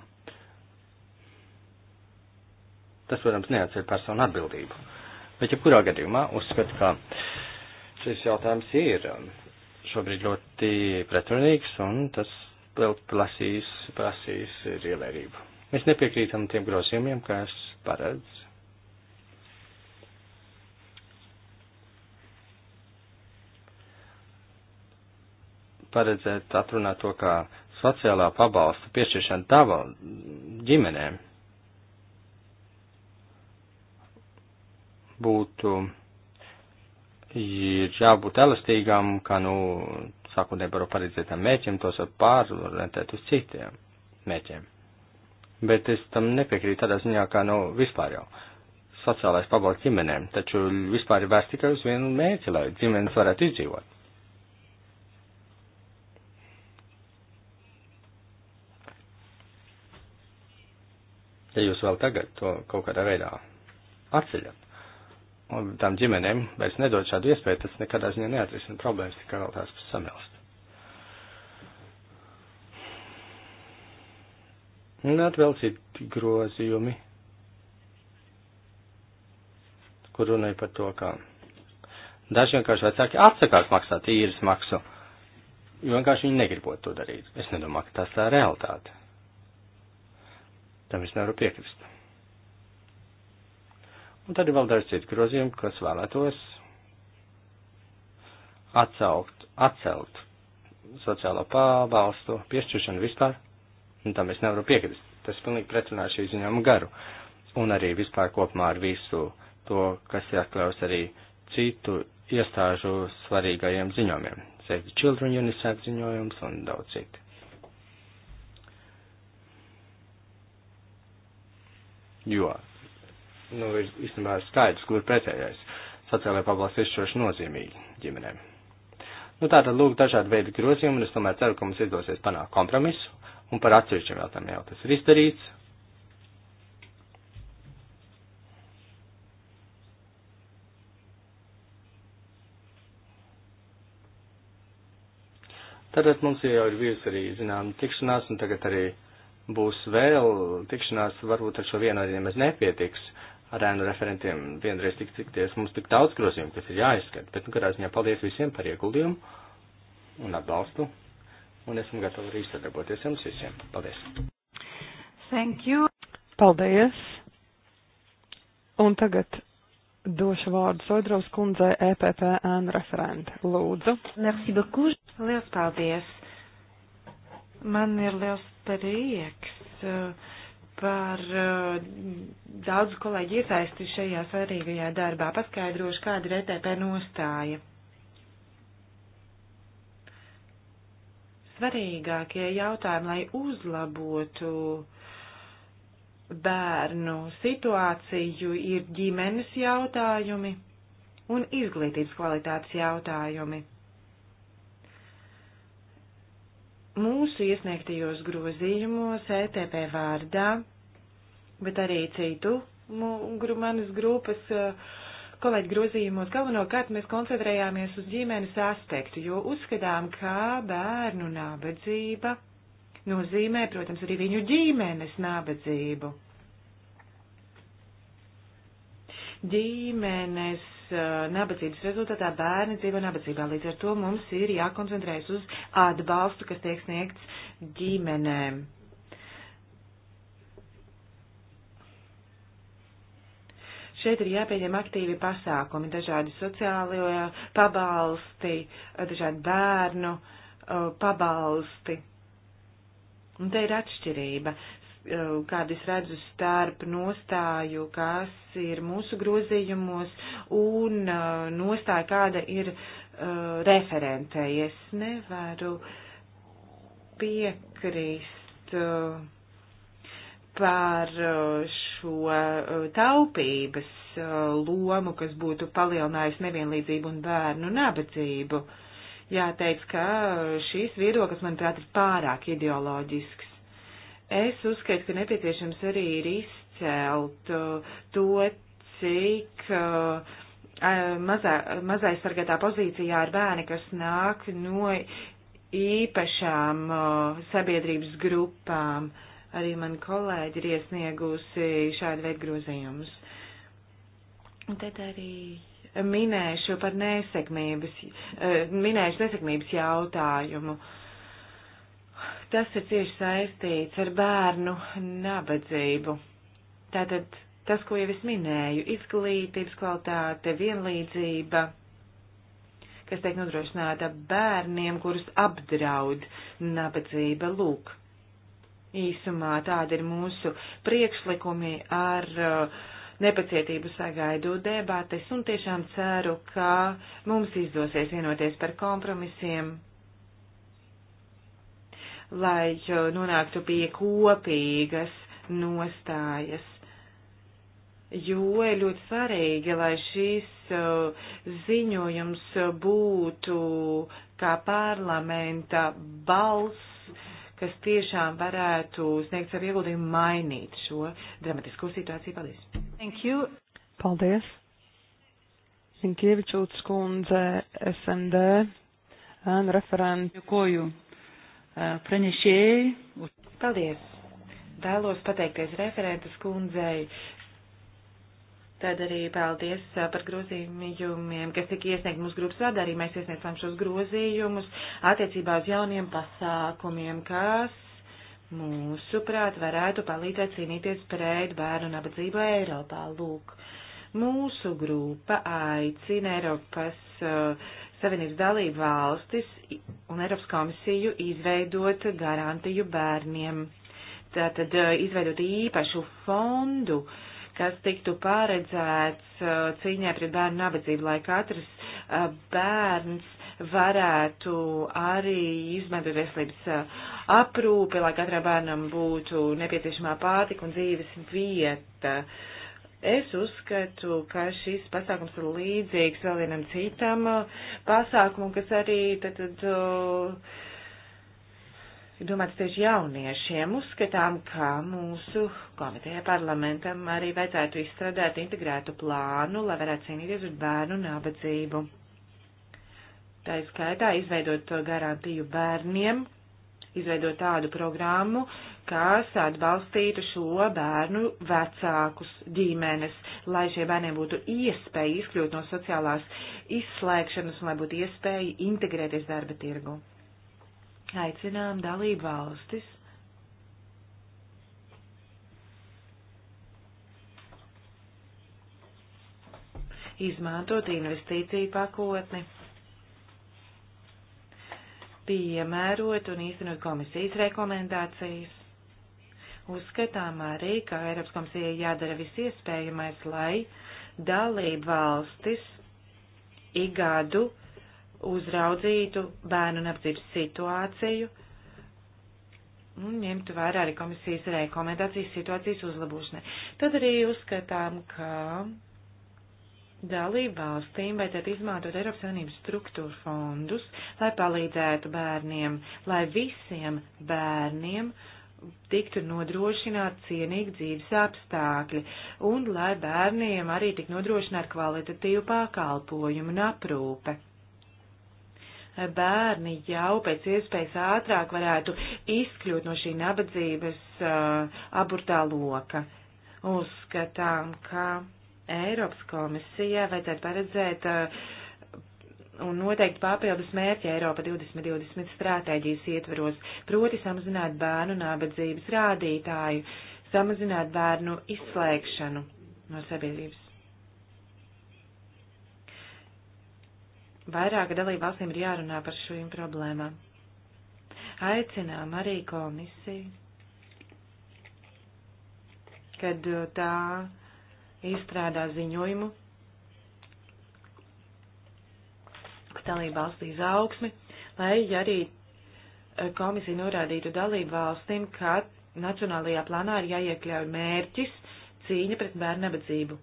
Tas, protams, neatsver personu atbildību. Bet, ja kurā gadījumā uzskatu, ka šis jautājums ir um, šobrīd ļoti pretrunīgs, un tas vēl prasīs, prasīs ievērību. Mēs nepiekrītam tiem grozījumiem, kas paredz. paredzēt atrunāt to kā sociālā pabalsta piešķiršana tava ģimenēm būtu ir jābūt elastīgam, kā nu sākotnēji varu paredzētam mēķim, tos var pārorientēt uz citiem mēķiem. Bet es tam nepiekrītu tādā ziņā, kā nu vispār jau sociālais pabalsts ģimenēm, taču vispār ir vērsts tikai uz vienu mērķi, lai ģimenes varētu izdzīvot. Ja jūs vēl tagad to kaut kādā veidā atceļat, un tām ģimenēm vairs nedod šādu iespēju, tas nekādā ziņā neatrisina problēmas, tikai vēl tās samilst. Un atvēl citi grozījumi, kur runāja par to, ka daži vienkārši vecāki atsakās maksāt īres maksu, jo vienkārši viņi negribot to darīt. Es nedomāju, ka tas tā realitāte. Tam es nevaru piekrist. Un tad ir vēl daži citi grozījumi, kas vēlētos atsaukt, atcelt sociālo pabalstu, piešķiršanu vispār. Un tam es nevaru piekrist. Tas pilnīgi pretrunā šī ziņojuma garu. Un arī vispār kopumā ar visu to, kas ir atklājis arī citu iestāžu svarīgajiem ziņojumiem. Save the Children UNICEF ziņojums un daudz citu. Jo nu, ir īstenībā skaidrs, kur pretējais sociālai pabalsti izšķiroši nozīmīgi ģimenēm. Nu, tā tad lūk dažādi veidi grozījumi, un es tomēr ceru, ka mums izdosies panākt kompromisu, un par atsevišķiem jautājumiem jau tas ir izdarīts. Tātad mums jau ir bijusi arī, zinām, tikšanās, un tagad arī būs vēl tikšanās, varbūt ar šo vienu arī nemaz nepietiks. Uh, ar ēnu referentiem vienreiz tik tikties. Mums tik daudz grozījumu, kas ir jāizskata, bet, nu, kādā ziņā paldies visiem par ieguldījumu un atbalstu, un esmu gatava arī sadarboties jums visiem. Paldies! Thank you! Paldies! Un tagad došu vārdu Sodrovs kundzei EPP ēnu referente. Lūdzu! Merci beaucoup! Liels paldies! Man ir liels prieks! Uh, par uh, eh, daudzu kolēģi iesaisti šajā svarīgajā darbā. Paskaidrošu, kāda ir ETP nostāja. Svarīgākie jautājumi, lai uzlabotu bērnu situāciju, ir ģimenes jautājumi un izglītības kvalitātes jautājumi. mūsu iesniegtajos grozījumos ETP vārdā, bet arī citu manas grupas uh, kolēģi grozījumos galvenokārt mēs koncentrējāmies uz ģimenes aspektu, jo uzskatām, ka bērnu nabadzība nozīmē, protams, arī viņu ģimenes nabadzību. Ģimenes Uh, nabadzības rezultātā bērni dzīvo nabadzībā. Līdz ar to mums ir jākoncentrējas uz atbalstu, kas tiek sniegts ģimenēm. Šeit ir jāpieņem aktīvi pasākumi, dažādi sociālie pabalsti, dažādi bērnu uh, pabalsti. Un te ir atšķirība. Eh, kādu es redzu starp nostāju, kas ir mūsu grozījumos, un eh, nostāju, kāda ir uh, eh, referentē. Es nevaru piekrist uh, par uh, šo taupības lomu, kas būtu palielinājusi nevienlīdzību un bērnu nabadzību. Jāteic, ka šīs viedoklis, manuprāt, ir pārāk ideoloģisks Es uzskatu, ka nepieciešams arī ir izcelt uh, to, cik uh, uh mazā, mazai sargātā pozīcijā ir bērni, kas nāk no īpašām uh, sabiedrības grupām. Arī man kolēģi ir iesniegusi šādu veidu grozījumus. Un tad arī minēšu par nesekmības, uh, minēšu nesekmības jautājumu. Uh, Tas ir cieši saistīts ar bērnu nabadzību. Tātad tas, ko jau es minēju, izglītības kvalitāte, vienlīdzība, kas tiek nodrošināta bērniem, kurus apdraud nabadzība. Lūk, īsumā tādi ir mūsu priekšlikumi ar uh, nepacietību sagaidu debates un tiešām ceru, ka mums izdosies vienoties par kompromisiem lai nonāktu pie kopīgas nostājas. Jo ir ļoti svarīgi, lai šis uh, ziņojums būtu kā parlamenta balss, kas tiešām varētu sniegt savu ieguldījumu mainīt šo dramatisko situāciju. Paldies! Thank you! Paldies! Zinkievičūtas kundze, SMD, referenti. Jokoju pranešēji. Paldies! Vēlos pateikties referentes kundzei. Tad arī paldies par grozījumiem, kas tika iesniegt mūsu grupas vārdā. Arī mēs iesniedzām šos grozījumus attiecībā uz jauniem pasākumiem, kas mūsuprāt varētu palīdzēt cīnīties pret bērnu nabadzību Eiropā. Lūk, mūsu grupa aicina Eiropas uh, Savienības dalību valstis un Eiropas komisiju izveidot garantiju bērniem. Tātad izveidot īpašu fondu, kas tiktu paredzēts cīņai pret bērnu nabadzību, lai katrs bērns varētu arī izmantot veselības aprūpi, lai katram bērnam būtu nepieciešamā pārtika un dzīves vieta. Uh, Es uzskatu, ka šis pasākums ir līdzīgs vēl vienam citam uh, pasākumam, kas arī tad, tad, uh, domāts tieši jauniešiem. Uzskatām, ka mūsu komitejai parlamentam arī vajadzētu izstrādāt integrētu plānu, lai varētu cīnīties ar bērnu nabadzību. Tā ir skaitā izveidot garantiju bērniem, izveidot tādu programmu, kas atbalstītu šo bērnu vecākus ģimenes, lai šie bērniem būtu iespēja izkļūt no sociālās izslēgšanas un lai būtu iespēja integrēties darba tirgu. Aicinām dalību valstis izmantot investīciju pakotni piemērot un īstenot komisijas rekomendācijas. Uzskatām arī, ka Eiropas komisija jādara viss iespējamais, lai dalību valstis igadu uzraudzītu bērnu nabadzības situāciju un ņemtu vērā arī komisijas rekomendācijas situācijas uzlabošanai. Tad arī uzskatām, ka dalību valstīm vajadzētu izmantot Eiropas Savienības struktūru fondus, lai palīdzētu bērniem, lai visiem bērniem tiktu nodrošināt cienīgi dzīves apstākļi un lai bērniem arī tik nodrošināt kvalitatīvu pakalpojumu un aprūpe. Bērni jau pēc iespējas ātrāk varētu izkļūt no šī nabadzības uh, aburtā loka. Uzskatām, ka Eiropas komisijā vajadzētu paredzēt uh, un noteikti papildus mērķi Eiropa 2020 stratēģijas ietveros, proti samazināt bērnu nabadzības rādītāju, samazināt bērnu izslēgšanu no sabiedrības. Vairāk dalību valstīm ir jārunā par šīm problēmām. Aicinām arī komisiju, kad uh, tā uh, izstrādā ziņojumu, kas dalība valstīs augsmi, lai arī e, komisija norādītu dalību valstīm, ka nacionālajā plānā ir jāiekļauj mērķis cīņa pret bērnu nabadzību.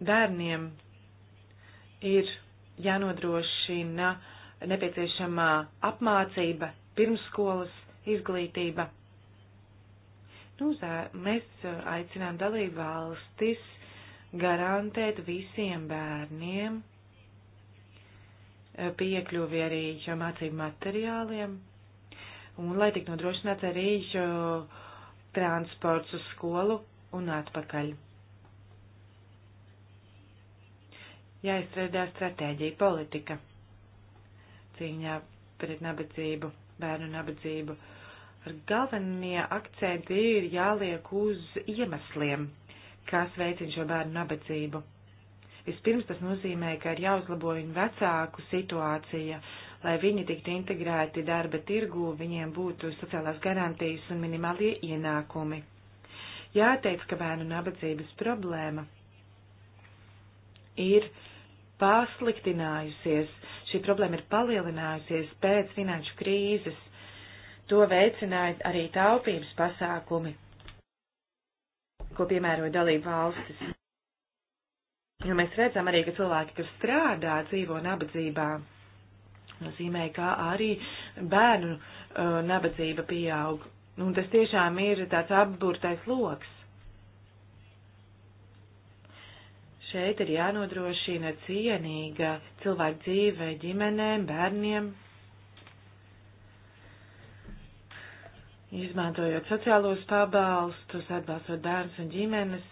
Bērniem ir jānodrošina nepieciešamā apmācība, pirmsskolas izglītība. Nu, mēs aicinām dalību valstis garantēt visiem bērniem piekļuvi arī mācību materiāliem, un lai tik nodrošināts arī transports uz skolu un atpakaļ. Jāizstrādā stratēģija politika cīņā pret nabadzību, bērnu nabadzību. Uh, Ar galvenie akcenti ir jāliek uz iemesliem, kas veicina šo bērnu nabadzību. Vispirms tas nozīmē, ka ir jāuzlabo viņu vecāku situācija, lai viņi tiktu integrēti darba tirgū, viņiem būtu sociālās garantijas un minimālie ienākumi. Jāteic, ka bērnu nabadzības problēma ir pasliktinājusies, šī problēma ir palielinājusies pēc finanšu krīzes, To veicināja arī taupības pasākumi, ko piemēro dalību valstis. Jo mēs redzam arī, ka cilvēki, kas strādā, dzīvo nabadzībā. Nozīmē, ka arī bērnu uh, nabadzība pieaug. Un tas tiešām ir tāds apburtais loks. Šeit ir jānodrošina cienīga cilvēku dzīve ģimenēm, bērniem, Izmantojot sociālos pabalstus, atbalstot dārns un ģimenes,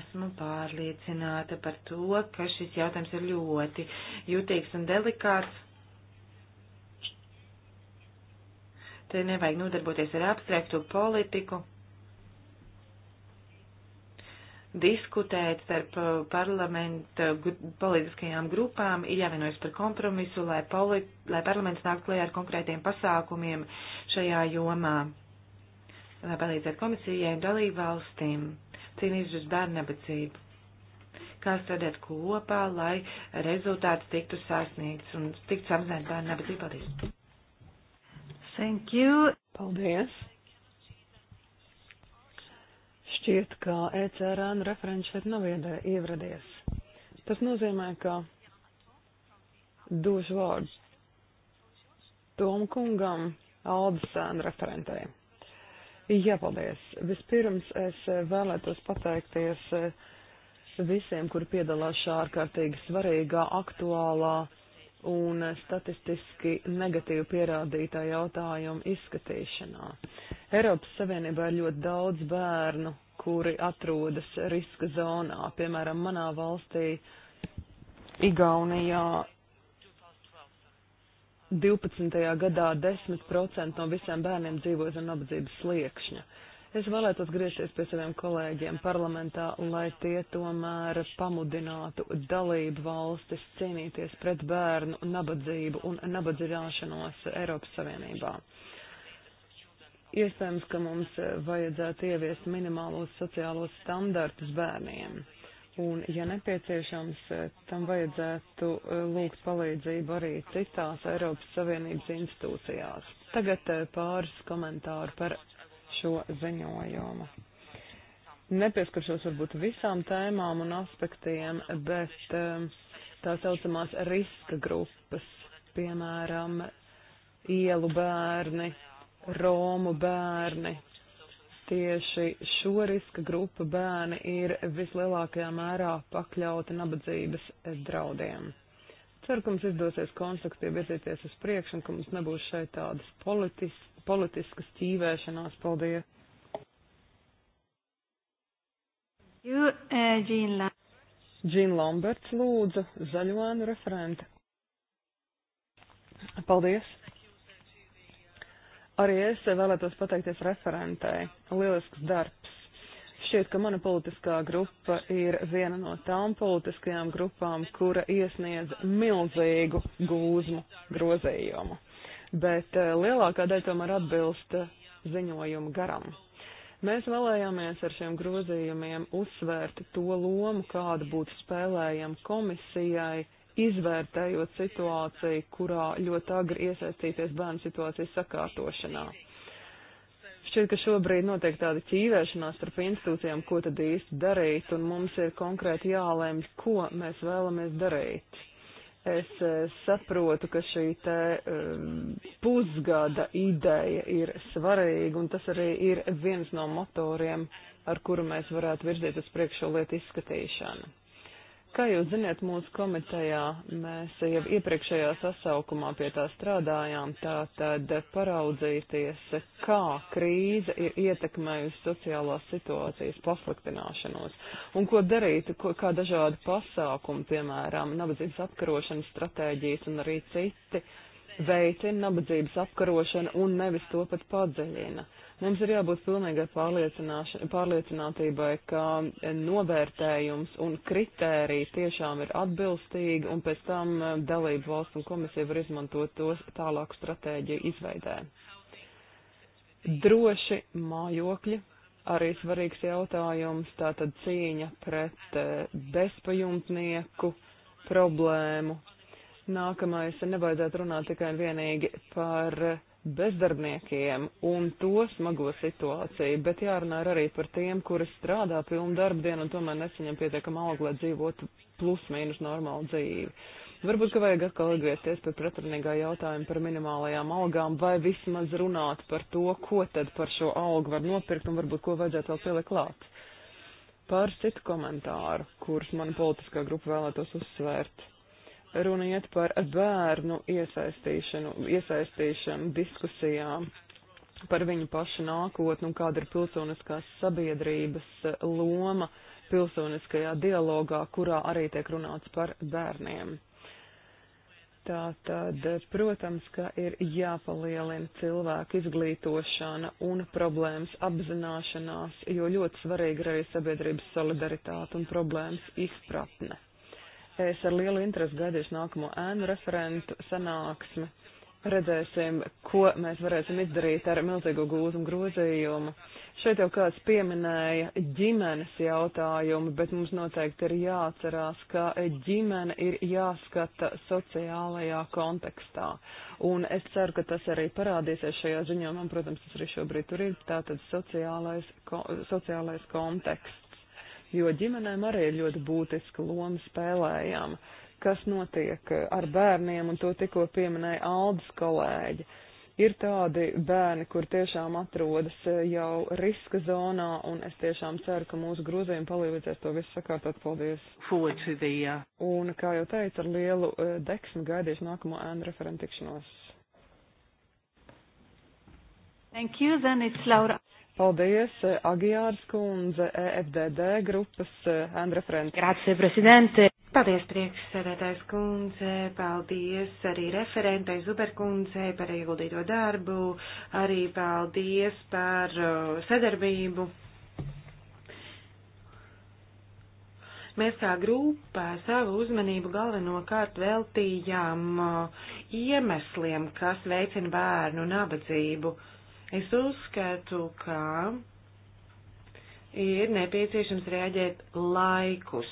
esmu pārliecināta par to, ka šis jautājums ir ļoti jūtīgs un delikāts. Te nevajag nodarboties ar abstraktu politiku, diskutēt starp uh, parlamenta politiskajām grupām, ir jāvienojas par kompromisu, lai, polit, lai parlaments nāk klajā ar konkrētiem pasākumiem, šajā jomā, lai palīdzētu komisijai un dalību valstīm cīnīties uz bērnu nabadzību. Kā strādāt kopā, lai rezultāts tiktu sasniegts un tiktu samazināt bērnu nabadzību. Paldies! Thank you! Paldies! Šķiet, ka ECRN referents šeit nav ievradies. Tas nozīmē, ka došu vārdu Tom kungam, Aldas sēnu referentei. Jā, paldies. Vispirms es vēlētos pateikties eh, visiem, kuri piedalās šā ārkārtīgi svarīgā, aktuālā un statistiski negatīvi pierādītā jautājuma izskatīšanā. Eiropas Savienībā ir ļoti daudz bērnu, kuri atrodas riska zonā. Piemēram, manā valstī Igaunijā 12. gadā 10% no visiem bērniem dzīvo zem nabadzības sliekšņa. Es vēlētos griezties pie saviem kolēģiem parlamentā, lai tie tomēr pamudinātu dalību valstis cīnīties pret bērnu nabadzību un nabadzināšanos Eiropas Savienībā. Iespējams, ka mums vajadzētu ieviest minimālos sociālos standartus bērniem un, ja nepieciešams, eh, tam vajadzētu eh, lūgt palīdzību arī citās Eiropas Savienības institūcijās. Tagad eh, pāris komentāru par šo ziņojumu. Nepieskaršos varbūt visām tēmām un aspektiem, bet tā saucamās riska grupas, piemēram, ielu bērni, Romu bērni, tieši šo riska grupu bērni ir vislielākajā mērā pakļauti nabadzības draudiem. Ceru, ka mums izdosies konstruktīvi virzīties uz priekšu un ka mums nebūs šeit tādas politis, politiskas ķīvēšanās. Paldies! Džīna uh, eh, Lamberts lūdzu zaļoēnu referente. Paldies! Arī es vēlētos pateikties referentei. Lielisks darbs. Šķiet, ka mana politiskā grupa ir viena no tām politiskajām grupām, kura iesniedz milzīgu gūzmu grozījumu. Bet eh, lielākā daļa tomēr atbilst eh, ziņojumu garam. Mēs vēlējāmies ar šiem grozījumiem uzsvērt to lomu, kāda būtu spēlējama komisijai izvērtējot situāciju, kurā ļoti agri iesaistīties bērnu situācijas sakārtošanā. Šķiet, ka šobrīd notiek tāda ķīvēšanās starp institūcijām, ko tad īsti darīt, un mums ir konkrēti jālēmj, ko mēs vēlamies darīt. Es eh, saprotu, ka šī te um, pusgada ideja ir svarīga, un tas arī ir viens no motoriem, ar kuru mēs varētu virzīt uz priekšu lietu izskatīšanu. Kā jūs zināt, mūsu komitejā mēs jau iepriekšējā sasaukumā pie tā strādājām, tā tad paraudzīties, kā krīze ir ietekmējusi sociālās situācijas pasliktināšanos un ko darīt, ko, kā dažādi pasākumi, piemēram, nabadzības apkarošanas stratēģijas un arī citi veicina nabadzības apkarošanu un nevis to pat padziļina. Mums ir jābūt pilnīgai pārliecinātībai, ka novērtējums un kritērija tiešām ir atbilstīgi, un pēc tam e, dalību valsts un komisija var izmantot tos tālāku stratēģiju izveidē. Droši mājokļi arī svarīgs jautājums, tātad cīņa pret e, bezpajumtnieku problēmu, Nākamais nevajadzētu runāt tikai un vienīgi par bezdarbniekiem un to smago situāciju, bet jārunā arī par tiem, kuri strādā pilnu darbdienu un tomēr nesaņem pietiekam algu, lai dzīvotu plus mīnus normālu dzīvi. Varbūt, ka vajag atkal atgriezties pie pretrunīgā jautājuma par minimālajām algām vai vismaz runāt par to, ko tad par šo algu var nopirkt un varbūt, ko vajadzētu vēl pielikt klāt. Par citu komentāru, kurus mana politiskā grupa vēlētos uzsvērt runa iet par bērnu iesaistīšanu, iesaistīšanu diskusijām par viņu pašu nākotnu un kāda ir pilsoniskās sabiedrības eh, loma pilsoniskajā dialogā, kurā arī tiek runāts par bērniem. Tā tad, protams, ka ir jāpalielina cilvēku izglītošana un problēmas apzināšanās, jo ļoti svarīga ir arī sabiedrības solidaritāte un problēmas izpratne. Es ar lielu interesi gaidīšu nākamo ēnu referentu sanāksmi. Redzēsim, ko mēs varēsim izdarīt ar milzīgo gūzumu grozījumu. Šeit jau kāds pieminēja ģimenes jautājumu, bet mums noteikti ir jāatcerās, ka ģimene ir jāskata sociālajā kontekstā. Un es ceru, ka tas arī parādīsies šajā ziņojumā, protams, tas arī šobrīd tur ir, tātad sociālais, ko, sociālais konteksts jo ģimenēm arī ir ļoti būtiska loma spēlējama, kas notiek ar bērniem, un to tikko pieminēja Aldis kolēģi. Ir tādi bērni, kur tiešām atrodas jau riska zonā, un es tiešām ceru, ka mūsu grozījumi palīdzēs to visu sakārtot. Paldies! The... Uh, un, kā jau teicu, ar lielu uh, deksmu gaidīšu nākamo ēnu referentikšanos. Thank you. Then it's Laura Paldies, eh, Agijārs kundze, EFDD grupas, eh, Andra Frens. Grācie, prezidente. Paldies, priekšsēdētājs kundze, paldies arī referentai Zuberkundze par ieguldīto darbu, arī paldies par sadarbību. Mēs kā grupa savu uzmanību galvenokārt veltījām iemesliem, kas veicina bērnu nabadzību. Un Es uzskatu, ka ir nepieciešams reaģēt laikus.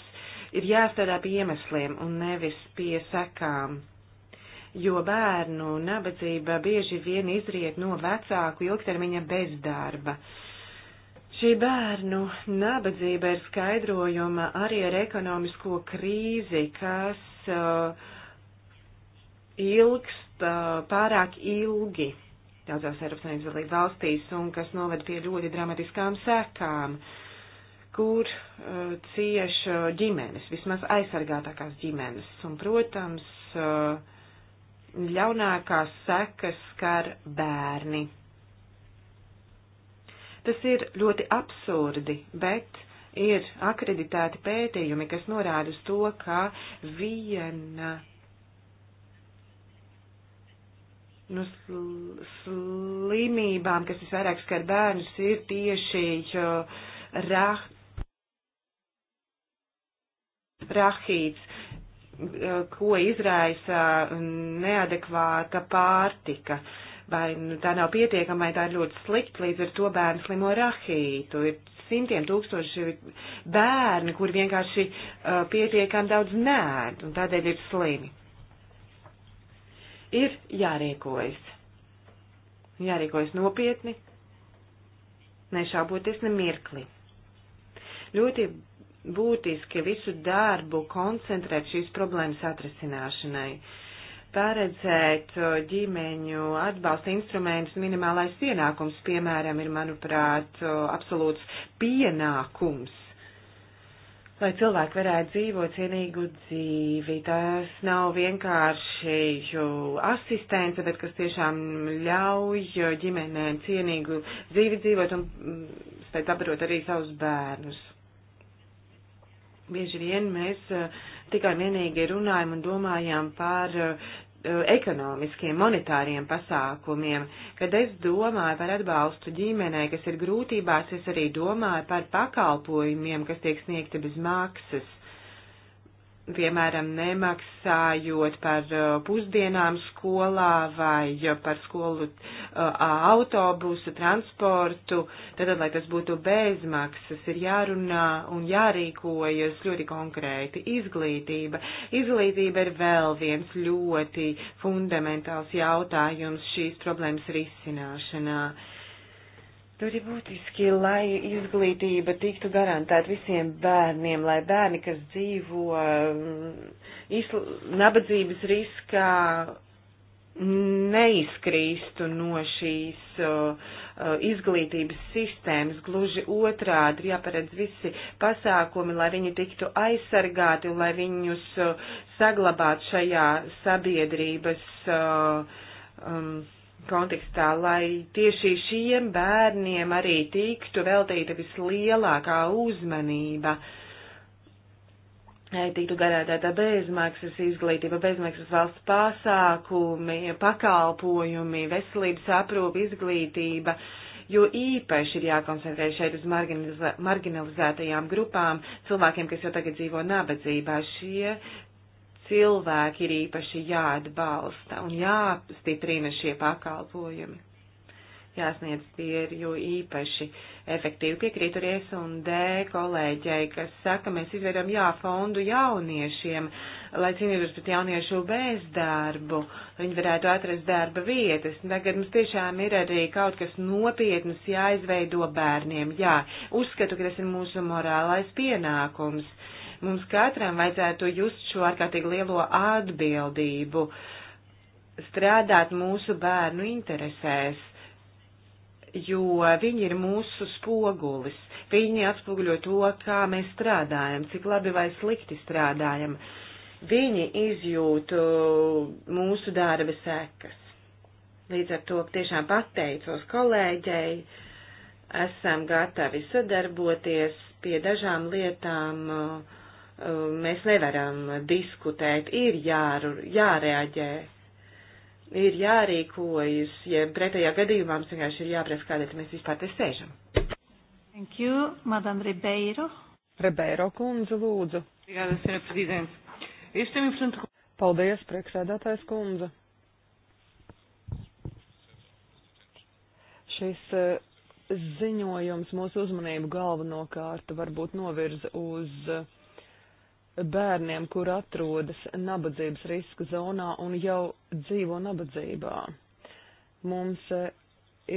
Ir jāstrādā pie iemesliem un nevis pie sekām, jo bērnu nabadzība bieži vien izriet no vecāku ilgtermiņa bezdarba. Šī bērnu nabadzība ir skaidrojama arī ar ekonomisko krīzi, kas uh, ilgst uh, pārāk ilgi daudzās Eiropas Savienības dalību valstīs un kas noved pie ļoti dramatiskām sekām, kur uh, cieš uh, ģimenes, vismaz aizsargātākās ģimenes. Un, protams, uh, ļaunākās sekas skar bērni. Tas ir ļoti absurdi, bet ir akreditēti pētījumi, kas norāda uz to, ka viena nu, slimībām, kas visvairāk skar bērnus, ir tieši rah, rahīts, ko izraisa neadekvāta pārtika. Vai nu, tā nav pietiekama, vai tā ir ļoti slikta, līdz ar to bērnu slimo rahītu. Ir simtiem tūkstoši bērni, kur vienkārši uh, pietiekami daudz nēd, un tādēļ ir slimi ir jārīkojas. Jārīkojas nopietni, nešauboties nemirkli. Ļoti būtiski visu darbu koncentrēt šīs problēmas atrisināšanai, paredzēt uh, ģimeņu atbalsta instrumentus minimālais pienākums, piemēram, ir, manuprāt, uh, absolūts pienākums lai cilvēki varētu dzīvot cienīgu dzīvi. Tas nav vienkārši asistence, bet kas tiešām ļauj ģimenēm cienīgu dzīvi dzīvot un mm, spēt apdot arī savus bērnus. Bieži vien mēs eh, tikai vienīgi runājam un domājam par eh, E, ekonomiskiem, monetāriem pasākumiem, kad es domāju par atbalstu ģimenei, kas ir grūtībās, es arī domāju par pakalpojumiem, kas tiek sniegti bez maksas piemēram, nemaksājot par uh, pusdienām skolā vai par skolu uh, autobusu, transportu, tad, lai tas būtu bezmaksas, ir jārunā un jārīkojas ļoti konkrēti. Izglītība. Izglītība ir vēl viens ļoti fundamentāls jautājums šīs problēmas risināšanā. Uh, Tur ir būtiski, lai izglītība tiktu garantēta visiem bērniem, lai bērni, kas dzīvo mm, isla, nabadzības riskā, neizkrīstu no šīs uh, izglītības sistēmas. Gluži otrādi ir jāparedz visi pasākumi, lai viņi tiktu aizsargāti un lai viņus uh, saglabātu šajā sabiedrības. Uh, um, kontekstā, lai tieši šiem bērniem arī tiktu veltīta vislielākā uzmanība. Tiktu garantēta bezmaksas izglītība, bezmaksas valsts pasākumi, pakalpojumi, veselības aprūpa, izglītība, jo īpaši ir jākoncentrē šeit uz marginalizētajām grupām, cilvēkiem, kas jau tagad dzīvo nabadzībā. Šie cilvēki ir īpaši jāatbalsta un jāstiprina šie pakalpojumi. Jāsniedz tie ir jo īpaši efektīvi. Piekrītu arī es un D kolēģei, kas saka, mēs izveidām jā fondu jauniešiem, lai cīnītos pret jauniešu bezdarbu, viņi varētu atrast darba vietas. Tagad mums tiešām ir arī kaut kas nopietnas jāizveido bērniem. Jā, uzskatu, ka tas ir mūsu morālais pienākums Mums katram vajadzētu just šo ārkārtīgi lielo atbildību strādāt mūsu bērnu interesēs, jo viņi ir mūsu spogulis. Viņi atspoguļo to, kā mēs strādājam, cik labi vai slikti strādājam. Viņi izjūt uh, mūsu darba sekas. Līdz ar to tiešām pateicos kolēģei, esam gatavi sadarboties pie dažām lietām. Uh, mēs nevaram diskutēt, ir jār, jārēģē, ir jārīkojas, ja pretējā gadījumā mums vienkārši ir jāpres, kādēļ mēs vispār te sēžam. Thank you, Madam Ribeiro. Ribeiro kundze, lūdzu. Paldies, priekšsēdētājs kundze. Šis eh, ziņojums mūsu uzmanību galvenokārt varbūt novirza uz uh, bērniem, kur atrodas nabadzības riska zonā un jau dzīvo nabadzībā. Mums e,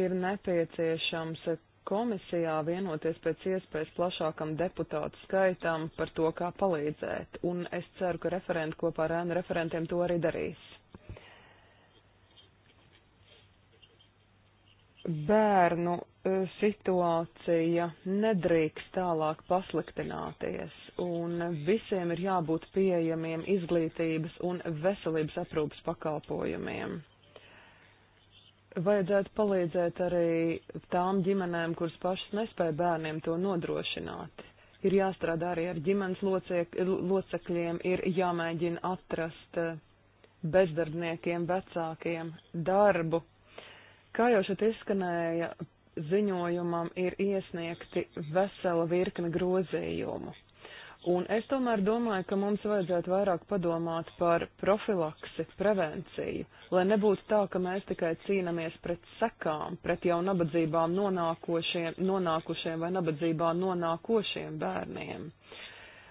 ir nepieciešams komisijā vienoties pēc iespējas plašākam deputātu skaitam par to, kā palīdzēt, un es ceru, ka referenti kopā ar ēnu referentiem to arī darīs. bērnu e, situācija nedrīkst tālāk pasliktināties, un visiem ir jābūt pieejamiem izglītības un veselības aprūpas pakalpojumiem. Vajadzētu palīdzēt arī tām ģimenēm, kuras pašas nespēja bērniem to nodrošināt. Ir jāstrādā arī ar ģimenes lociek, locekļiem, ir jāmēģina atrast e, bezdarbniekiem, vecākiem darbu, Kā jau šeit izskanēja, ziņojumam ir iesniegti vesela virkne grozījumu. Un es tomēr domāju, ka mums vajadzētu vairāk padomāt par profilaksi, prevenciju, lai nebūtu tā, ka mēs tikai cīnamies pret sekām, pret jau nabadzībām nonākošiem, nonākušiem vai nabadzībā nonākošiem bērniem.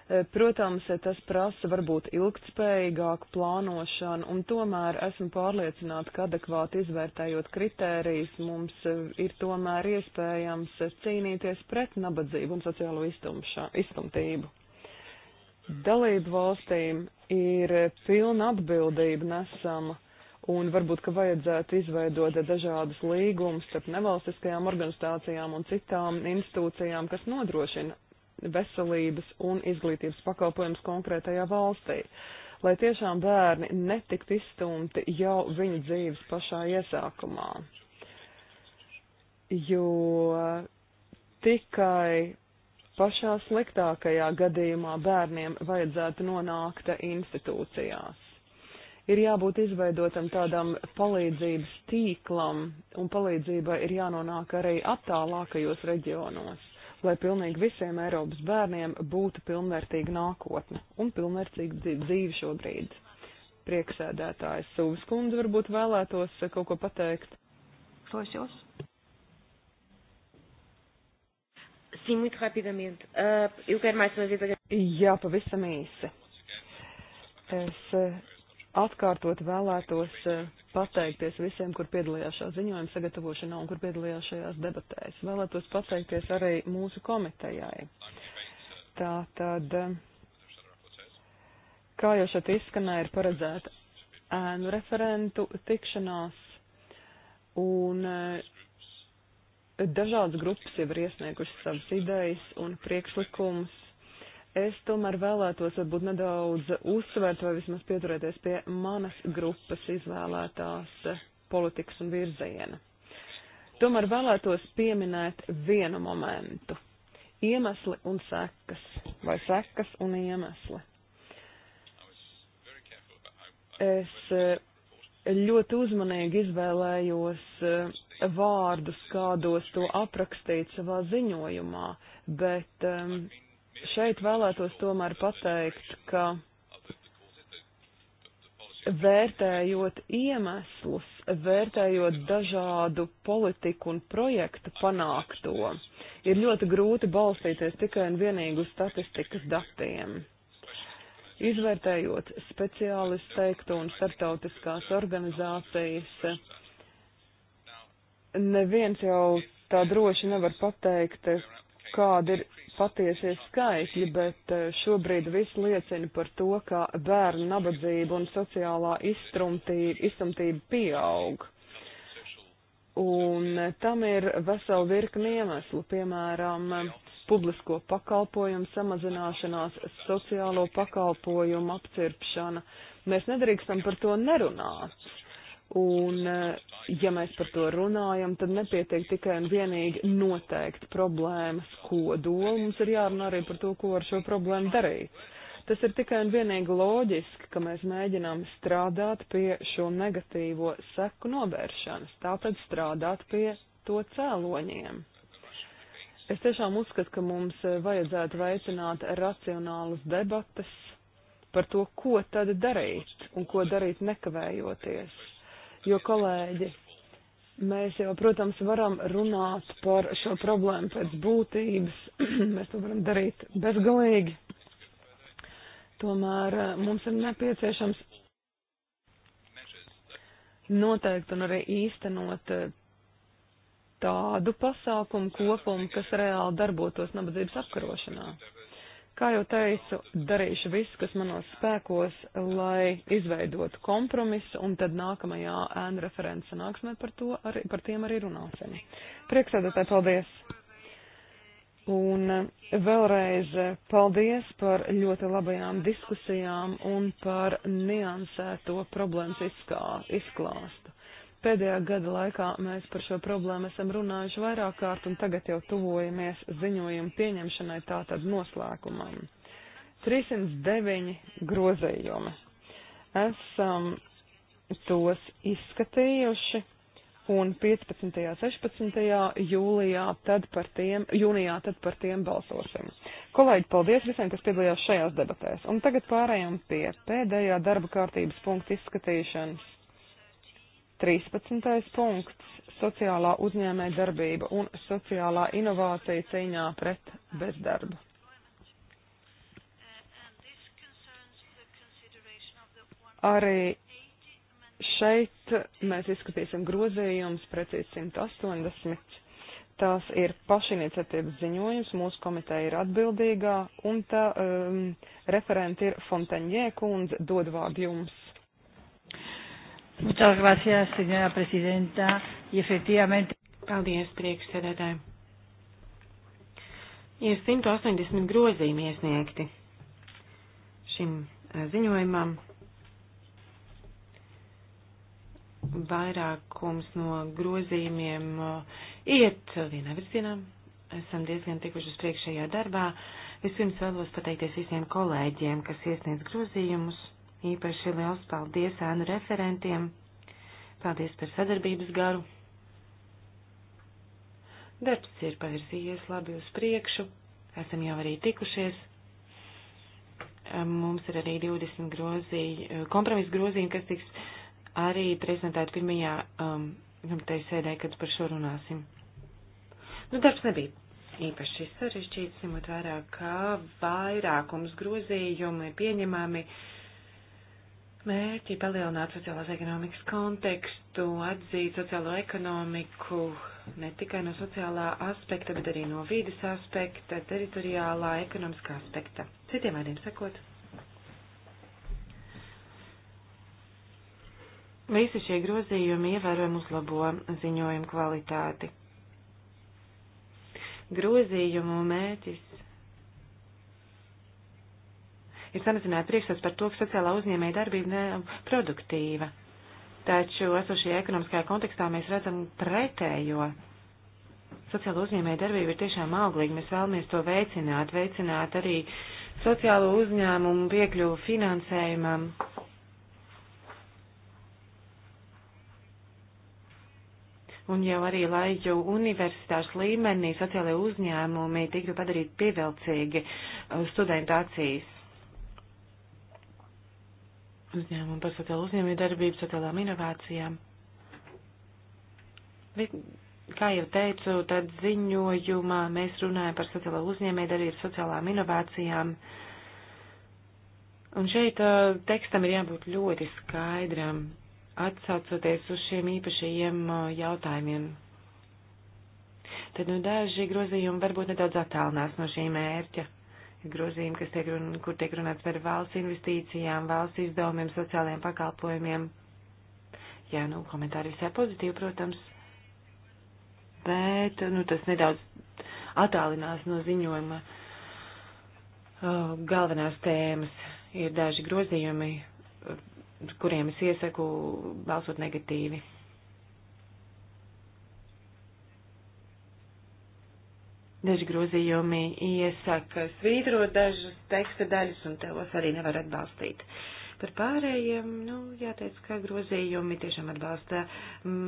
Eh, protams, eh, tas prasa varbūt ilgtspējīgāku plānošanu, un tomēr esmu pārliecināta, ka adekvāti izvērtējot kritērijas mums eh, ir tomēr iespējams cīnīties pret nabadzību un sociālo iztumšā, iztumtību. Dalību valstīm ir pilna atbildība nesama, un varbūt, ka vajadzētu izveidot dažādas līgumus starp nevalstiskajām organizācijām un citām institūcijām, kas nodrošina veselības un izglītības pakalpojums konkrētajā valstī, lai tiešām bērni netiktu izstumti jau viņu dzīves pašā iesākumā. Jo tikai pašā sliktākajā gadījumā bērniem vajadzētu nonākt institūcijās. Ir jābūt izveidotam tādam palīdzības tīklam, un palīdzībai ir jānonāk arī attālākajos reģionos lai pilnīgi visiem Eiropas bērniem būtu pilnvērtīga nākotne un pilnvērtīga dzīve šobrīd. Prieksēdētājs Sūvis kundze varbūt vēlētos eh, kaut ko pateikt. Klausos. Sim, muito rapidamente. Uh, eh, eu quero mais uma vez agradecer. Jā, pavisam īsi. Es eh, atkārtot vēlētos pateikties visiem, kur piedalījās šā ziņojuma sagatavošanā un kur piedalījās šajās debatēs. Vēlētos pateikties arī mūsu komitejai. Tā tad, kā jau šeit izskanēja, ir paredzēta ēnu referentu tikšanās un eh, dažādas grupas jau ir iesniegušas savas idejas un priekšlikumus Es tomēr vēlētos varbūt nedaudz uzsvērt vai vismaz pieturēties pie manas grupas izvēlētās politikas un virziena. Tomēr vēlētos pieminēt vienu momentu - iemesli un sekas, vai sekas un iemesli. Es eh, ļoti uzmanīgi izvēlējos eh, vārdus, kādos to aprakstīt savā ziņojumā, bet um, šeit vēlētos tomēr pateikt, ka vērtējot iemeslus, vērtējot dažādu politiku un projektu panākto, ir ļoti grūti balstīties tikai un vienīgi uz statistikas datiem. Izvērtējot speciālistu teikto un starptautiskās organizācijas, neviens jau tā droši nevar pateikt, kādi ir patiesie skaitļi, bet eh, šobrīd viss liecina par to, ka bērnu nabadzība un sociālā iztrumtība, iztrumtība pieaug. Un eh, tam ir vesela virkni iemeslu, piemēram, publisko pakalpojumu samazināšanās, sociālo pakalpojumu apcirpšana. Mēs nedrīkstam par to nerunāt Un, eh, ja mēs par to runājam, tad nepietiek tikai un vienīgi noteikt problēmas kodolu, mums ir jārunā arī par to, ko ar šo problēmu darīt. Tas ir tikai un vienīgi loģiski, ka mēs mēģinām strādāt pie šo negatīvo seku novēršanas, tātad strādāt pie to cēloņiem. Es tiešām uzskatu, ka mums vajadzētu veicināt racionālas debatas par to, ko tad darīt un ko darīt nekavējoties jo, kolēģi, mēs jau, protams, varam runāt par šo problēmu pēc būtības, mēs to varam darīt bezgalīgi, tomēr eh, mums ir nepieciešams noteikt un arī īstenot eh, tādu pasākumu kopumu, kas reāli darbotos nabadzības apkarošanā. Kā jau teicu, darīšu visu, kas manos spēkos, lai izveidotu kompromisu, un tad nākamajā ēnu referents sanāksmē par, to, arī, par tiem arī runāsim. Prieksēdētāji, paldies! Un eh, vēlreiz eh, paldies par ļoti labajām diskusijām un par niansēto problēmas izklāstu. Pēdējā gada laikā mēs par šo problēmu esam runājuši vairāk kārt un tagad jau tuvojamies ziņojumu pieņemšanai tātad noslēgumam. 309 grozējumi. Esam tos izskatījuši un 15. 16. jūlijā tad par tiem, jūnijā tad par tiem balsosim. Kolēģi, paldies visiem, kas piedalījās šajās debatēs. Un tagad pārējām pie pēdējā darba kārtības punkta izskatīšanas 13. punkts - sociālā uzņēmē darbība un sociālā inovācija cīņā pret bezdarbu. Arī šeit mēs izskatīsim grozījumus precīzi 180. Tās ir pašiniciatīvas ziņojums, mūsu komiteja ir atbildīgā, un tā um, referenti ir Fontaņie kundze, dod vārdu jums. Muchas gracias, señora presidenta, y efectivamente. Paldies, priekšsēdētāji. Ir 180 grozījumi iesniegti šim ziņojumam. Vairākums no grozījumiem iet vienā virzienā. Esam diezgan tikuši uz priekšējā darbā. Vispirms vēlos pateikties visiem kolēģiem, kas iesniedz grozījumus Īpaši liels paldies ēnu referentiem. Paldies par sadarbības garu. Darbs ir pavirzījies labi uz priekšu. Esam jau arī tikušies. Mums ir arī 20 grozī, eh, kompromisu grozījumi, kas tiks arī prezentēti pirmajā um, komitejas sēdē, kad par šo runāsim. Nu, darbs nebija īpaši sarežģīts, ņemot vērā, ka vairākums grozījumi pieņemami uh, mērķi palielināt sociālās ekonomikas kontekstu, atzīt sociālo ekonomiku ne tikai no sociālā aspekta, bet arī no vīdes aspekta, teritoriālā, ekonomiskā aspekta. Citiem vārdiem sakot, visi šie grozījumi ievērojami uzlabo ziņojumu kvalitāti. Grozījumu mērķis ir samazināta priekšstats par to, ka sociālā uzņēmēja darbība nav produktīva. Taču esošajā ekonomiskajā kontekstā mēs redzam pretējo. Sociāla uzņēmēja darbība ir tiešām auglīga, mēs vēlamies to veicināt, veicināt arī sociālo uzņēmumu piekļuvu finansējumam, un jau arī, lai jau universitāšu līmenī sociālajie uzņēmumi tiktu padarīti pievilcīgi uh, studentu acīs uzņēmumu par sociālo uzņēmēju darbību, sociālām inovācijām. Bet, kā jau teicu, tad ziņojumā mēs runājam par sociālo uzņēmēju darbību, sociālām inovācijām. Un šeit uh, tekstam ir jābūt ļoti skaidram, atsaucoties uz šiem īpašajiem uh, jautājumiem. Tad nu daži grozījumi varbūt nedaudz attālinās no šī mērķa grozījumi, kas tiek, run, kur tiek runāts par valsts investīcijām, valsts izdevumiem, sociālajiem pakalpojumiem. Jā, nu, komentāri visai pozitīvi, protams, bet, nu, tas nedaudz attālinās no ziņojuma uh, galvenās tēmas. Ir daži grozījumi, kuriem es iesaku balsot negatīvi. Daži grozījumi iesaka svītrot dažas teksta daļas, un tevos arī nevar atbalstīt. Par pārējiem, nu, jāteic, ka grozījumi tiešām atbalsta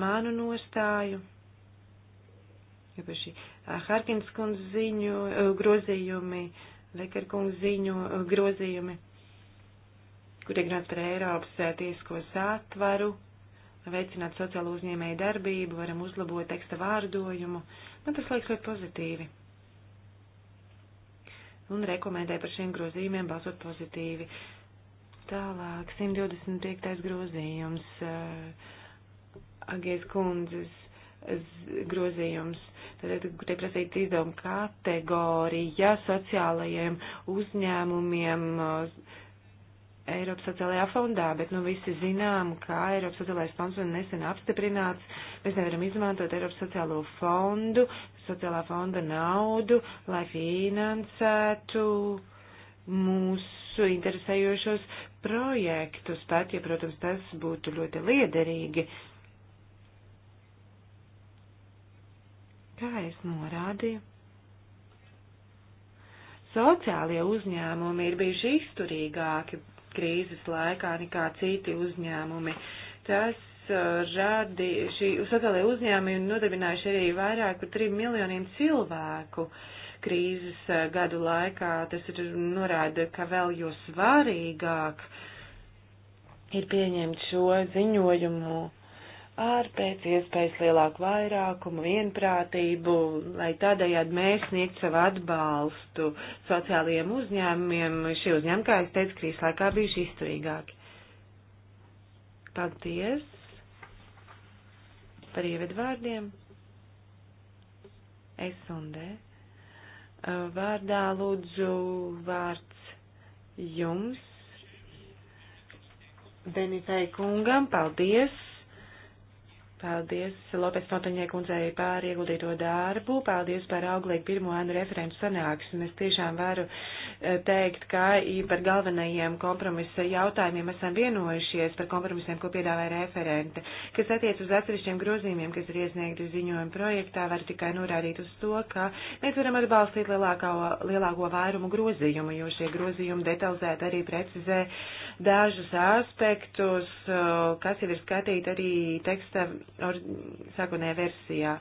manu nostāju. Īpaši Harkins kundz ziņu grozījumi, Lekar kungs ziņu grozījumi, kur ir runāts par Eiropas tiesisko sātvaru, veicināt sociālo uzņēmēju darbību, varam uzlabot teksta vārdojumu. Man nu, tas liekas ļoti pozitīvi un rekomendē par šiem grozījumiem balsot pozitīvi. Tālāk, 125. grozījums, eh, Agies kundzes grozījums. Tad tiek prasīts izdevuma kategorija sociālajiem uzņēmumiem, uh, Eiropas sociālajā fondā, bet nu visi zinām, ka Eiropas sociālais fonds vēl nesen apstiprināts. Mēs nevaram izmantot Eiropas sociālo fondu, sociālā fonda naudu, lai finansētu mūsu interesējošos projektus, pat, ja, protams, tas būtu ļoti liederīgi. Kā es norādīju? Sociālie uzņēmumi ir bijuši izturīgāki krīzes laikā nekā citi uzņēmumi. Tas uh, radi, šī sociālai uzņēmumi nodarbinājuši arī vairāk par 3 miljoniem cilvēku krīzes uh, gadu laikā. Tas ir norāda, ka vēl jo svarīgāk ir pieņemt šo ziņojumu ar pēc iespējas lielāku vairākumu, vienprātību, lai tādējādi mēs sniegt savu atbalstu sociālajiem uzņēmumiem. Šie uzņēmumi, kā es teicu, krīzes laikā bijuši izturīgāki. Paldies par ievedvārdiem. Es un D. Vārdā lūdzu vārds jums, Benitai kungam, paldies Paldies Lopes Fontaņai kundzei par ieguldīto darbu, paldies par auglīgu pirmo ēnu referentu sanāksmi. Es tiešām varu teikt, ka par galvenajiem kompromisa jautājumiem esam vienojušies par kompromisiem, ko piedāvāja referente. Kas attiec uz atsevišķiem grozījumiem, kas ir iesniegti ziņojuma projektā, var tikai norādīt uz to, ka mēs varam atbalstīt lielāko, lielāko vairumu grozījumu, jo šie grozījumi detalizēti arī precizē dažus aspektus, kas jau ir skatīti arī teksta sākotnējā versijā.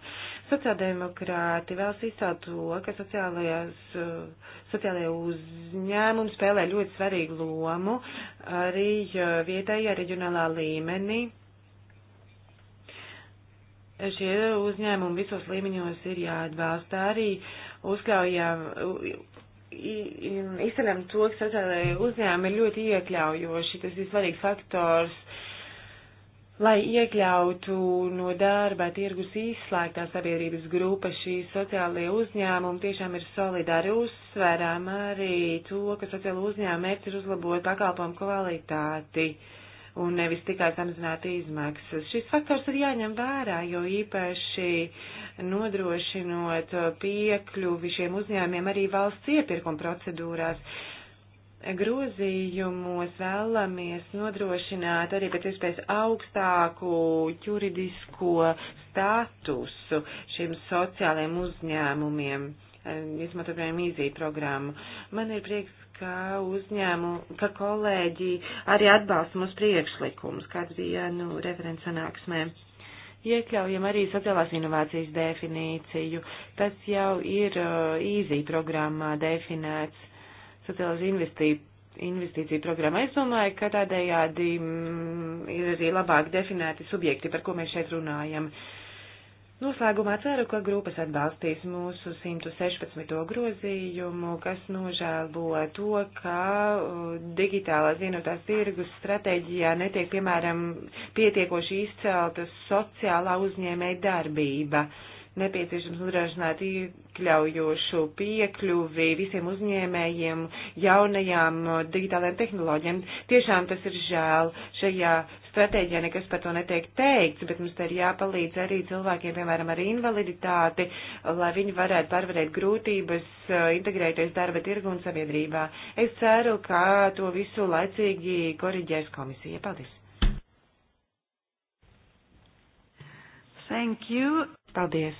Sociāldemokrāti vēlas izcelt to, ka eh, sociālajie uzņēmumi spēlē ļoti svarīgu lomu arī eh, vietējā reģionālā līmenī. Šie uzņēmumi visos līmeņos ir jāatbalsta arī uzkļaujām, izceļam to, ka sociālajie uzņēmumi ir ļoti iekļaujoši. Tas ir svarīgs faktors Lai iekļautu no darba tirgus izslēgtā sabiedrības grupa, šī sociālajie uzņēmumi tiešām ir solidāri uzsverām arī to, ka sociāla uzņēmuma mērķis ir uzlabot pakalpojumu kvalitāti un nevis tikai samazināt izmaksas. Šis faktors ir jāņem vērā, jo īpaši nodrošinot piekļuvi šiem uzņēmiem arī valsts iepirkuma procedūrās grozījumos vēlamies nodrošināt arī pēc iespējas augstāku juridisko statusu šiem sociālajiem uzņēmumiem, eh, izmantot, piemēram, īzī programmu. Man ir prieks, ka uzņēmu, ka kolēģi arī atbalsta mūsu priekšlikumus, kāds bija, nu, referents sanāksmē. Iekļaujam arī sociālās inovācijas definīciju. Tas jau ir īzī eh, programmā definēts sociālās investīcijas investīciju programma. Es domāju, ka tādējādi mm, ir arī labāk definēti subjekti, par ko mēs šeit runājam. Noslēgumā ceru, ka grupas atbalstīs mūsu 116. grozījumu, kas nožēlo to, ka uh, digitālās vienotās tirgus stratēģijā netiek, piemēram, pietiekoši izcelta sociālā uzņēmēja darbība. Uh, nepieciešams nodrošināt iekļaujošu piekļuvi visiem uzņēmējiem jaunajām uh, digitālajām tehnoloģijām. Tiešām tas ir žēl. Šajā stratēģijā nekas par to netiek teikts, bet mums te ir jāpalīdz arī cilvēkiem, piemēram, ar invaliditāti, lai viņi varētu pārvarēt grūtības, uh, integrēties darba tirgu un sabiedrībā. Es ceru, ka to visu laicīgi koriģēs komisija. Paldies! Thank you. Paldies!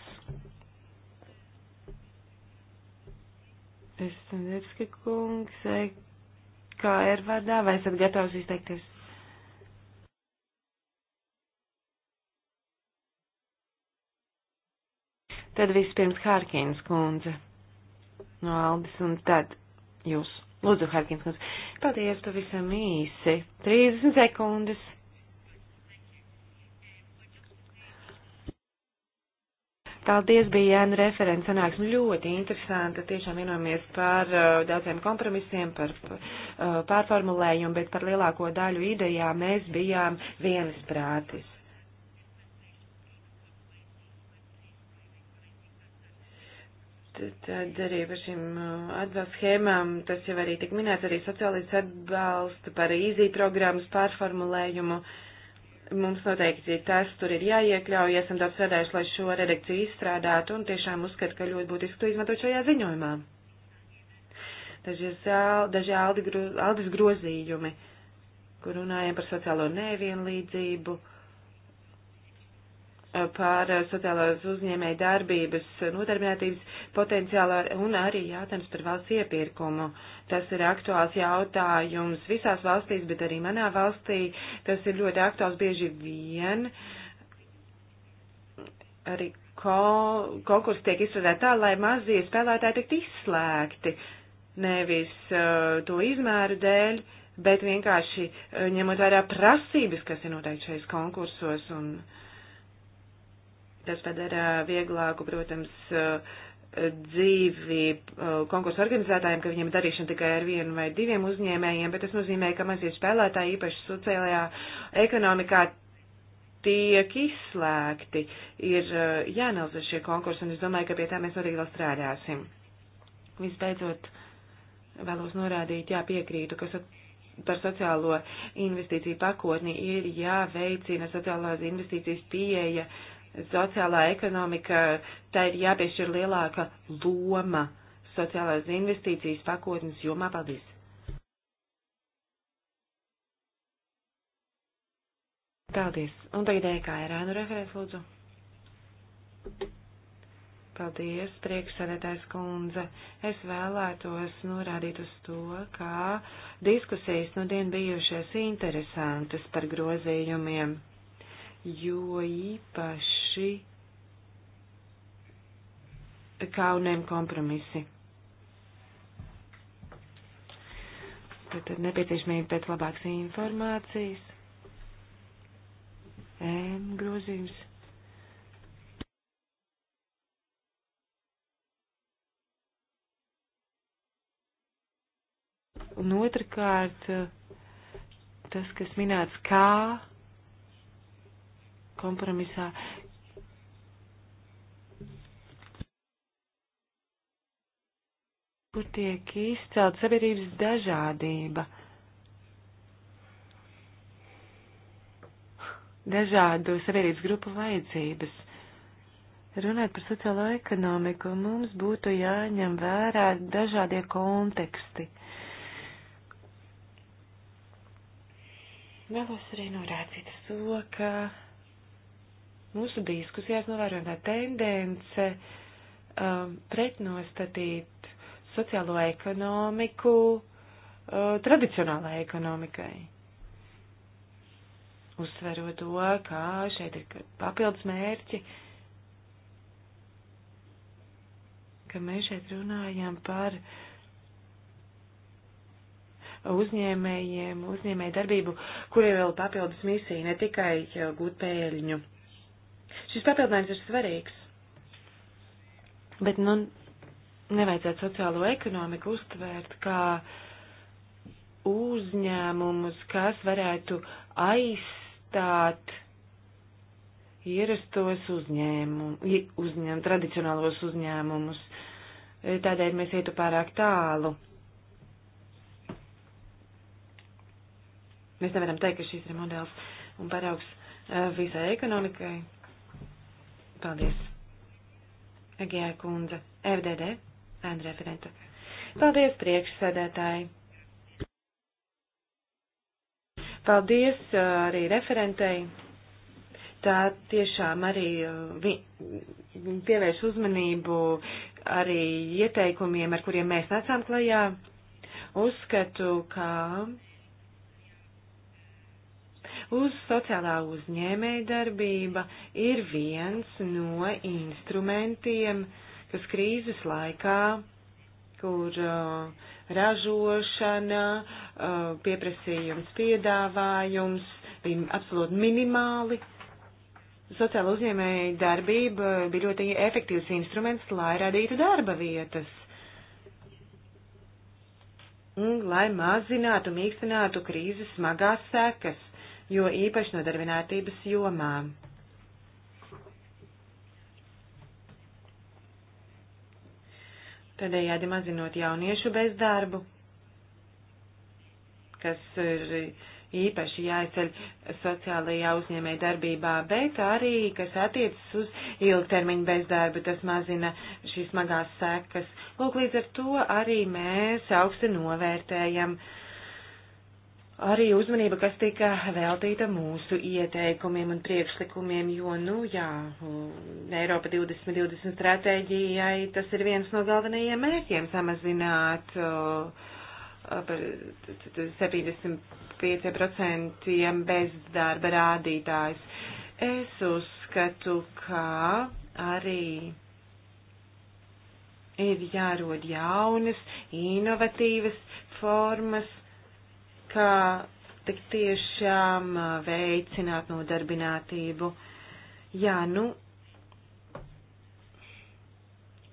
Es redzu, ka kungs, e kā ir vārdā, vai esat gatavs izteikties? Tad vispirms Hārkīnas kundze no Aldis un tad jūs. Lūdzu, Hārkīnas kundze. Paldies pavisam īsi. 30 sekundes. Paldies, bija Jāna referents sanāksme nu, ļoti interesanta. Tiešām vienojamies par uh, daudziem kompromisiem, par uh, pārformulējumu, bet par lielāko daļu idejā mēs bijām vienas prātis. Tad, tad arī par šīm uh, atbalsta schēmām, tas jau arī tik minēts, arī sociālais atbalsta par īzī programmas pārformulējumu. Uh, Mums noteikti tas tur ir jāiekļauj, esam daudz strādājuši, lai šo redakciju izstrādātu, un tiešām uzskatu, ka ļoti būtiski to izmantot šajā ziņojumā. Daži, zāl, daži aldi, aldas grozījumi, kur runājam par sociālo nevienlīdzību par eh, sociālās uzņēmēja darbības eh, nodarbinātības potenciālu un arī jautājums par valsts iepirkumu. Tas ir aktuāls jautājums visās valstīs, bet arī manā valstī tas ir ļoti aktuāls bieži vien. Arī ko, konkursi tiek izstrādāti tā, lai mazie spēlētāji tiktu izslēgti, nevis uh, to izmēru dēļ, bet vienkārši uh, ņemot vērā prasības, kas ir noteikti šais konkursos un uh, Tas padara vieglāku, protams, eh, dzīvi eh, konkursu organizētājiem, ka viņiem darīšana tikai ar vienu vai diviem uzņēmējiem, bet tas nozīmē, ka mazie spēlētāji īpaši sociālajā ekonomikā tiek izslēgti. Ir eh, jāanalizē šie konkursi, un es domāju, ka pie tā mēs noteikti vēl strādāsim. Visbeidzot, vēlos norādīt, jā, piekrītu, ka par sociālo investīciju pakotni ir jāveicina sociālās investīcijas pieeja. Uh, sociālā ekonomika, tā ir jāpiešķir lielāka loma sociālās investīcijas pakotnes jomā. Paldies! Paldies! Un tagad EKR ēnu referēs, lūdzu. Paldies, priekšsēdētājs kundze. Es vēlētos norādīt uz to, kā diskusijas nu dien bijušas interesantas par grozījumiem, jo īpaši ši kā un M kompromisi. Tad nepieciešamība pēc labākas informācijas. M grozījums. Un otrkārt, tas, kas minēts kā kompromisā, kur tiek izcelt sabiedrības dažādība, dažādu sabiedrības grupu vajadzības. Runāt par sociālo ekonomiku, mums būtu jāņem vērā dažādie konteksti. Vēlos arī norādīt to, ka mūsu diskusijās novērojama tendence um, pretnostatīt sociālo ekonomiku uh, tradicionālajai ekonomikai. Uzsverot to, kā šeit ir papildus mērķi, ka mēs šeit runājam par uzņēmējiem, uzņēmēju darbību, kuriem vēl papildus misija, ne tikai eh, gūt pēļņu. Šis papildinājums ir svarīgs, bet, nu, nevajadzētu sociālo ekonomiku uztvērt kā uzņēmumus, kas varētu aizstāt ierastos uzņēmumu, uzņēm, tradicionālos uzņēmumus. Tādēļ mēs ietu pārāk tālu. Mēs nevaram teikt, ka šis ir modelis un paraugs e, visai ekonomikai. Paldies. Agijā kundze, FDD ēnu referenta. Paldies, priekšsēdētāji! Paldies uh, arī referentei. Tā tiešām arī uh, pievērš uzmanību arī ieteikumiem, ar kuriem mēs nācām klajā. Uzskatu, ka uz sociālā uzņēmējdarbība ir viens no instrumentiem, uh, Tas krīzes laikā, kur uh, ražošana, uh, pieprasījums, piedāvājums bija absolūti minimāli. Sociāla uzņēmēja darbība bija ļoti efektīvs instruments, lai radītu darba vietas un lai mazinātu un mīkstinātu krīzes smagās sekas, jo īpaši nodarbinātības jomām. tādējādi mazinot jauniešu bezdarbu, kas ir īpaši jāizceļ sociālajā uzņēmē darbībā, bet arī, kas attiecas uz ilgtermiņu bezdarbu, tas mazina šīs smagās sekas. Lūk, līdz ar to arī mēs augsti novērtējam uh, arī uzmanība, kas tika veltīta mūsu ieteikumiem un priekšlikumiem, jo, nu jā, Eiropa 2020 stratēģijai tas ir viens no galvenajiem mērķiem samazināt uh, par 75% bezdarba rādītājs. Es uzskatu, ka arī ir jārod jaunas, inovatīvas formas kā tik tiešām veicināt nodarbinātību. Jā, nu,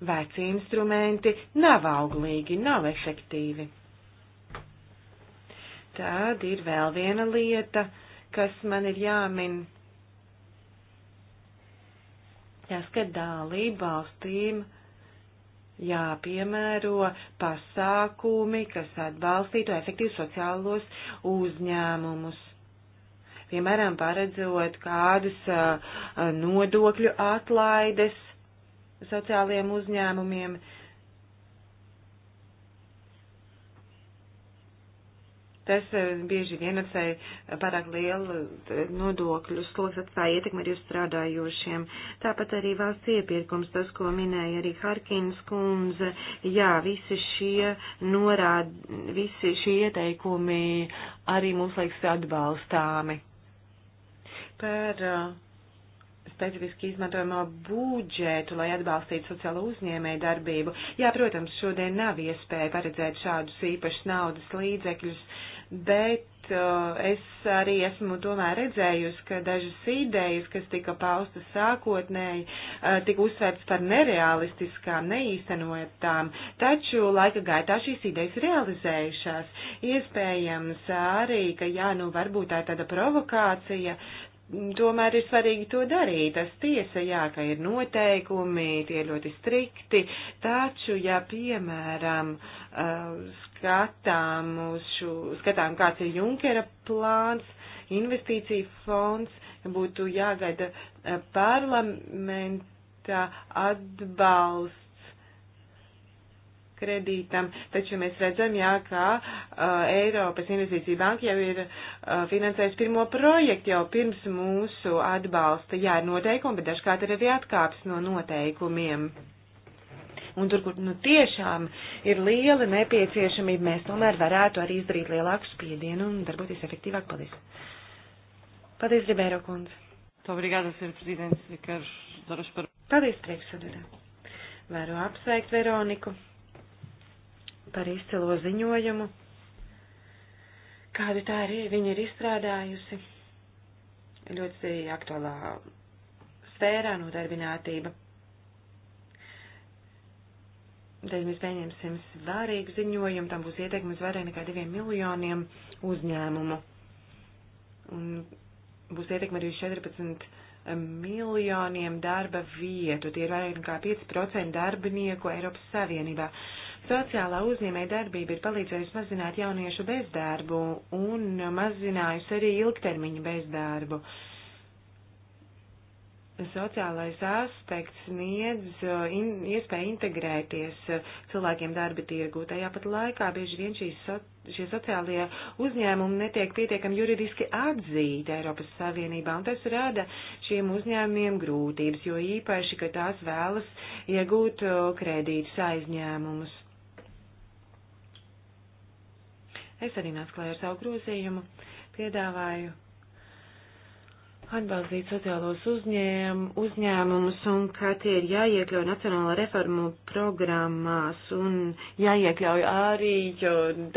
veci instrumenti nav auglīgi, nav efektīvi. Tad ir vēl viena lieta, kas man ir jāmin. Tas, ka dalība valstīm jāpiemēro pasākumi, kas atbalstītu efektīvus sociālos uzņēmumus. Piemēram, paredzot kādas uh, nodokļu atlaides sociālajiem uzņēmumiem, uh, Tas eh, bieži vien atstāja eh, pārāk lielu eh, nodokļu sloks, atstāja ietekmi arī uz strādājošiem. Tāpat arī valsts iepirkums, tas, ko minēja arī Harkins kundze, jā, visi šie norādi, visi šie ieteikumi arī mums liekas atbalstāmi. Par uh, specifiski izmantojamo budžetu, lai atbalstītu sociālo uzņēmēju darbību. Jā, protams, šodien nav iespēja paredzēt šādus īpašus naudas līdzekļus, bet uh, es arī esmu tomēr redzējusi, ka dažas idejas, kas tika paustas sākotnēji, uh, tika uzsvērts par nerealistiskām, neīstenotām, taču laika gaitā šīs idejas realizējušās. Iespējams arī, ka jā, nu varbūt tā ir tāda provokācija, tomēr ir svarīgi to darīt. Tas tiesa, jā, ka ir noteikumi, tie ir ļoti strikti, taču, ja, piemēram, uh, skatām, šo, skatām kāds ir Junkera plāns, investīcija fonds, būtu jāgaida uh, parlamenta atbalsts kredītam, taču mēs redzam, jā, ka uh, Eiropas investīcija banka jau ir uh, finansējusi pirmo projektu jau pirms mūsu atbalsta. Jā, ir noteikumi, bet dažkārt ir arī atkāps no noteikumiem. Un tur, kur nu, tiešām ir liela nepieciešamība, mēs tomēr varētu arī izdarīt lielāku spiedienu un darboties efektīvāk. Paldies! Paldies, Ribeiro kundze! Obrigada, Sr. Presidente. Quero dar as parabéns. Paldies, priekšsēdētāj! Varu apsveikt Veroniku par izcilo ziņojumu, kādu tā arī viņa ir izstrādājusi. Ļoti aktuālā sfērā nodarbinātība. Tad mēs pieņemsim svarīgu ziņojumu, tam būs ieteikums vairāk nekā diviem miljoniem uzņēmumu. Un būs ieteikumi arī 14 miljoniem darba vietu. Tie ir vairāk nekā 5% darbinieku Eiropas Savienībā. Sociālā uzņēmē darbība ir palīdzējusi mazināt jauniešu bezdarbu un mazinājusi arī ilgtermiņu bezdarbu. Sociālais aspekts sniedz uh, in, iespēju integrēties uh, cilvēkiem darba tirgu. Tajā pat laikā bieži vien šīs, šie sociālie uzņēmumi netiek pietiekami juridiski atzīti Eiropas Savienībā, un tas rada šiem uzņēmumiem grūtības, jo īpaši, ka tās vēlas iegūt uh, kredītus aizņēmumus Es arī nācu klāju ar savu grozījumu, piedāvāju atbalstīt sociālos uzņēm, uzņēmumus un kā tie ir jāiekļauj Nacionāla reformu programmās un jāiekļauj arī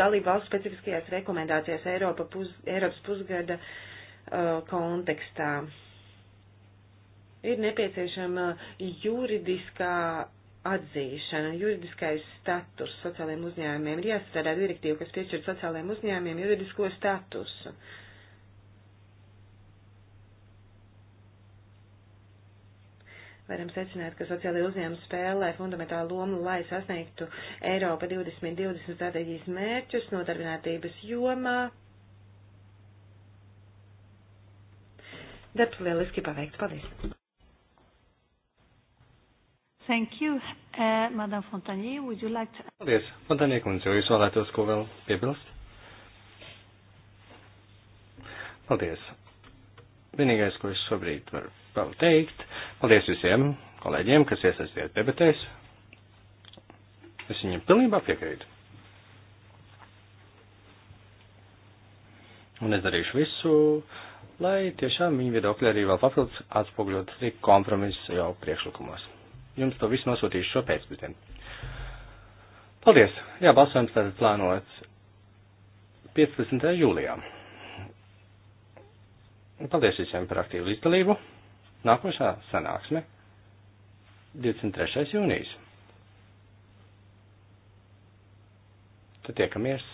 dalību valsts specifiskajās rekomendācijās Eiropa pus, Eiropas pusgada uh, kontekstā. Ir nepieciešama juridiskā atzīšana, juridiskais status sociālajiem uzņēmumiem ir jāstrādā direktīva, kas piešķir sociālajiem uzņēmumiem juridisko statusu. Varam secināt, ka sociālajie uzņēmumi spēlē fundamentālu lomu, lai sasniegtu Eiropa 2020 stratēģijas mērķus nodarbinātības jomā. Darbs lieliski paveikts. Paldies! Thank you. Uh, Madam Fontanier, would you like to... Paldies. Fontanier kundze, jūs vēlētos ko vēl piebilst? Paldies. Vienīgais, ko es šobrīd varu vēl teikt, paldies visiem kolēģiem, kas iesaistījās debatēs. Es viņiem pilnībā piekrītu. Un es darīšu visu, lai tiešām viņa viedokļi arī vēl papildus atspoguļot arī kompromisu jau priekšlikumos. Jums to visu nosūtīšu šo pēcpusdienu. Paldies! Jā, balsojums tad plānots 15. jūlijā. Paldies visiem par aktīvu līdzdalību. Nākošā sanāksme 23. jūnijas. Tad tiekamies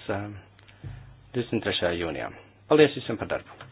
23. Eh, jūnijā. Paldies visiem par darbu!